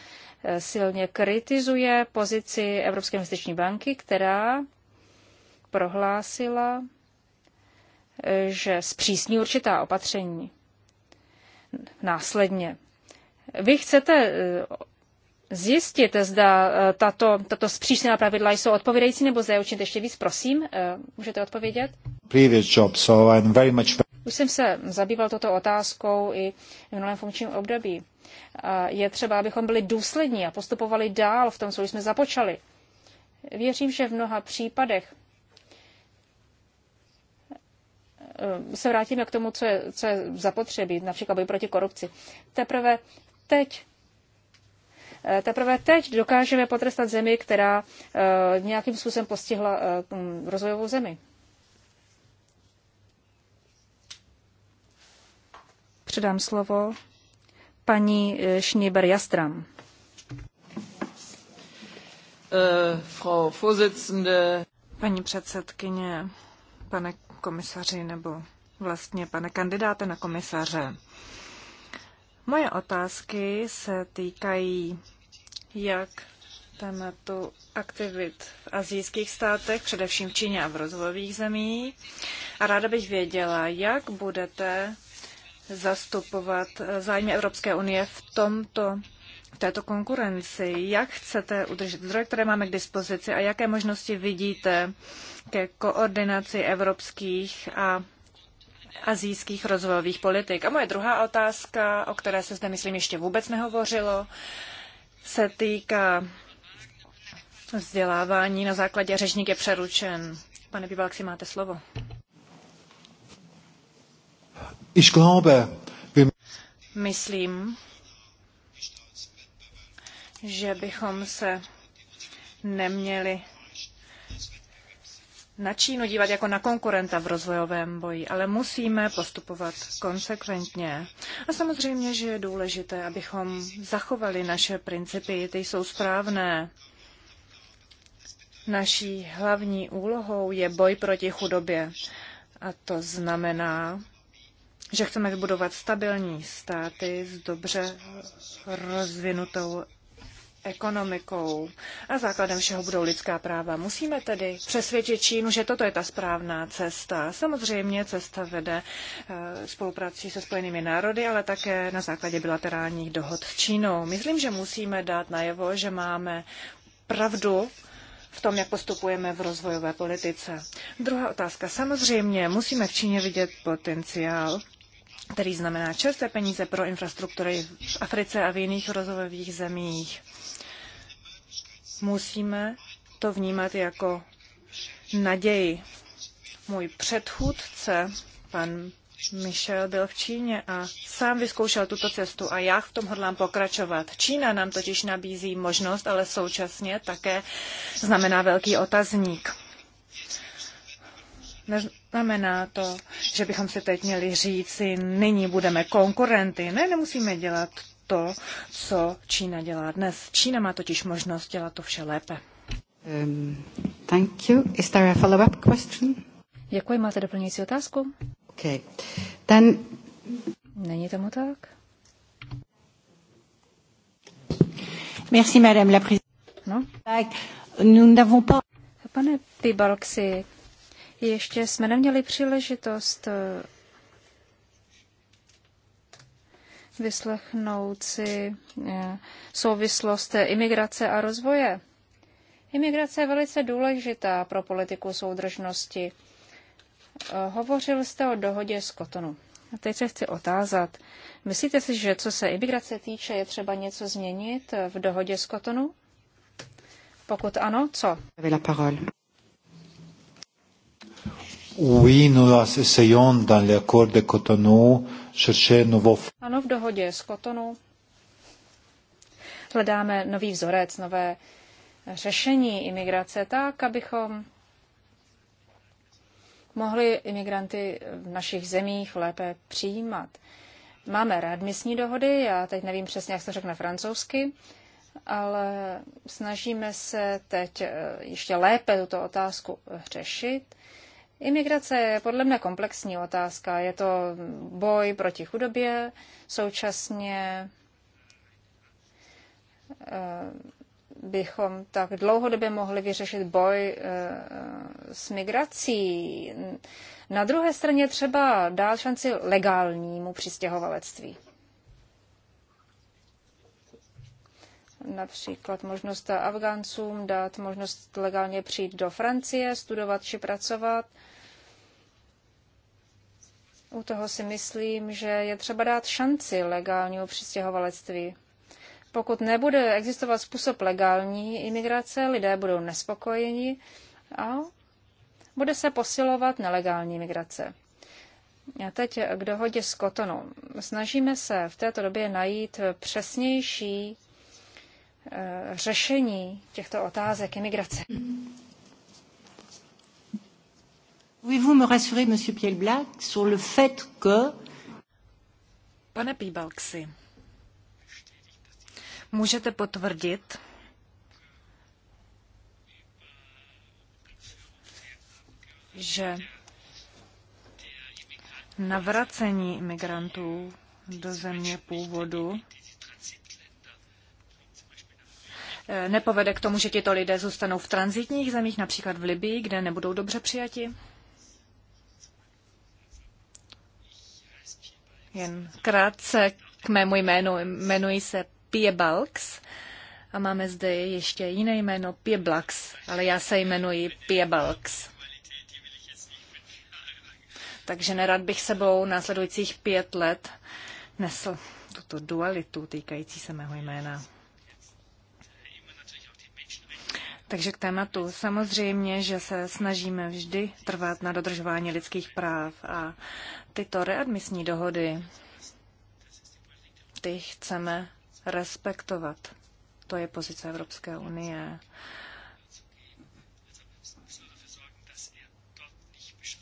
e, silně kritizuje pozici Evropské investiční banky, která prohlásila, že zpřísní určitá opatření. Následně. Vy chcete eh, zjistit, zda eh, tato, tato zpřísněná pravidla jsou odpovědající nebo zda je ještě víc, prosím, eh, můžete odpovědět? job, so I'm very much... Už jsem se zabýval toto otázkou i v minulém funkčním období. Je třeba, abychom byli důslední a postupovali dál v tom, co jsme započali. Věřím, že v mnoha případech Eh, se vrátíme k tomu, co je, co je zapotřebí, například boj proti korupci. Teprve teď eh, Teprve teď dokážeme potrestat zemi, která eh, nějakým způsobem postihla mm, rozvojovou zemi. Předám slovo paní Schnieber Jastram. Paní předsedkyně, pane komisaři nebo vlastně pane kandidáte na komisaře. Moje otázky se týkají jak tématu aktivit v azijských státech, především v Číně a v rozvojových zemí. A ráda bych věděla, jak budete zastupovat zájmy Evropské unie v tomto v této konkurenci, jak chcete udržet zdroje, které máme k dispozici a jaké možnosti vidíte ke koordinaci evropských a azijských rozvojových politik. A moje druhá otázka, o které se zde, myslím, ještě vůbec nehovořilo, se týká vzdělávání na základě řečník je přeručen. Pane Bibalksi, máte slovo. Ich glaube, Myslím, že bychom se neměli na Čínu dívat jako na konkurenta v rozvojovém boji, ale musíme postupovat konsekventně. A samozřejmě, že je důležité, abychom zachovali naše principy, ty jsou správné. Naší hlavní úlohou je boj proti chudobě. A to znamená, že chceme vybudovat stabilní státy s dobře rozvinutou ekonomikou. A základem všeho budou lidská práva. Musíme tedy přesvědčit Čínu, že toto je ta správná cesta. Samozřejmě cesta vede eh, spoluprací se Spojenými národy, ale také na základě bilaterálních dohod s Čínou. Myslím, že musíme dát najevo, že máme pravdu v tom, jak postupujeme v rozvojové politice. Druhá otázka. Samozřejmě musíme v Číně vidět potenciál který znamená čerstvé peníze pro infrastruktury v Africe a v jiných rozvojových zemích. Musíme to vnímat jako naději. Můj předchůdce, pan Michel byl v Číně a sám vyzkoušel tuto cestu a já v tom hodlám pokračovat. Čína nám totiž nabízí možnost, ale současně také znamená velký otazník. Neznamená to, že bychom si teď měli říci, nyní budeme konkurenty. Ne, nemusíme dělat to, co Čína dělá dnes. Čína má totiž možnost dělat to vše lépe. Um, thank you. Is there a follow-up question? Děkuji, máte doplňující otázku? Okay. Then... Není tomu tak? Merci, madame la no? Pane Pibalksi, ještě jsme neměli příležitost vyslechnout si eh, souvislost imigrace a rozvoje. Imigrace je velice důležitá pro politiku soudržnosti. Eh, hovořil jste o dohodě s Kotonu. A teď se chci otázat, myslíte si, že co se imigrace týče, je třeba něco změnit eh, v dohodě s Kotonu? Pokud ano, co? Oui, nous essayons dans l'accord de Cotonou ano, v dohodě s Kotonu hledáme nový vzorec, nové řešení imigrace tak, abychom mohli imigranty v našich zemích lépe přijímat. Máme readmisní dohody, já teď nevím přesně, jak se to řekne francouzsky, ale snažíme se teď eh, ještě lépe tuto otázku řešit. Imigrace je podle mne komplexní otázka. Je to boj proti chudobě, současně eh, bychom tak dlouhodobě mohli vyřešit boj eh, s migrací. Na druhé straně třeba dát šanci legálnímu přistěhovalectví. například možnost Afgáncům dát možnost legálně přijít do Francie, studovat či pracovat. U toho si myslím, že je třeba dát šanci legálního přistěhovalectví. Pokud nebude existovat způsob legální imigrace, lidé budou nespokojeni a bude se posilovat nelegální imigrace. A teď k dohodě s Kotonou. Snažíme se v této době najít přesnější Eh, řešení těchto otázek imigrace. Pouvez-vous me rassurer, monsieur sur le fait que... Pane Píbalksi, můžete potvrdit, že navracení imigrantů do země původu nepovede k tomu, že tito lidé zůstanou v transitních zemích, například v Libii, kde nebudou dobře přijati? Jen krátce k mému jménu. Jmenuji se Pie Balks a máme zde ještě jiné jméno Pie Blacks, ale já se jmenuji Pie Balks. Takže nerad bych sebou následujících pět let nesl tuto dualitu týkající se mého jména. Takže k tématu. Samozřejmě, že se snažíme vždy trvat na dodržování lidských práv a tyto readmisní dohody, ty chceme respektovat. To je pozice Evropské unie.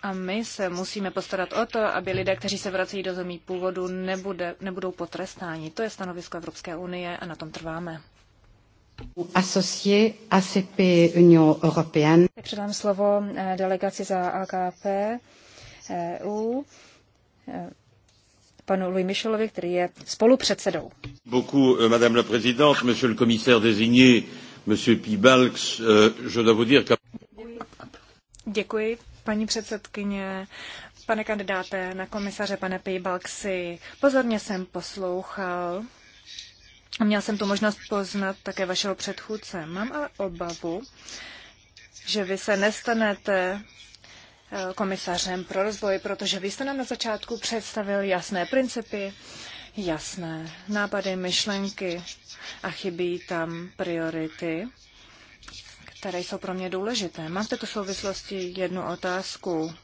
A my se musíme postarat o to, aby lidé, kteří se vrací do zemí původu, nebude, nebudou potrestáni. To je stanovisko Evropské unie a na tom trváme. Asocié ACP Union Européenne. Předám slovo eh, delegaci za AKP EU eh, eh, panu Louis Michelovi, který je spolupředsedou. Beaucoup, euh, madame la présidente, monsieur le commissaire désigné, monsieur euh, je dois vous dire que... Děkuji, paní předsedkyně. Pane kandidáte na komisaře, pane Piebalgsi. pozorně jsem poslouchal a měl jsem tu možnost poznat také vašeho předchůdce. Mám ale obavu, že vy se nestanete eh, komisařem pro rozvoj, protože vy jste nám na začátku představil jasné principy, jasné nápady, myšlenky a chybí tam priority, které jsou pro mě důležité. Mám v této souvislosti jednu otázku.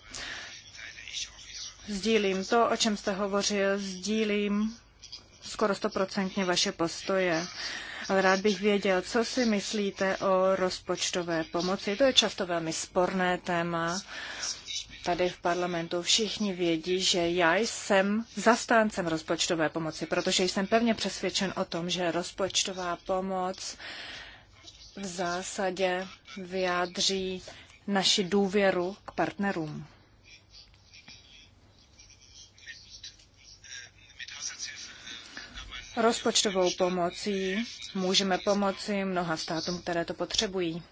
Sdílím to, o čem jste hovořil, sdílím skoro stoprocentně vaše postoje. Ale rád bych věděl, co si myslíte o rozpočtové pomoci. To je často velmi sporné téma. Tady v parlamentu všichni vědí, že já jsem zastáncem rozpočtové pomoci, protože jsem pevně přesvědčen o tom, že rozpočtová pomoc v zásadě vyjádří naši důvěru k partnerům. Rozpočtovou pomocí můžeme pomoci mnoha státům, které to potřebují.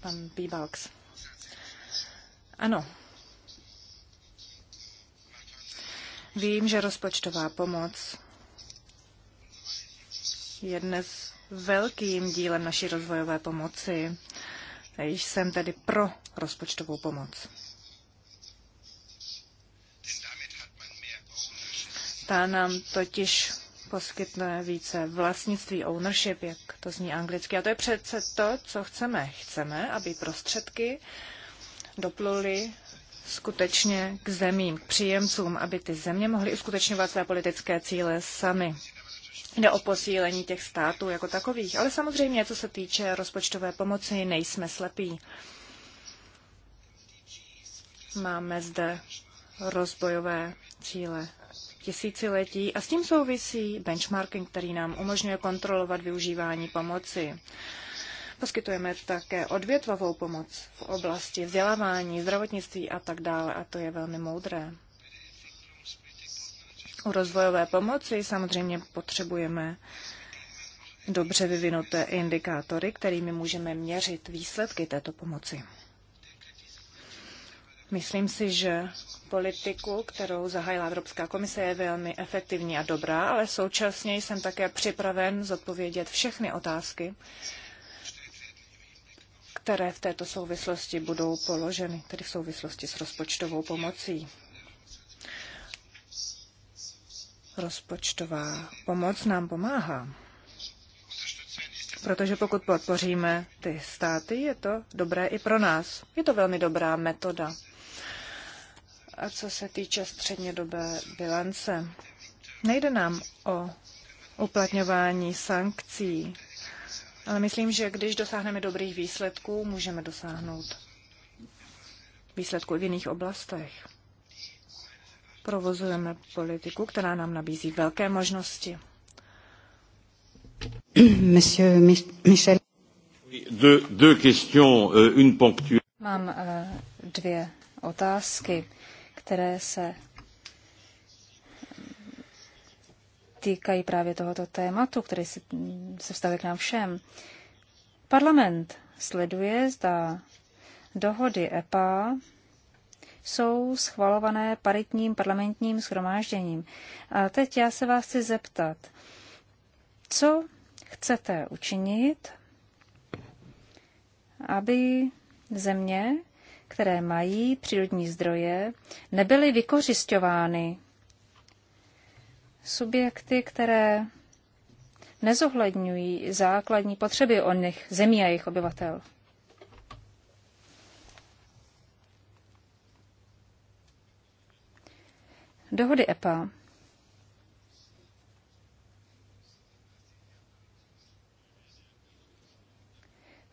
Pan Bivalks. Ano. Vím, že rozpočtová pomoc je dnes velkým dílem naší rozvojové pomoci. Již jsem tedy pro rozpočtovou pomoc. Ta nám totiž poskytne více vlastnictví, ownership, jak to zní anglicky. A to je přece to, co chceme. Chceme, aby prostředky dopluly skutečně k zemím, k příjemcům, aby ty země mohly uskutečňovat své politické cíle sami. Jde o posílení těch států jako takových. Ale samozřejmě, co se týče rozpočtové pomoci, nejsme slepí. Máme zde rozbojové cíle tisíciletí a s tím souvisí benchmarking, který nám umožňuje kontrolovat využívání pomoci. Poskytujeme také odvětvovou pomoc v oblasti vzdělávání, zdravotnictví a tak dále a to je velmi moudré. U rozvojové pomoci samozřejmě potřebujeme dobře vyvinuté indikátory, kterými můžeme měřit výsledky této pomoci. Myslím si, že politiku, kterou zahájila Evropská komise, je velmi efektivní a dobrá, ale současně jsem také připraven zodpovědět všechny otázky, které v této souvislosti budou položeny, tedy v souvislosti s rozpočtovou pomocí. Rozpočtová pomoc nám pomáhá, protože pokud podpoříme ty státy, je to dobré i pro nás. Je to velmi dobrá metoda co se týče střednědobé bilance. Nejde nám o uplatňování sankcí, ale myslím, že když dosáhneme dobrých výsledků, můžeme dosáhnout výsledků i v jiných oblastech. Provozujeme politiku, která nám nabízí velké možnosti. Monsieur Michel. Deux, euh, une Mám euh, dvě otázky které se týkají právě tohoto tématu, který se, se vztahuje k nám všem. Parlament sleduje, zda dohody EPA jsou schvalované paritním parlamentním schromážděním. A teď já se vás chci zeptat, co chcete učinit, aby země, které mají přírodní zdroje, nebyly vykořišťovány subjekty, které nezohledňují základní potřeby o nich zemí a jejich obyvatel. Dohody EPA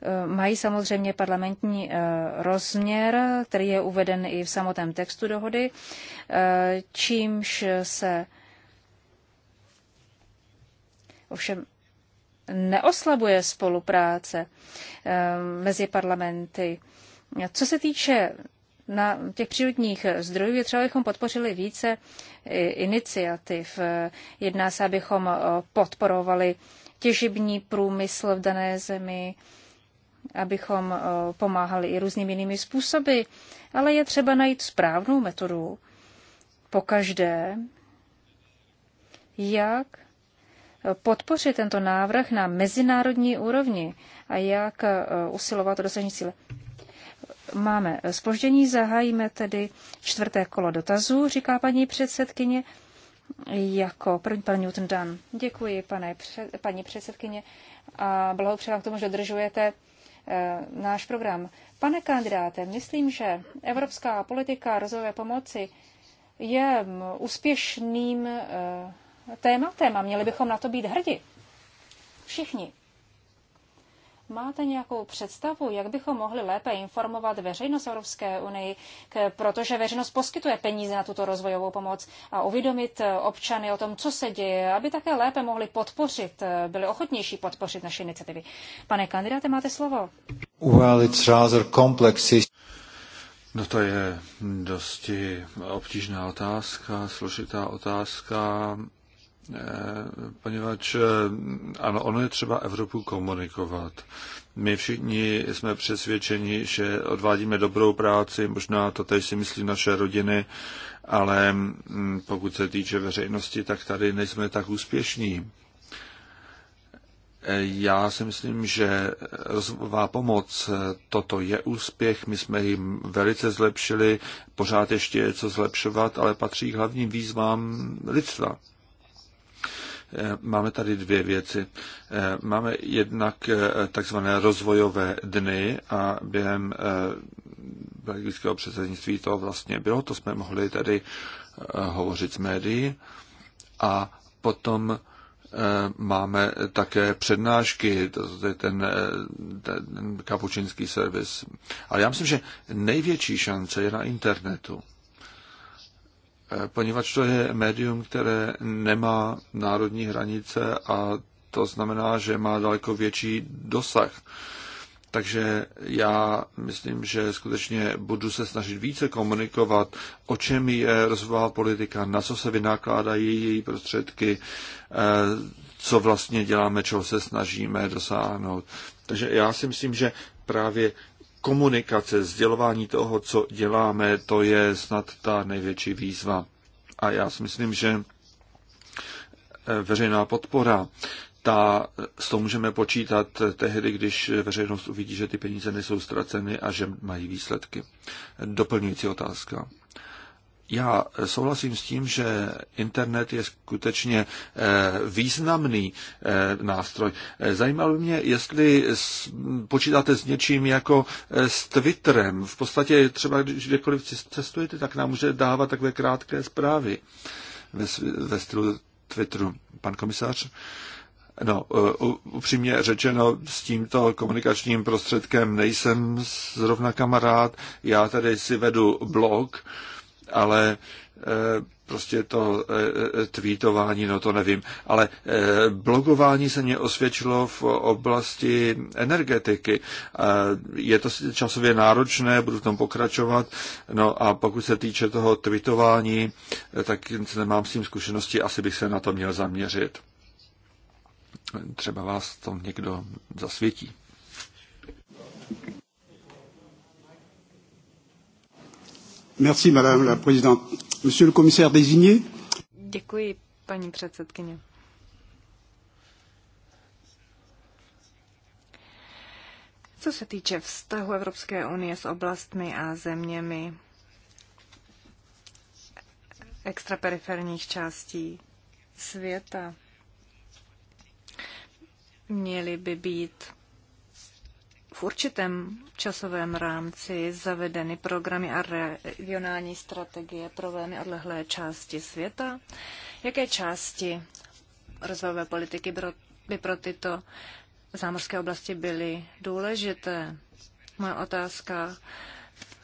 Eh, mají samozřejmě parlamentní eh, rozměr, který je uveden i v samotném textu dohody, eh, čímž se ovšem neoslabuje spolupráce mezi parlamenty. Co se týče na těch přírodních zdrojů je třeba, abychom podpořili více iniciativ. Jedná se, abychom podporovali těžební průmysl v dané zemi, abychom eh, pomáhali i různými jinými způsoby, ale je třeba najít správnou metodu po každé, jak eh, podpořit tento návrh na mezinárodní úrovni a jak eh, usilovat o dosažení cíle. Máme spoždění, zahájíme tedy čtvrté kolo dotazů, říká paní předsedkyně jako první pan Newton Dunn. Děkuji, pane, paní předsedkyně, a blahopřeji k tomu, že dodržujete Eh, náš program. Pane kandidáte, myslím, že evropská politika rozvojové pomoci je úspěšným eh, tématem a měli bychom na to být hrdi. Všichni. Máte nějakou představu, jak bychom mohli lépe informovat veřejnost Evropské unii, protože veřejnost poskytuje peníze na tuto rozvojovou pomoc a uvědomit eh, občany o tom, co se děje, aby také lépe mohli podpořit, eh, byli ochotnější podpořit naše iniciativy. Pane kandidáte, máte slovo. Well, it's rather complex. No to je dosti obtížná otázka, složitá otázka Eh, poněvadž eh, ano, ono je třeba Evropu komunikovat. My všichni jsme přesvědčeni, že odvádíme dobrou práci, možná to tady si myslí naše rodiny, ale hm, pokud se týče veřejnosti, tak tady nejsme tak úspěšní. Eh, já si myslím, že rozvojová pomoc, toto je úspěch, my jsme jim velice zlepšili, pořád ještě je co zlepšovat, ale patří k hlavním výzvám lidstva. Eh, máme tady dvě věci. Eh, máme jednak eh, takzvané rozvojové dny a během belgického předsednictví to vlastně bylo, to jsme mohli tady hovořit s médií. A potom máme také přednášky, to je ten, ten kapučinský servis. Ale já myslím, že největší šance je na internetu poněvadž to je médium, které nemá národní hranice a to znamená, že má daleko větší dosah. Takže já myslím, že skutečně budu se snažit více komunikovat, o čem je rozvojová politika, na co se vynakládají její prostředky, eh, co vlastně děláme, čeho se snažíme dosáhnout. Takže já si myslím, že právě komunikace, sdělování toho, co děláme, to je snad ta největší výzva. A já si myslím, že eh, veřejná podpora, ta, s tou můžeme počítat tehdy, když veřejnost uvidí, že ty peníze nejsou ztraceny a že mají výsledky. Doplňující otázka. Já souhlasím s tím, že internet je skutečně eh, významný eh, nástroj. Eh, zajímalo by mě, jestli počítáte s něčím jako s Twitterem. V podstatě třeba, když kdekoliv cestujete, tak nám může dávat takové krátké zprávy ve, ve stylu Twitteru. Pan komisař? No, upřímně řečeno, s tímto komunikačním prostředkem nejsem zrovna kamarád. Já tady si vedu blog, ale eh, prostě to eh, eh, tweetování, no to nevím, ale blogování se mě osvědčilo v oblasti energetiky. Je to časově náročné, budu v tom pokračovat, no a pokud se týče toho tweetování, tak nemám s tím zkušenosti, asi bych se na to měl zaměřit. Třeba vás to někdo zasvětí. Děkuji, paní předsedkyně. Co se týče vztahu Evropské unie s oblastmi a zeměmi extraperiferních částí světa, měly by být v určitém časovém rámci zavedeny programy a regionální strategie pro velmi odlehlé části světa? Jaké části rozvojové politiky by pro tyto zámořské oblasti byly důležité? Moje otázka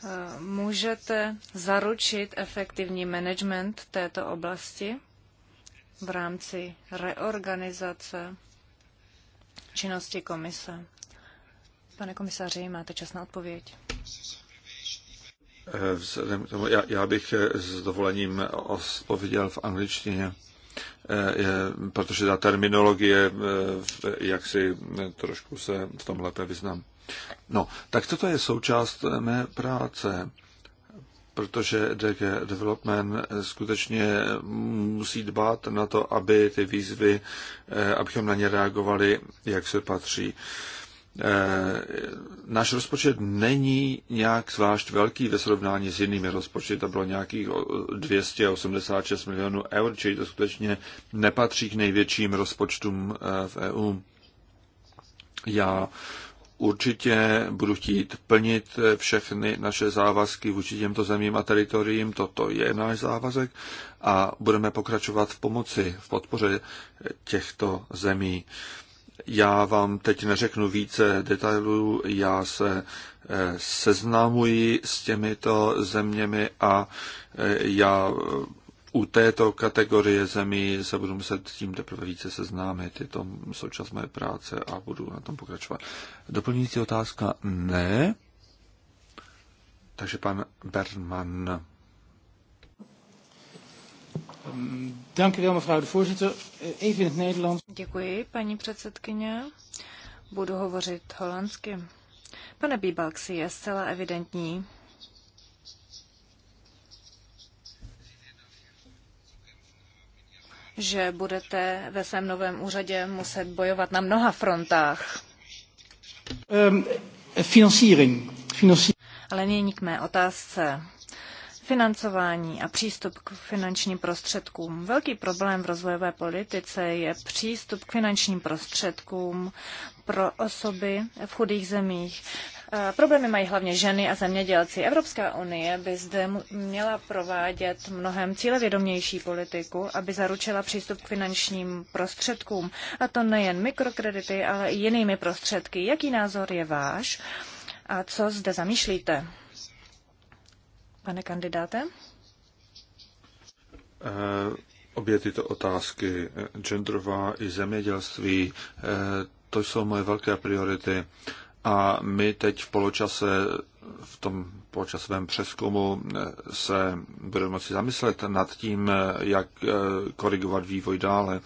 eh, Můžete zaručit efektivní management této oblasti v rámci reorganizace činnosti komise? Pane komisaři, máte čas na odpověď. Eh, vzhledem k tomu, já, já bych eh, s dovolením odpověděl v angličtině, eh, protože ta terminologie, jak si trošku se v tom lépe vyznám. No, tak toto je součást mé práce protože DG Development skutečně musí dbát na to, aby ty výzvy, abychom na ně reagovali, jak se patří. Eh, náš rozpočet není nějak zvlášť velký ve srovnání s jinými rozpočty. To bylo nějakých 286 milionů eur, čili to skutečně nepatří k největším rozpočtům eh, v EU. Já určitě budu chtít plnit eh, všechny naše závazky vůči těmto zemím a teritoriím. Toto je náš závazek a budeme pokračovat v pomoci, v podpoře těchto zemí. Já vám teď neřeknu více detailů, já se eh, seznámuji s těmito zeměmi a eh, já eh, u této kategorie zemí se budu muset tím teprve více seznámit. Je to součas mé práce a budu na tom pokračovat. Doplňující otázka? Ne. Takže pan Berman. Děkuji, paní předsedkyně. Budu hovořit holandsky. Pane Bíbalksi, je zcela evidentní, že budete ve svém novém úřadě muset bojovat na mnoha frontách. Um, Ale nyní k mé otázce. Financování a přístup k finančním prostředkům. Velký problém v rozvojové politice je přístup k finančním prostředkům pro osoby v chudých zemích. E, problémy mají hlavně ženy a zemědělci. Evropská unie by zde měla provádět mnohem cílevědomější politiku, aby zaručila přístup k finančním prostředkům. A to nejen mikrokredity, ale i jinými prostředky. Jaký názor je váš a co zde zamýšlíte? Pane kandidáte? Eh, obě tyto otázky, eh, genderová i zemědělství, eh, to jsou moje velké priority. A my teď v poločase, v tom poločasovém přeskumu se budeme moci zamyslet nad tím, jak korigovat vývoj dále.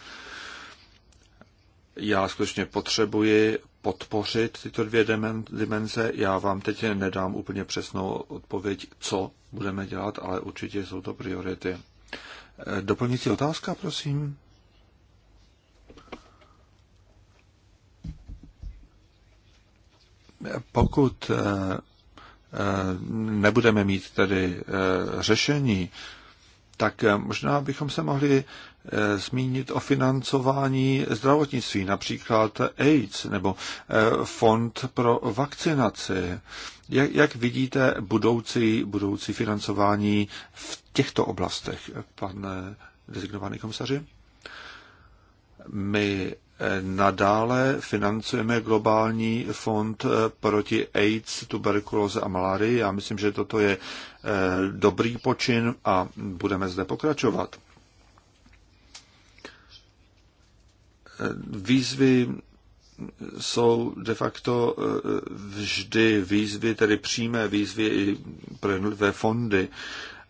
Já skutečně potřebuji podpořit tyto dvě dimenze. Já vám teď nedám úplně přesnou odpověď, co budeme dělat, ale určitě jsou to priority. Eh, doplňující otázka, prosím. Pokud eh, eh, nebudeme mít tedy řešení, tak možná bychom se mohli Eh, zmínit o financování zdravotnictví, například AIDS nebo eh, fond pro vakcinaci. Jak, jak vidíte budoucí, budoucí financování v těchto oblastech, pane designovaný komisaři? My eh, nadále financujeme globální fond proti AIDS, tuberkulóze a malárii. Já myslím, že toto je dobrý počin a budeme zde pokračovat. výzvy jsou de facto eh, vždy výzvy, tedy přímé výzvy i pro jednotlivé fondy,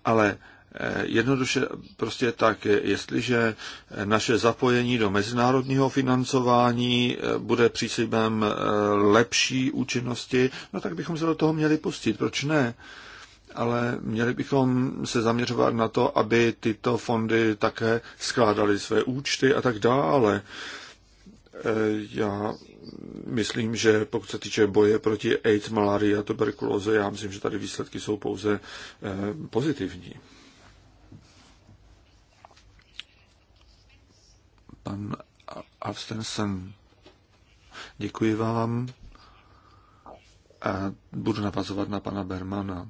ale eh, jednoduše prostě tak, jestliže naše zapojení do mezinárodního financování eh, bude příslibem lepší účinnosti, no tak bychom se do toho měli pustit, proč ne? ale měli bychom se zaměřovat na to, aby tyto fondy také skládaly své účty a tak dále. E, já myslím, že pokud se týče boje proti AIDS, malárii a tuberkulóze, já myslím, že tady výsledky jsou pouze e, pozitivní. Pan Avstensen, děkuji vám. A budu navazovat na pana Bermana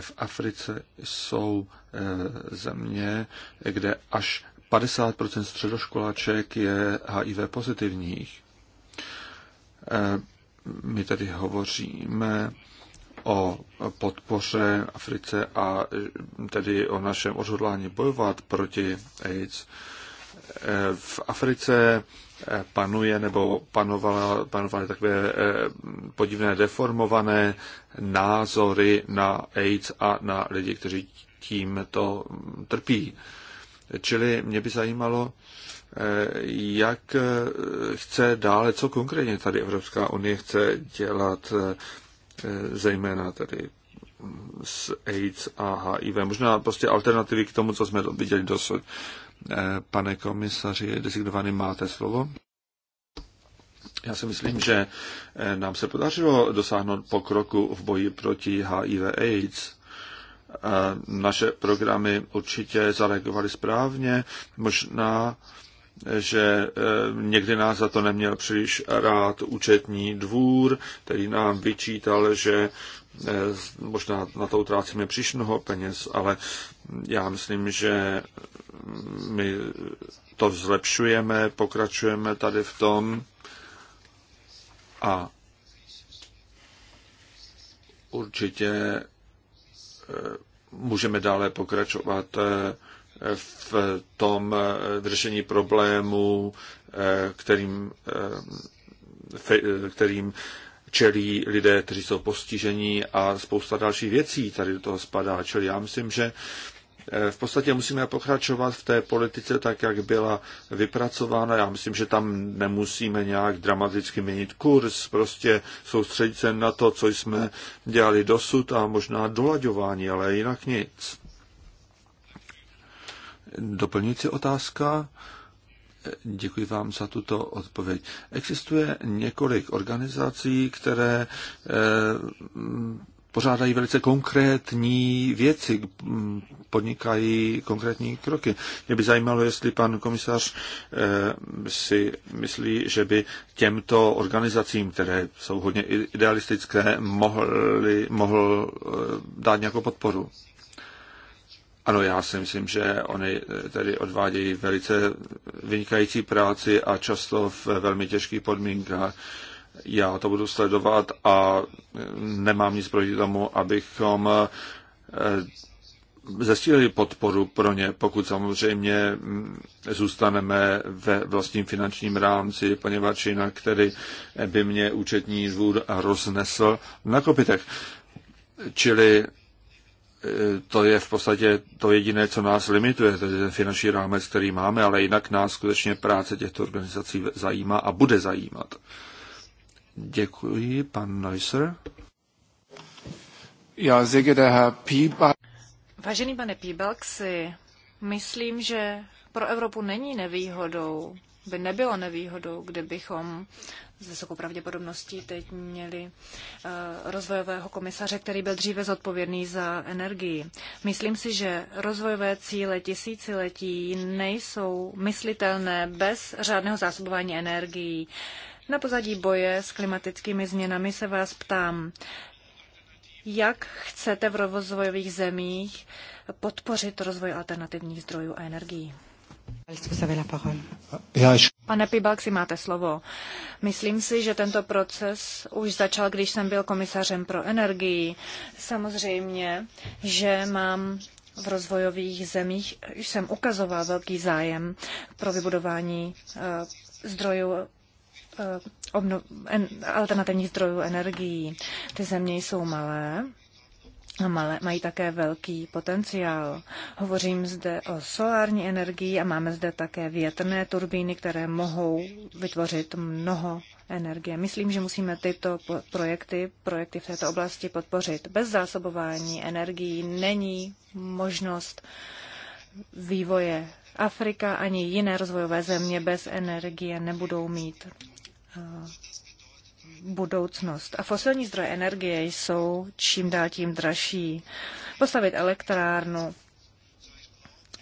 v Africe jsou eh, země, kde až 50 středoškoláček je HIV pozitivních. Eh, my tady hovoříme o podpoře Africe a eh, tedy o našem odhodlání bojovat proti AIDS. V Africe Eh, panuje nebo panovala, panovaly takové eh, podivné deformované názory na AIDS a na lidi, kteří tím to trpí. Čili mě by zajímalo, eh, jak chce dále, co konkrétně tady Evropská unie chce dělat, zejména tady s AIDS a HIV. Možná prostě alternativy k tomu, co jsme viděli dosud. Eh, pane komisaři, designovaný máte slovo. Já si myslím, že eh, nám se podařilo dosáhnout pokroku v boji proti HIV AIDS. Eh, naše programy určitě zareagovaly správně, možná že e, někdy nás za to neměl příliš rád účetní dvůr, který nám vyčítal, že e, možná na to utrácíme příliš mnoho peněz, ale já myslím, že my to zlepšujeme, pokračujeme tady v tom a určitě e, můžeme dále pokračovat v tom v eh, řešení problémů, eh, kterým, eh, kterým čelí lidé, kteří jsou postižení a spousta dalších věcí tady do toho spadá. Čili já myslím, že v podstatě musíme pokračovat v té politice tak, jak byla vypracována. Já myslím, že tam nemusíme nějak dramaticky měnit kurz, prostě soustředit se na to, co jsme dělali dosud a možná dolaďování, ale jinak nic doplňující otázka. Děkuji vám za tuto odpověď. Existuje několik organizací, které eh, pořádají velice konkrétní věci, podnikají konkrétní kroky. Mě by zajímalo, jestli pan komisař eh, si myslí, že by těmto organizacím, které jsou hodně idealistické, mohli, mohl eh, dát nějakou podporu. Ano, já si myslím, že oni eh, tedy odvádějí velice vynikající práci a často v velmi těžkých podmínkách. Já to budu sledovat a eh, nemám nic proti tomu, abychom eh, zesílili podporu pro ně, pokud samozřejmě mm, zůstaneme ve vlastním finančním rámci, poněvadž jinak který by mě účetní dvůr roznesl na kopitech. Čili E, to je v podstatě to jediné, co nás limituje, to je ten finanční rámec, který máme, ale jinak nás skutečně práce těchto organizací zajímá a bude zajímat. Děkuji, pan Neusser. Já Vážený pane Píbalksi, myslím, že pro Evropu není nevýhodou, by nebylo nevýhodou, kdybychom s vysokou pravděpodobností teď měli eh, rozvojového komisaře, který byl dříve zodpovědný za energii. Myslím si, že rozvojové cíle tisíciletí nejsou myslitelné bez řádného zásobování energií. Na pozadí boje s klimatickými změnami se vás ptám, jak chcete v rozvojových zemích podpořit rozvoj alternativních zdrojů a energií? Pane Pibalksi, máte slovo. Myslím si, že tento proces už začal, když jsem byl komisařem pro energii. Samozřejmě, že mám v rozvojových zemích, už jsem ukazoval velký zájem pro vybudování uh, zdrojů uh, eh, obnov, en, alternativních zdrojů energií. Ty země jsou malé, a malé, mají také velký potenciál. Hovořím zde o solární energii a máme zde také větrné turbíny, které mohou vytvořit mnoho energie. Myslím, že musíme tyto projekty, projekty v této oblasti podpořit. Bez zásobování energií není možnost vývoje. Afrika ani jiné rozvojové země bez energie nebudou mít eh, budoucnost. A fosilní zdroje energie jsou čím dál tím dražší. Postavit elektrárnu,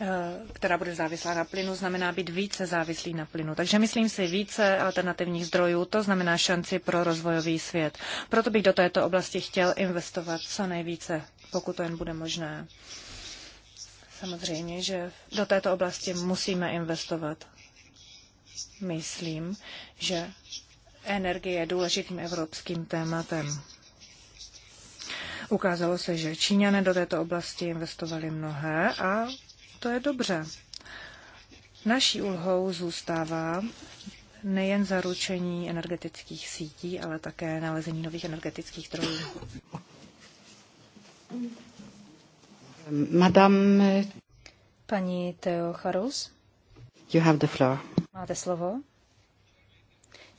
eh, která bude závislá na plynu, znamená být více závislý na plynu. Takže myslím si více alternativních zdrojů, to znamená šanci pro rozvojový svět. Proto bych do této oblasti chtěl investovat co nejvíce, pokud to jen bude možné. Samozřejmě, že do této oblasti musíme investovat. Myslím, že energie je důležitým evropským tématem. Ukázalo se, že Číňané do této oblasti investovali mnohé a to je dobře. Naší úlhou zůstává nejen zaručení energetických sítí, ale také nalezení nových energetických trojů. Madame... Paní Teo Charus. You have the floor. Máte slovo.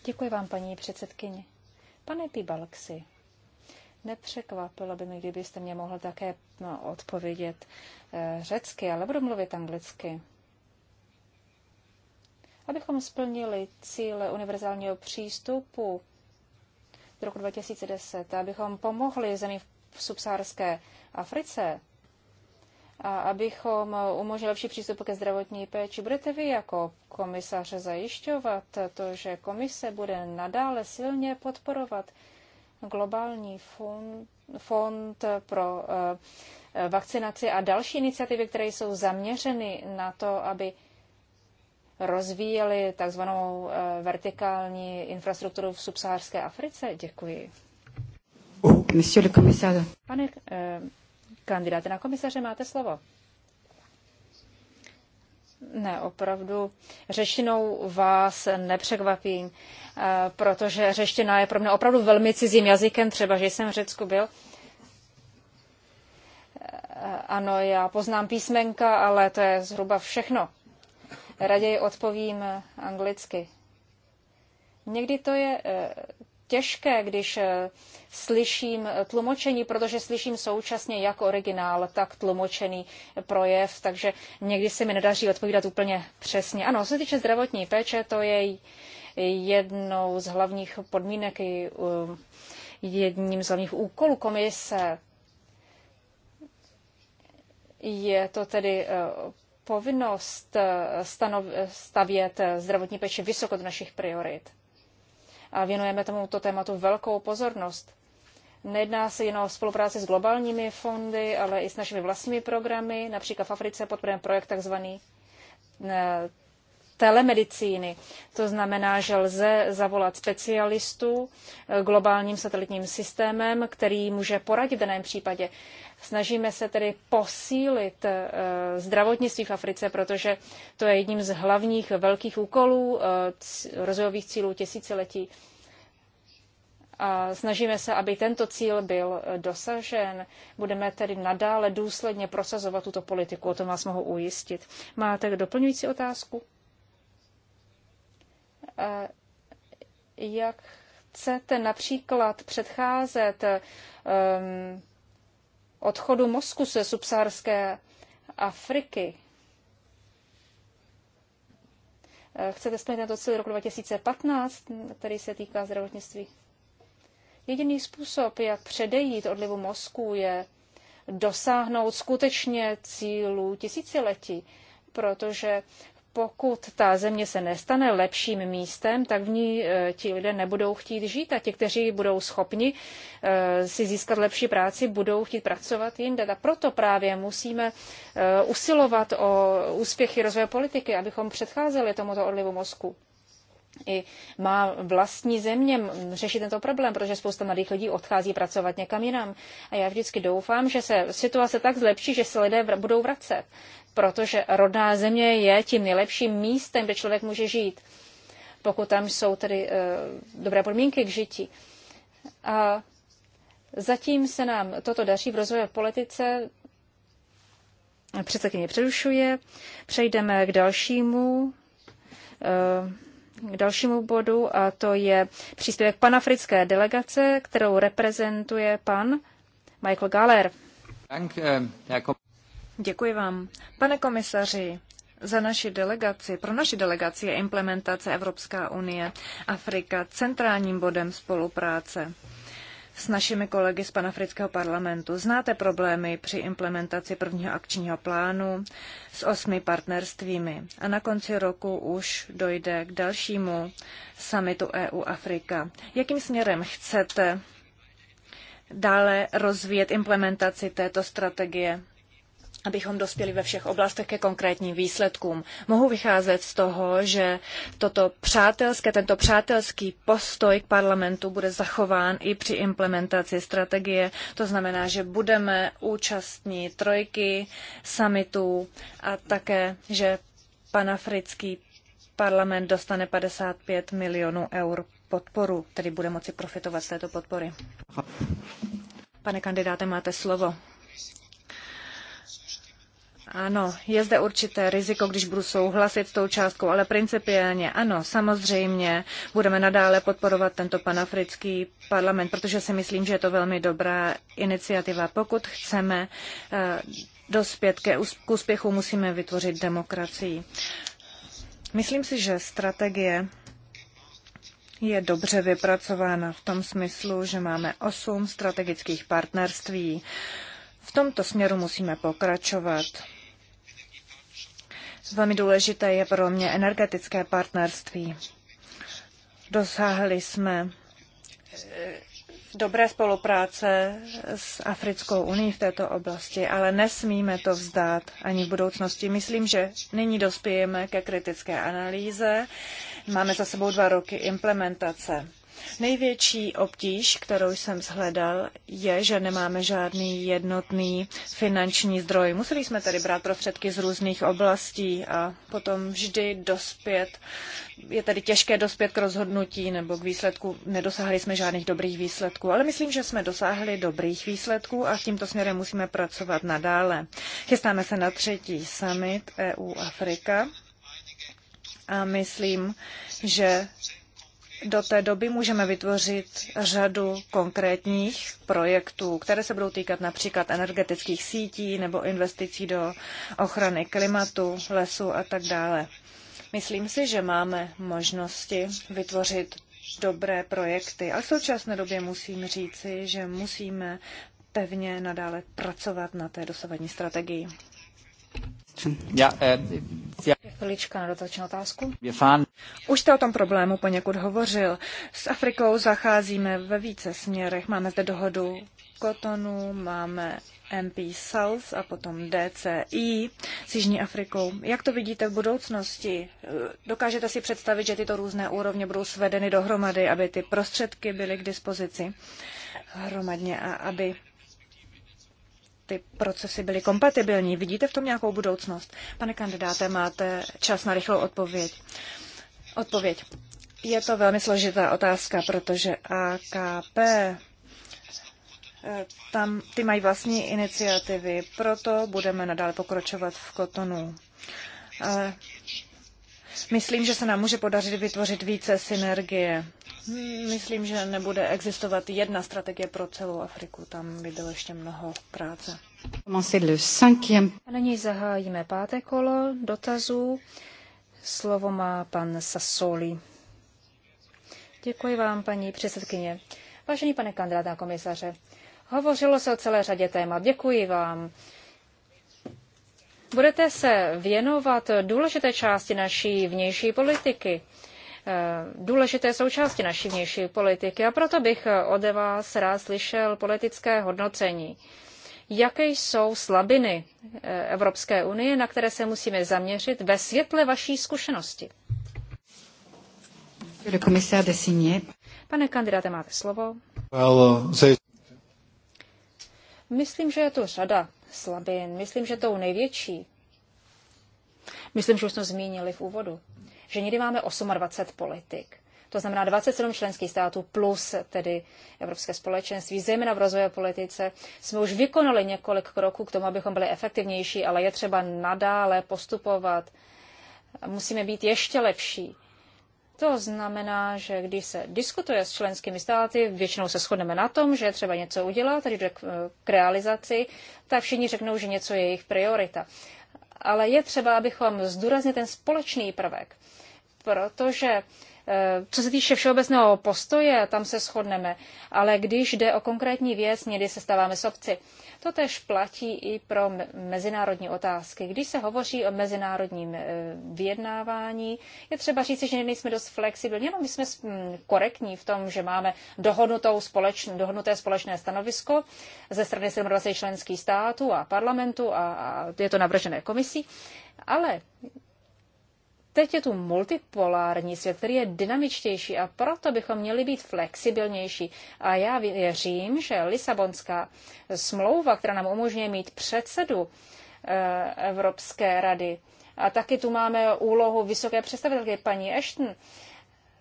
Děkuji vám, paní předsedkyně. Pane Pibalksi, nepřekvapilo by mi, kdybyste mě mohl také no, odpovědět eh, řecky, ale budu mluvit anglicky. Abychom splnili cíle univerzálního přístupu do roku 2010, abychom pomohli zemím v subsárské Africe, a abychom umožnili lepší přístup ke zdravotní péči. Budete vy jako komisař zajišťovat to, že komise bude nadále silně podporovat globální fond, fond pro eh, vakcinaci a další iniciativy, které jsou zaměřeny na to, aby rozvíjeli takzvanou eh, vertikální infrastrukturu v subsaharské Africe? Děkuji. Pane eh, Kandidáte na komisaře, máte slovo. Ne, opravdu. Řeštinou vás nepřekvapím, eh, protože řeština je pro mě opravdu velmi cizím jazykem, třeba, že jsem v Řecku byl. Eh, ano, já poznám písmenka, ale to je zhruba všechno. Raději odpovím eh, anglicky. Někdy to je těžké, když eh, slyším eh, tlumočení, protože slyším současně jak originál, tak tlumočený projev, takže někdy se mi nedaří odpovídat úplně přesně. Ano, co se týče zdravotní péče, to je jednou z hlavních podmínek i eh, jedním z hlavních úkolů komise. Je to tedy povinnost stavět zdravotní péči vysoko do našich priorit a věnujeme tomuto tématu velkou pozornost. Nejedná se jen o spolupráci s globálními fondy, ale i s našimi vlastními programy. Například v Africe podporujeme projekt tzv. Eh, telemedicíny. To znamená, že lze zavolat specialistu eh, globálním satelitním systémem, který může poradit v daném případě. Snažíme se tedy posílit eh, zdravotnictví v Africe, protože to je jedním z hlavních velkých úkolů eh, rozvojových cílů tisíciletí. A snažíme se, aby tento cíl byl eh, dosažen. Budeme tedy nadále důsledně prosazovat tuto politiku, o tom vás mohu ujistit. Máte doplňující otázku? Jak chcete například předcházet ehm, odchodu mozku ze subsaharské Afriky. Eh, chcete splnit na to cíl roku 2015, který se týká zdravotnictví? Jediný způsob, jak předejít odlivu mozku, je dosáhnout skutečně cílů tisíciletí, protože pokud ta země se nestane lepším místem, tak v ní eh, ti lidé nebudou chtít žít a ti, kteří budou schopni eh, si získat lepší práci, budou chtít pracovat jinde. A proto právě musíme eh, usilovat o úspěchy rozvoje politiky, abychom předcházeli tomuto odlivu mozku i má vlastní země řešit tento problém, protože spousta mladých lidí odchází pracovat někam jinam. A já vždycky doufám, že se situace tak zlepší, že se lidé budou vracet, protože rodná země je tím nejlepším místem, kde člověk může žít, pokud tam jsou tedy uh, dobré podmínky k žití. A zatím se nám toto daří v rozvoje politice. Předsedkyně přerušuje. Přejdeme k dalšímu. E, k dalšímu bodu a to je příspěvek panafrické delegace, kterou reprezentuje pan Michael Galler. Eh, Děkuji vám. Pane komisaři, za naši delegaci, pro naši delegaci je implementace Evropská unie Afrika centrálním bodem spolupráce s našimi kolegy z panafrického parlamentu. Znáte problémy při implementaci prvního akčního plánu s osmi partnerstvími a na konci roku už dojde k dalšímu summitu EU-Afrika. Jakým směrem chcete dále rozvíjet implementaci této strategie abychom dospěli ve všech oblastech ke konkrétním výsledkům. Mohu vycházet z toho, že toto přátelské, tento přátelský postoj k parlamentu bude zachován i při implementaci strategie. To znamená, že budeme účastní trojky, summitů a také, že panafrický parlament dostane 55 milionů eur podporu, tedy bude moci profitovat z této podpory. Pane kandidáte, máte slovo. Ano, je zde určité riziko, když budu souhlasit s tou částkou, ale principiálně ano, samozřejmě budeme nadále podporovat tento panafrický parlament, protože si myslím, že je to velmi dobrá iniciativa. Pokud chceme eh, dospět ke úspěchu, musíme vytvořit demokracii. Myslím si, že strategie je dobře vypracována v tom smyslu, že máme osm strategických partnerství. Uh, v tomto směru musíme pokračovat. Velmi důležité je pro mě energetické partnerství. Dosáhli jsme eh, dobré spolupráce s Africkou unii v této oblasti, ale nesmíme to vzdát ani v budoucnosti. Myslím, že nyní dospějeme ke kritické analýze. Máme za sebou dva roky implementace. Největší obtíž, kterou jsem shledal, je, že nemáme žádný jednotný finanční zdroj. Museli jsme tedy brát prostředky z různých oblastí a potom vždy dospět, je tedy těžké dospět k rozhodnutí nebo k výsledku. Nedosáhli jsme žádných dobrých výsledků, ale myslím, že jsme dosáhli dobrých výsledků a tímto směrem musíme pracovat nadále. Chystáme se na třetí summit EU-Afrika a myslím, že do té doby můžeme vytvořit řadu konkrétních projektů, které se budou týkat například energetických sítí nebo investicí do ochrany klimatu, lesů a tak dále. Myslím si, že máme možnosti vytvořit dobré projekty, ale v současné době musím říci, že musíme pevně nadále pracovat na té dosavadní strategii. Eh, Telička na dotační otázku. Už jste o tom problému poněkud hovořil. S Afrikou zacházíme ve více směrech. Máme zde dohodu Kotonu, máme MP South a potom DCI s Jižní Afrikou. Jak to vidíte v budoucnosti? Dokážete si představit, že tyto různé úrovně budou svedeny dohromady, aby ty prostředky byly k dispozici hromadně a aby ty procesy byly kompatibilní. Vidíte v tom nějakou budoucnost? Pane kandidáte, máte čas na rychlou odpověď. Odpověď. Je to velmi složitá otázka, protože AKP eh, tam ty mají vlastní iniciativy, proto budeme nadále pokročovat v kotonu. Eh, Myslím, že se nám může podařit vytvořit více synergie. Myslím, že nebude existovat jedna strategie pro celou Afriku, tam by bylo ještě mnoho práce. A nyní zahájíme páté kolo dotazů. Slovo má pan Sassoli. Děkuji vám, paní předsedkyně. Vážený pane kandidát na komisaře, hovořilo se o celé řadě témat. Děkuji vám budete se věnovat důležité části naší vnější politiky, eh, důležité součásti naší vnější politiky a proto bych ode vás rád slyšel politické hodnocení. Jaké jsou slabiny eh, Evropské unie, na které se musíme zaměřit ve světle vaší zkušenosti? Pane kandidáte, máte slovo. Uh, Myslím, že je to řada slabin. Myslím, že tou největší, myslím, že už jsme zmínili v úvodu, že někdy máme 28 politik. To znamená 27 členských států plus tedy Evropské společenství, zejména v rozvoje politice. Jsme už vykonali několik kroků k tomu, abychom byli efektivnější, ale je třeba nadále postupovat. Musíme být ještě lepší to znamená, že když se diskutuje s členskými státy, většinou se shodneme na tom, že třeba něco udělat, tedy jde eh, k realizaci, tak všichni řeknou, že něco je jejich priorita. Ale je třeba, abychom zdůraznili ten společný prvek, protože Eh, co se týče všeobecného postoje, tam se shodneme, ale když jde o konkrétní věc, někdy se stáváme sobci. To tež platí i pro mezinárodní otázky. Když se hovoří o mezinárodním eh, vyjednávání, je třeba říct, že nejsme dost flexibilní, jenom my jsme hm, korektní v tom, že máme dohodnutou společn, dohodnuté společné stanovisko ze strany 27 členských států a parlamentu a, a je to navržené komisí. Ale Teď je tu multipolární svět, který je dynamičtější a proto bychom měli být flexibilnější. A já věřím, že Lisabonská smlouva, která nám umožňuje mít předsedu eh, Evropské rady, a taky tu máme úlohu vysoké představitelky paní Ashton,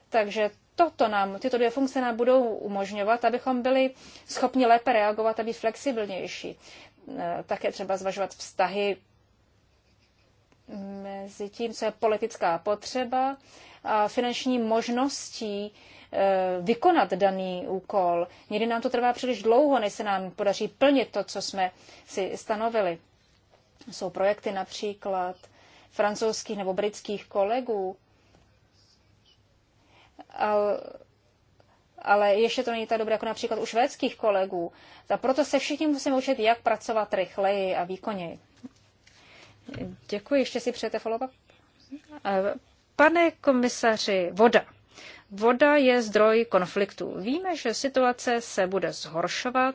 takže toto nám, tyto dvě funkce nám budou umožňovat, abychom byli schopni lépe reagovat a být flexibilnější. Eh, také třeba zvažovat vztahy mezi tím, co je politická potřeba a finanční možností eh, vykonat daný úkol. Někdy nám to trvá příliš dlouho, než se nám podaří plnit to, co jsme si stanovili. Jsou projekty například francouzských nebo britských kolegů, ale, ale ještě to není tak dobré jako například u švédských kolegů. A proto se všichni musíme učit, jak pracovat rychleji a výkonněji. Děkuji, ještě si přejete follow-up? Eh, pane komisaři, voda. Voda je zdroj konfliktů. Víme, že situace se bude zhoršovat.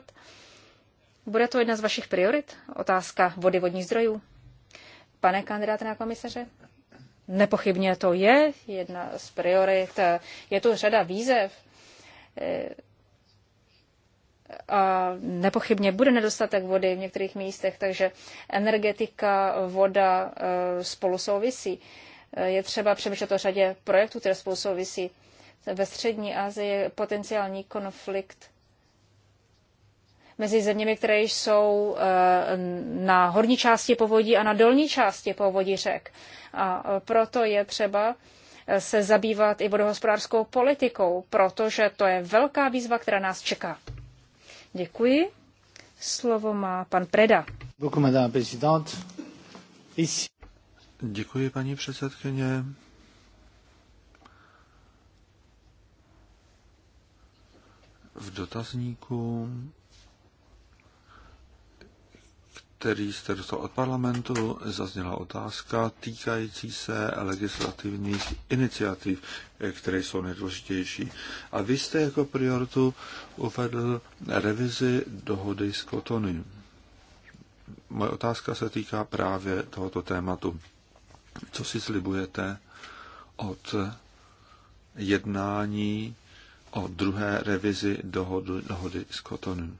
Bude to jedna z vašich priorit? Otázka vody vodních zdrojů. Pane kandidáte na komisaře, nepochybně to je jedna z priorit. Je tu řada výzev. Eh, a nepochybně bude nedostatek vody v některých místech, takže energetika, voda eh, spolu souvisí. Eh, je třeba přemýšlet o řadě projektů, které spolu souvisí. Ve střední Asii je potenciální konflikt mezi zeměmi, které jsou eh, na horní části povodí a na dolní části povodí řek. A proto je třeba se zabývat i vodohospodářskou politikou, protože to je velká výzva, která nás čeká. Děkuji. Slovo má pan Preda. Děkuji, paní předsedkyně. V dotazníku který jste dostal od parlamentu, zazněla otázka týkající se legislativních iniciativ, které jsou nejdůležitější. A vy jste jako prioritu uvedl revizi dohody s Kotony. Moje otázka se týká právě tohoto tématu. Co si slibujete od jednání o druhé revizi dohody, dohody s Kotonem?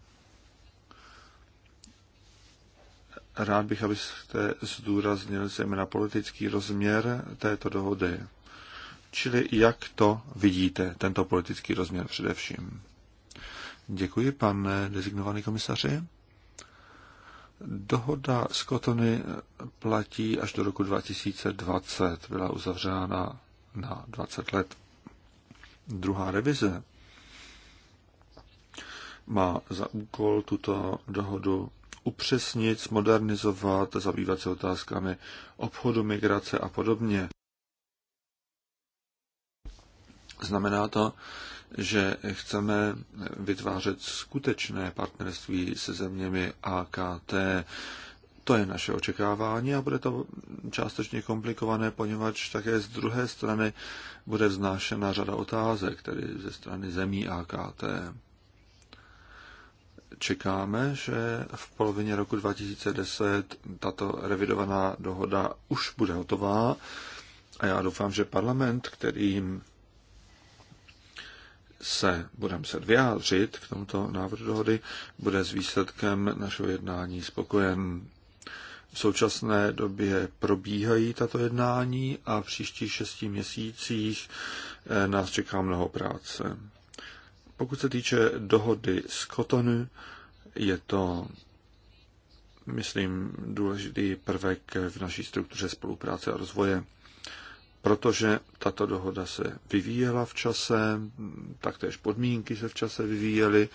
Rád bych, abyste zdůraznil zejména politický rozměr této dohody. Čili jak to vidíte, tento politický rozměr především. Děkuji, pan designovaný komisaři. Dohoda z Kotony platí až do roku 2020. Byla uzavřena na 20 let. Druhá revize má za úkol tuto dohodu upřesnit, modernizovat, zabývat se otázkami obchodu, migrace a podobně. Znamená to, že chceme vytvářet skutečné partnerství se zeměmi AKT. To je naše očekávání a bude to částečně komplikované, poněvadž také z druhé strany bude vznášena řada otázek, tedy ze strany zemí AKT čekáme, že v polovině roku 2010 tato revidovaná dohoda už bude hotová a já doufám, že parlament, kterým se budeme se vyjádřit k tomuto návrhu dohody, bude s výsledkem našeho jednání spokojen. V současné době probíhají tato jednání a v příštích šesti měsících eh, nás čeká mnoho práce. Pokud se týče dohody s Kotonu, je to, myslím, důležitý prvek v naší struktuře spolupráce a rozvoje, protože tato dohoda se vyvíjela v čase, taktéž podmínky se v čase vyvíjely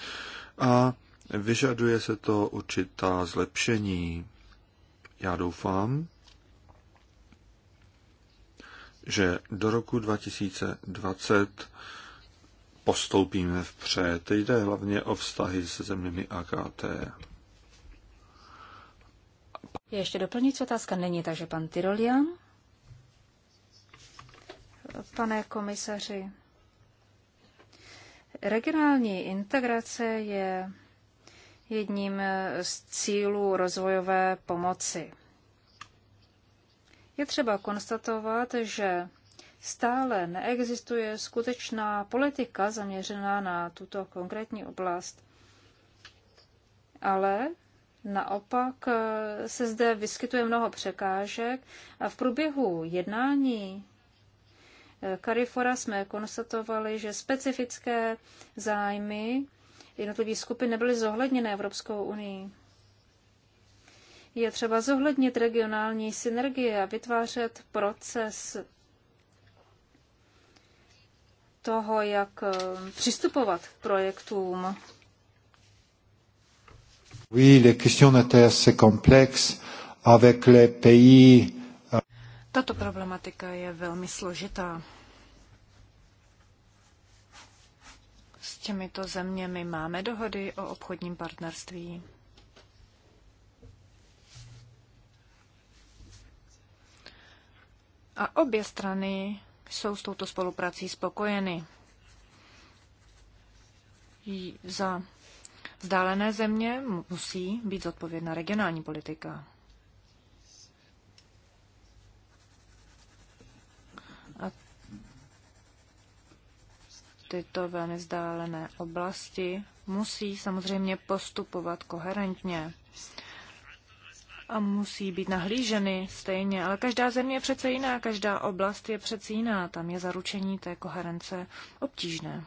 a vyžaduje se to určitá zlepšení. Já doufám, že do roku 2020 postoupíme vpřed. Teď jde hlavně o vztahy se zeměmi AKT. Je ještě doplňující otázka není, takže pan Tyrolian. Pane komisaři, regionální integrace je jedním z cílů rozvojové pomoci. Je třeba konstatovat, že stále neexistuje skutečná politika zaměřená na tuto konkrétní oblast. Ale naopak eh, se zde vyskytuje mnoho překážek a v průběhu jednání Karifora eh, jsme konstatovali, že specifické zájmy jednotlivých skupin nebyly zohledněné Evropskou unii. Je třeba zohlednit regionální synergie a vytvářet proces toho, jak eh, přistupovat k projektům. Oui, les questions d'intérêt c'est complexe avec les pays. Euh, Tato problematika je velmi složitá. S těmito zeměmi máme dohody o obchodním partnerství. A obě strany jsou s touto spoluprací spokojeny. Za vzdálené země musí být zodpovědná regionální politika. A tyto velmi vzdálené oblasti musí samozřejmě postupovat koherentně a musí být nahlíženy stejně, ale každá země je přece jiná, každá oblast je přece jiná, tam je zaručení té koherence obtížné.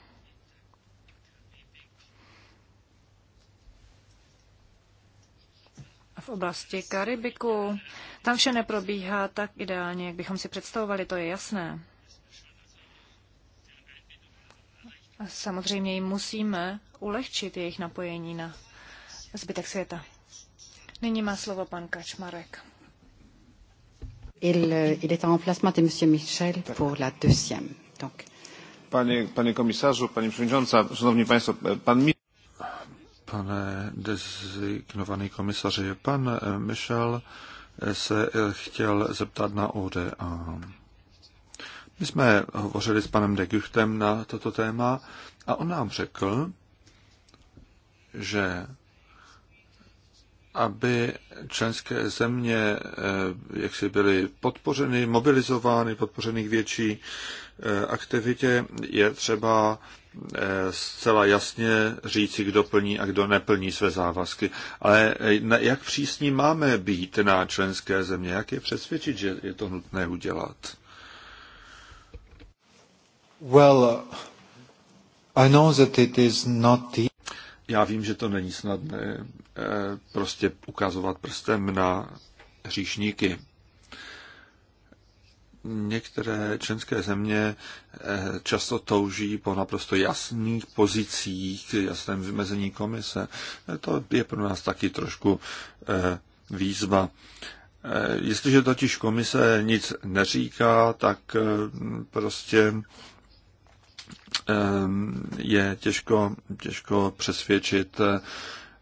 v oblasti Karibiku. Tam vše neprobíhá tak ideálně, jak bychom si představovali, to je jasné. A samozřejmě jim musíme ulehčit jejich napojení na zbytek světa. Nyní má slovo pan Kačmarek. Il, il est en remplacement de M. Michel pour la deuxième. Donc. Panie, panie komisarzu, pani przewodnicząca, szanowni państwo, pan mi... Pane designovaný komisaři, pan e, Michel e, se e, chtěl zeptat na ODA. My jsme hovořili s panem Deguchtem na toto téma a on nám řekl, že aby členské země eh, jak si byly podpořeny, mobilizovány, podpořeny k větší eh, aktivitě, je třeba eh, zcela jasně říci, kdo plní a kdo neplní své závazky. Ale jak přísní máme být na členské země? Jak je přesvědčit, že je to nutné udělat? Well, uh, I know that it is not the... Já vím, že to není snadné eh, prostě ukazovat prstem na hříšníky. Některé členské země eh, často touží po naprosto jasných pozicích, jasném vymezení komise. Eh, to je pro nás taky trošku výzva. Jestliže totiž komise nic neříká, tak prostě Ehm, je těžko, těžko přesvědčit eh,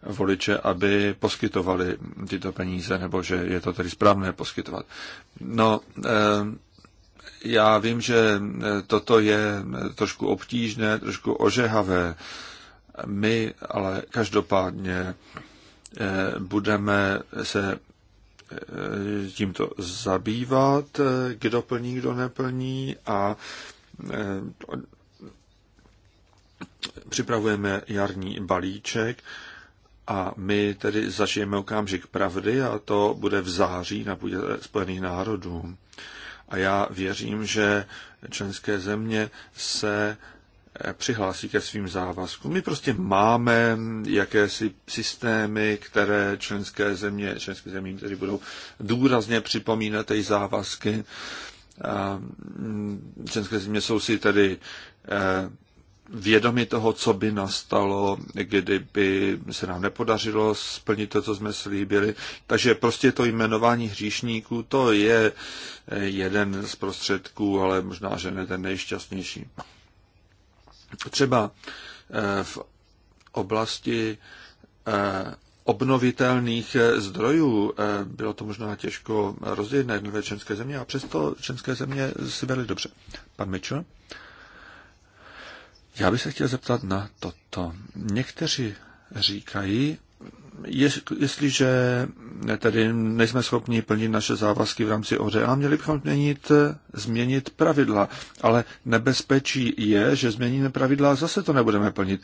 voliče, aby poskytovali tyto peníze, nebo že je to tedy správné poskytovat. No, ehm, já vím, že eh, toto je eh, trošku obtížné, trošku ožehavé. My ale každopádně budeme se tímto zabývat, kdo plní, kdo neplní a připravujeme jarní balíček a my tedy zažijeme okamžik pravdy a to bude v září na půdě Spojených národů. A já věřím, že členské země se eh, přihlásí ke svým závazkům. My prostě máme jakési systémy, které členské země, členské zemím které budou důrazně připomínat ty závazky. Mm, členské země jsou si tedy eh, vědomi toho, co by nastalo, kdyby se nám nepodařilo splnit to, co jsme slíbili. Takže prostě to jmenování hříšníků, to je jeden z prostředků, ale možná, že ne ten nejšťastnější. Třeba eh, v oblasti eh, obnovitelných eh, zdrojů bylo to možná těžko rozdělit na jednotlivé české země a přesto české země si vedly dobře. Pan Mitchell? Já bych se chtěl zeptat na toto. Někteří říkají, jestliže tedy nejsme schopni plnit naše závazky v rámci a měli bychom měnit, změnit pravidla. Ale nebezpečí je, že změníme pravidla a zase to nebudeme plnit.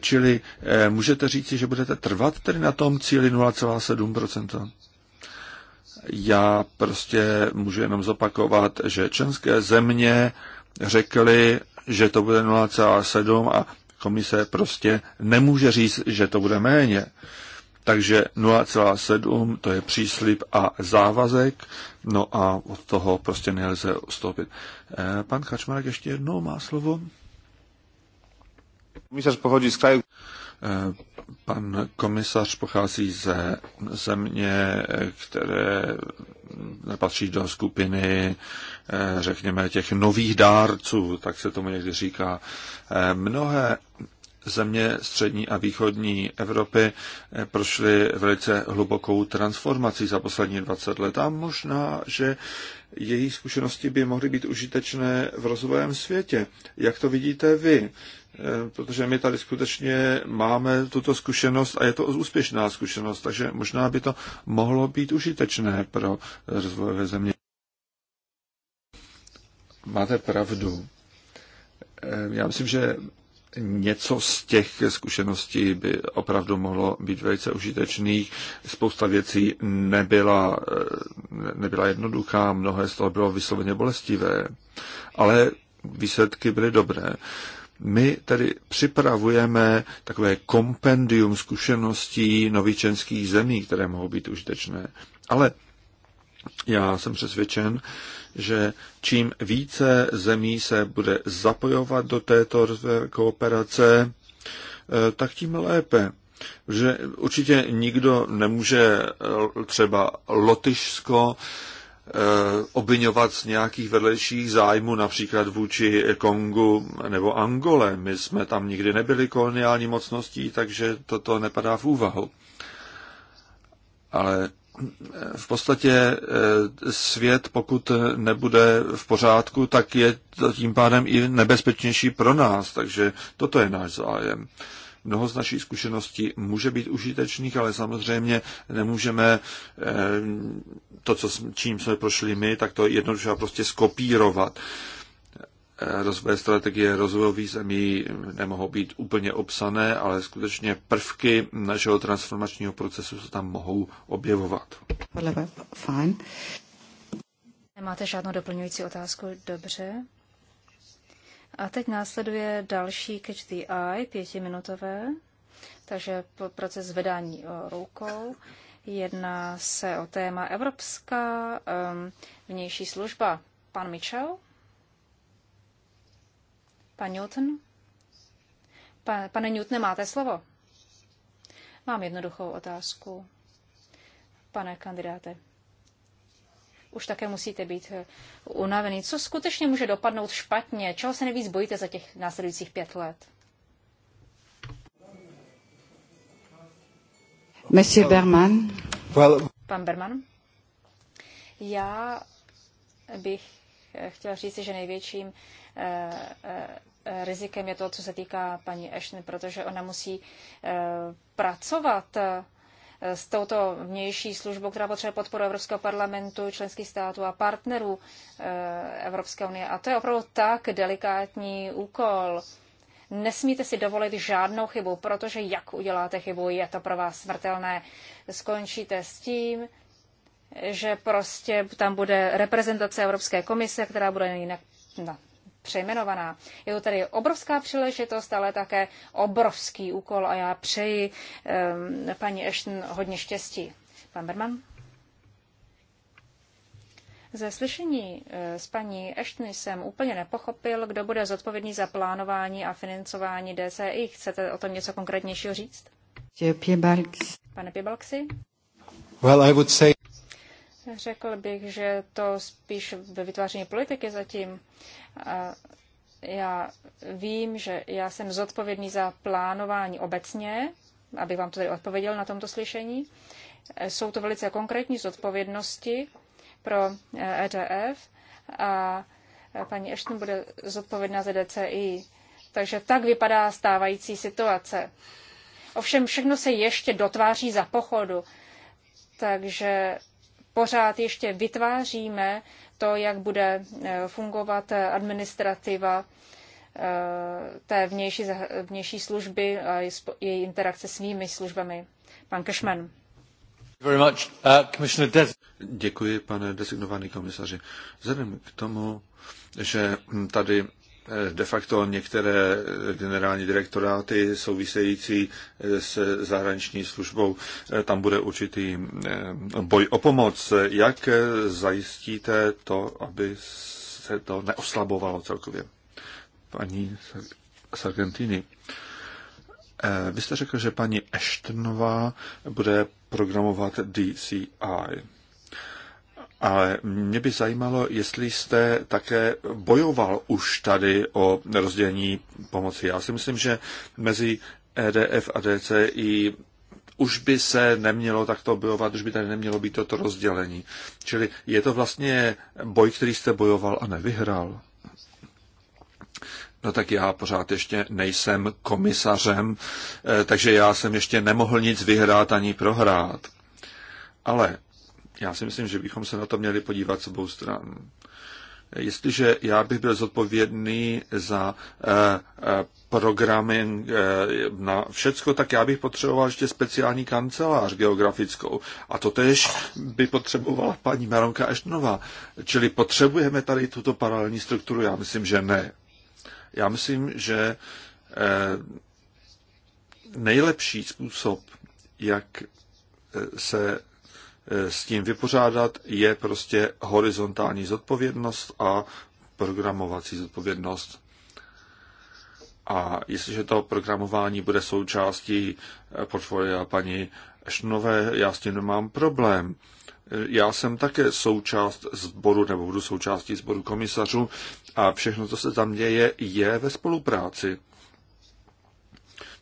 Čili eh, můžete říci, že budete trvat tedy na tom cíli 0,7%? Já prostě můžu jenom zopakovat, že členské země řekly, že to bude 0,7 a komise prostě nemůže říct, že to bude méně. Takže 0,7 to je příslip a závazek, no a od toho prostě nelze ustoupit. Eh, pan Kačmarek ještě jednou má slovo. Komisař pochodí z kraju. Eh, pan komisař pochází ze země, které nepatří do skupiny Eh, řekněme, těch nových dárců, tak se tomu někdy říká. Eh, mnohé země střední a východní Evropy eh, prošly velice hlubokou transformací za poslední 20 let a možná, že její zkušenosti by mohly být užitečné v rozvojovém světě. Jak to vidíte vy? Protože my tady skutečně máme tuto zkušenost a je to úspěšná zkušenost, takže možná by to mohlo být užitečné pro rozvojové země máte pravdu. Eh, já myslím, že něco z těch zkušeností by opravdu mohlo být velice užitečných. Spousta věcí nebyla, eh, nebyla jednoduchá, mnohé z toho bylo vysloveně bolestivé, ale výsledky byly dobré. My tedy připravujeme takové kompendium zkušeností novičenských zemí, které mohou být užitečné. Ale já jsem přesvědčen, že čím více zemí se bude zapojovat do této kooperace, eh, tak tím lépe. Že určitě nikdo nemůže eh, třeba Lotyšsko eh, obvinovat z nějakých vedlejších zájmů, například vůči Kongu nebo Angole. My jsme tam nikdy nebyli koloniální mocností, takže toto nepadá v úvahu. Ale v podstatě eh, svět, pokud nebude v pořádku, tak je to tím pádem i nebezpečnější pro nás. Takže toto je náš zájem. Mnoho z naší zkušeností může být užitečných, ale samozřejmě nemůžeme eh, to, co, čím jsme prošli my, tak to jednoduše prostě skopírovat. Eh, rozvoje strategie rozvojových zemí nemohou být úplně obsané, ale skutečně prvky našeho transformačního procesu se tam mohou objevovat. Nemáte žádnou doplňující otázku? Dobře. A teď následuje další Catch the Eye, pětiminutové, takže proces vedání eh, rukou. Jedná se o téma Evropská um, vnější služba. Pan Mitchell? Pan Newton? pane Newton, máte slovo? Mám jednoduchou otázku, pane kandidáte. Už také musíte být eh, unavený. Co skutečně může dopadnout špatně? Čeho se nejvíc bojíte za těch následujících pět let? Monsieur Berman. Well. Pan Berman. Já bych eh, chtěla říct, že největším Eh, eh, rizikem je to, co se týká paní Ashton, protože ona musí eh, pracovat s touto vnější službou, která potřebuje podporu Evropského parlamentu, členských států a partnerů Evropské unie. A to je opravdu tak delikátní úkol. Nesmíte si dovolit žádnou chybu, protože jak uděláte chybu, je to pro vás smrtelné. Skončíte s tím, že prostě tam bude reprezentace Evropské komise, která bude jinak přejmenovaná. Je to tedy obrovská příležitost, ale také obrovský úkol a já přeji um, paní Ešten hodně štěstí. Pan Berman? Ze slyšení e, s paní Eštny jsem úplně nepochopil, kdo bude zodpovědný za plánování a financování DCI. Chcete o tom něco konkrétnějšího říct? Pane Pěbalksi? Well, I would say... Řekl bych, že to spíš ve vytváření politiky zatím. Já vím, že já jsem zodpovědný za plánování obecně, abych vám to tady odpověděl na tomto slyšení. Jsou to velice konkrétní zodpovědnosti pro EDF eh, e a paní Ashton bude zodpovědná za DCI. Takže tak vypadá stávající situace. Ovšem všechno se ještě dotváří za pochodu, takže pořád ještě vytváříme to, jak bude eh, fungovat eh, administrativa eh, té vnější, vnější služby a její interakce s mými službami. Pan Kešman. Uh, Děkuji, pane designovaný komisaři. Vzhledem k tomu, že tady de facto některé generální direktoráty související s zahraniční službou. Eh, tam bude určitý eh, boj o pomoc. Jak zajistíte to, aby se to neoslabovalo celkově? Paní Sargentini, eh, Vy jste řekl, že paní Eštnová bude programovat DCI. Ale mě by zajímalo, jestli jste také bojoval už tady o rozdělení pomoci. Já si myslím, že mezi EDF a DCI už by se nemělo takto bojovat, už by tady nemělo být toto rozdělení. Čili je to vlastně boj, který jste bojoval a nevyhrál. No tak já pořád ještě nejsem komisařem, eh, takže já jsem ještě nemohl nic vyhrát ani prohrát. Ale já si myslím, že bychom se na to měli podívat s obou stran. Jestliže já bych byl zodpovědný za eh, eh, programy eh, na všecko, tak já bych potřeboval ještě speciální kancelář geografickou. A to tež by potřebovala paní Maronka Eštnová. Čili potřebujeme tady tuto paralelní strukturu? Já myslím, že ne. Já myslím, že nejlepší způsob, jak se Eh, s tím vypořádat, je prostě horizontální zodpovědnost a programovací zodpovědnost. A jestliže to programování bude součástí eh, portfolia paní Šnové, já s tím nemám problém. Eh, já jsem také součást sboru, nebo budu součástí sboru komisařů a všechno, co se tam děje, je ve spolupráci.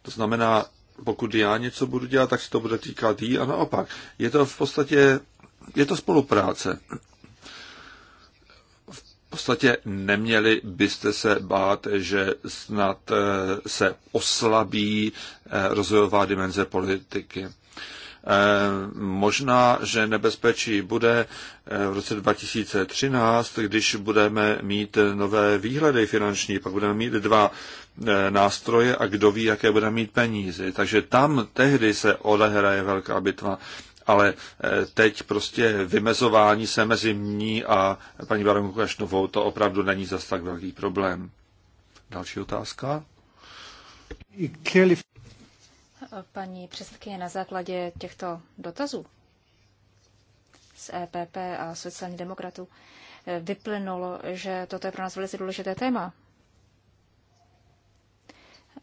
To znamená, pokud já něco budu dělat, tak se to bude týkat jí a naopak. Je to v podstatě, je to spolupráce. V podstatě neměli byste se bát, že snad eh, se oslabí eh, rozvojová dimenze politiky. Eh, možná, že nebezpečí bude eh, v roce 2013, když budeme mít nové výhledy finanční, pak budeme mít dva eh, nástroje a kdo ví, jaké budeme mít peníze. Takže tam tehdy se odehraje velká bitva ale teď prostě vymezování se mezi mní a paní baronku Kašnovou, to opravdu není zas tak velký problém. Další otázka? Paní předsedkyně, na základě těchto dotazů z EPP a sociální demokratů eh, vyplynulo, že toto je pro nás velice důležité téma.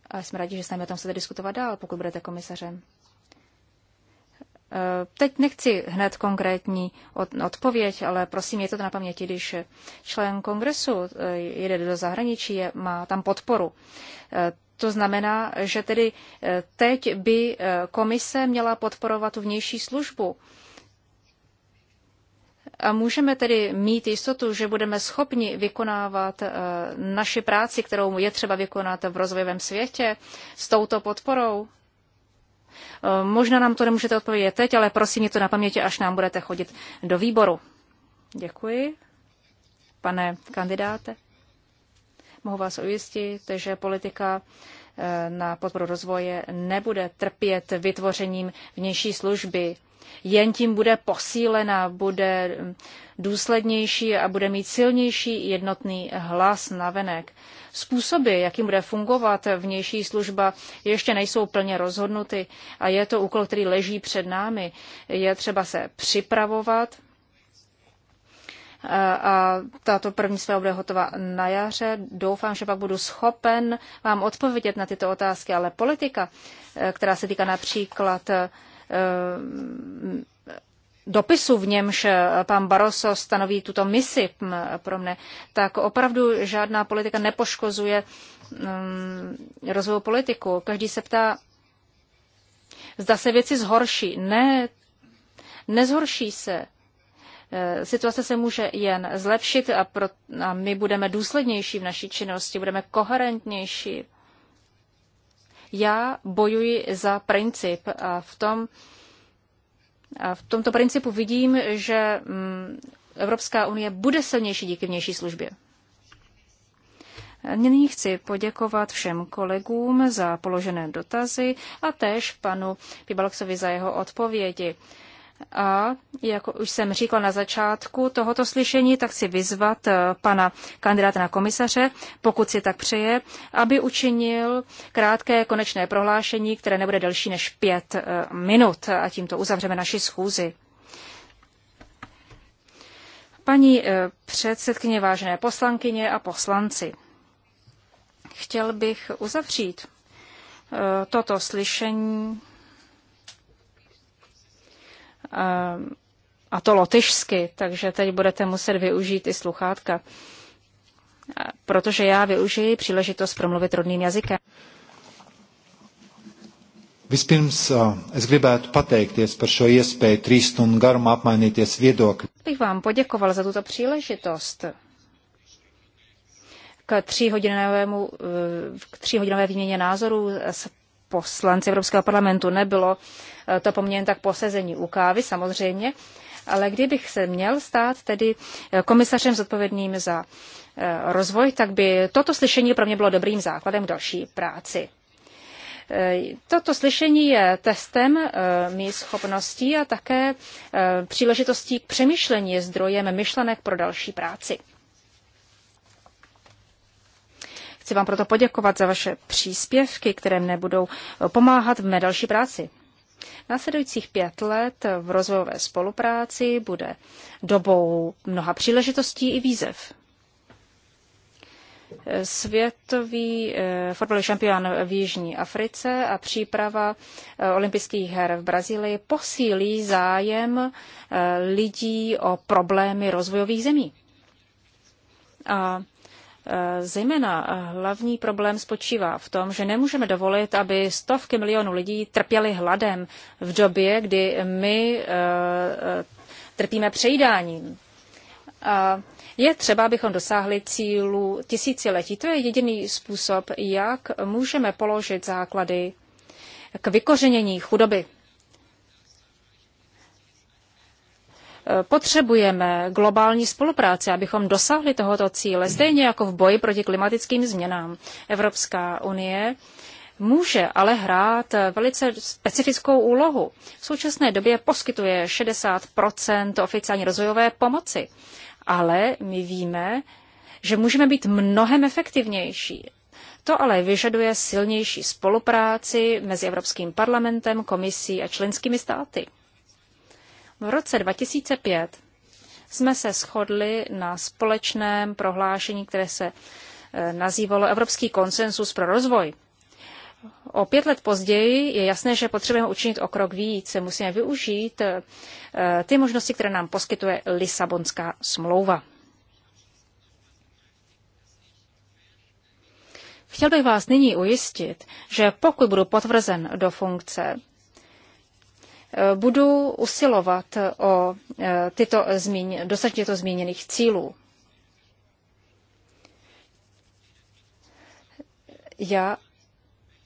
A jsme rádi, že s námi o tom chcete diskutovat dál, pokud budete komisařem. Eh, teď nechci hned konkrétní odpověď, ale prosím, je to na paměti, když člen kongresu eh, jede do zahraničí, má tam podporu to znamená, že tedy e, teď by e, komise měla podporovat tu vnější službu. A můžeme tedy mít jistotu, že budeme schopni vykonávat e, naši práci, kterou je třeba vykonat v rozvojovém světě, s touto podporou? Možná nám to nemůžete odpovědět teď, ale prosím mě to na paměti, až nám budete chodit do výboru. Děkuji, pane kandidáte. Mohu vás ujistit, že politika eh, na podporu rozvoje nebude trpět vytvořením vnější služby. Jen tím bude posílena, bude důslednější a bude mít silnější jednotný hlas navenek. Způsoby, jakým bude fungovat vnější služba, ještě nejsou plně rozhodnuty a je to úkol, který leží před námi. Je třeba se připravovat a tato první zpráva bude hotová na jaře. Doufám, že pak budu schopen vám odpovědět na tyto otázky, ale politika, eh, která se týká například eh, mm, dopisu, v němž eh, pan Baroso stanoví tuto misi mm, pro mne, tak opravdu žádná politika nepoškozuje mm, rozvojovou politiku. Každý se ptá, zda se věci zhorší. Ne, nezhorší se. Eh, situace se může jen zlepšit a, pro, a my budeme důslednější v naší činnosti, budeme koherentnější. Já bojuji za princip a v, tom, a v tomto principu vidím, že mm, Evropská unie bude silnější díky vnější službě. Eh, nyní chci poděkovat všem kolegům za položené dotazy a též panu Pibaloksovi za jeho odpovědi. A jak už jsem říkal na začátku tohoto slyšení, tak si vyzvat eh, pana kandidáta na komisaře, pokud si tak přeje, aby učinil krátké konečné prohlášení, které nebude delší než pět eh, minut. A tímto uzavřeme naši schůzi. Paní eh, předsedkyně, vážené poslankyně a poslanci, chtěl bych uzavřít toto slyšení a to lotyšsky, takže teď budete muset využít i sluchátka, protože já využiji příležitost promluvit rodným jazykem. Vispirms es eh, gribētu pateikties par šo iespēju trīs stundu garumā apmainīties viedokļi. Bych vám poděkoval za tuto příležitost k tříhodinovému, eh, k tříhodinové výměně názorů s poslanci Evropského parlamentu. Nebylo eh, to poměrně tak posezení u kávy samozřejmě, ale kdybych se měl stát tedy eh, komisařem zodpovědným za eh, rozvoj, tak by toto slyšení pro mě bylo dobrým základem další práci. Toto slyšení je testem mý schopností a také příležitostí k přemýšlení zdrojem myšlenek pro další práci. Chci vám proto poděkovat za vaše příspěvky, které mne budou pomáhat v mé další práci. Následujících pět let v rozvojové spolupráci bude dobou mnoha příležitostí i výzev. Světový eh, fotbalový šampion v Jižní Africe a příprava eh, olympijských her v Brazílii posílí zájem eh, lidí o problémy rozvojových zemí. A Zejména hlavní problém spočívá v tom, že nemůžeme dovolit, aby stovky milionů lidí trpěly hladem v době, kdy my eh, eh, trpíme přejídáním. A je třeba, abychom dosáhli cílu tisíciletí. To je jediný způsob, jak můžeme položit základy k vykořenění chudoby. Potřebujeme globální spolupráci, abychom dosáhli tohoto cíle, stejně jako v boji proti klimatickým změnám. Evropská unie může ale hrát velice specifickou úlohu. V současné době poskytuje 60 oficiální rozvojové pomoci, ale my víme, že můžeme být mnohem efektivnější. To ale vyžaduje silnější spolupráci mezi Evropským parlamentem, komisí a členskými státy. V roce 2005 jsme se shodli na společném prohlášení, které se e, nazývalo Evropský konsensus pro rozvoj. O pět let později je jasné, že potřebujeme učinit o krok víc. Musíme využít e, ty možnosti, které nám poskytuje Lisabonská smlouva. Chtěl bych vás nyní ujistit, že pokud budu potvrzen do funkce, Budu usilovat o e, tyto zmíně, dosažení těchto zmíněných cílů. Já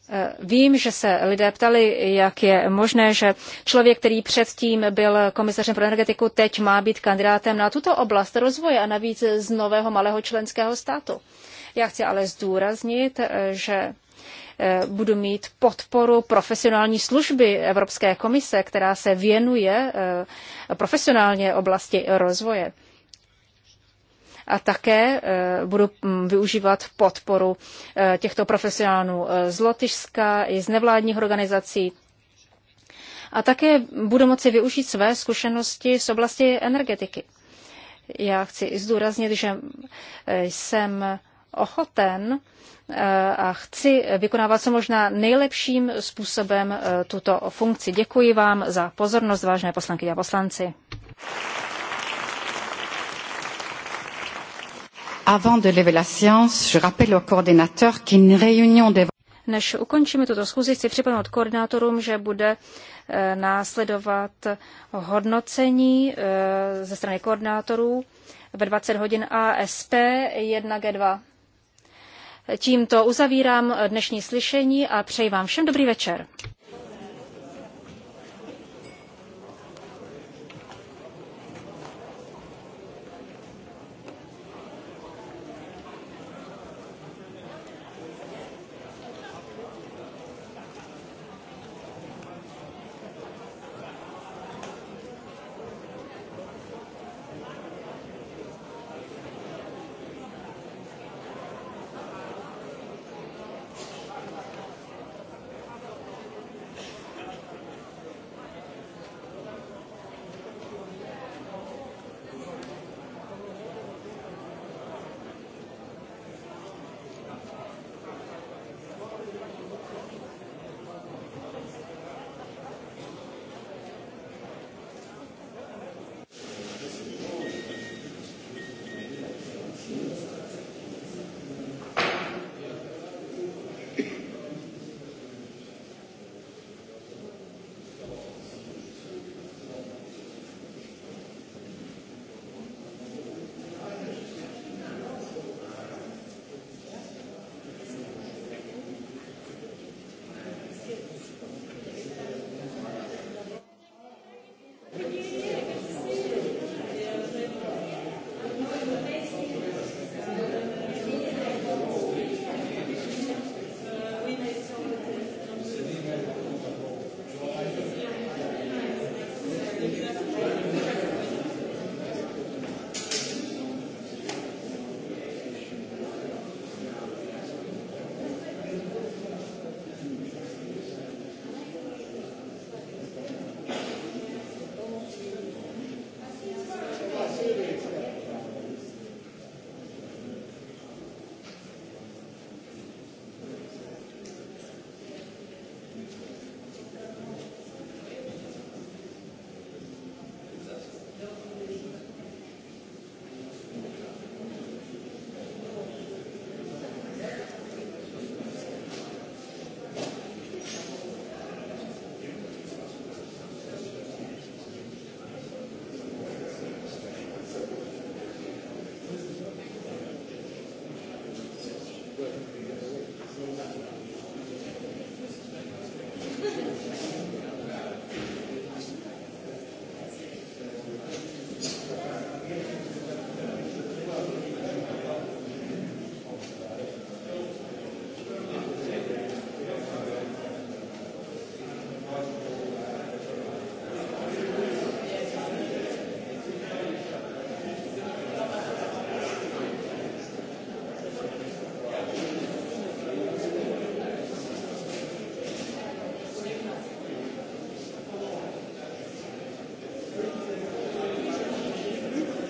e, Vím, že se lidé ptali, jak je možné, že člověk, který předtím byl komisařem pro energetiku, teď má být kandidátem na tuto oblast rozvoje a navíc z nového malého členského státu. Já chci ale zdůraznit, e, že Eh, budu mít podporu profesionální služby Evropské komise, která se věnuje eh, profesionálně oblasti rozvoje. A také eh, budu mm, využívat podporu těchto profesionálů z Lotyšska i z nevládních organizací. A také budu moci využít své zkušenosti z oblasti energetiky. Já chci zdůraznit, že jsem ochoten eh, a chci vykonávat co možná nejlepším způsobem eh, tuto funkci. Děkuji vám za pozornost, vážné poslanky a poslanci. Avant de lever la science, je rappelle au coordinateur qu'une réunion des. Než ukončíme tuto schůzi, chci připomenout koordinátorům, že bude eh, následovat hodnocení ze strany koordinátorů ve 20 hodin ASP 1G2. Tímto uzavírám dnešní slyšení a přeji vám všem dobrý večer.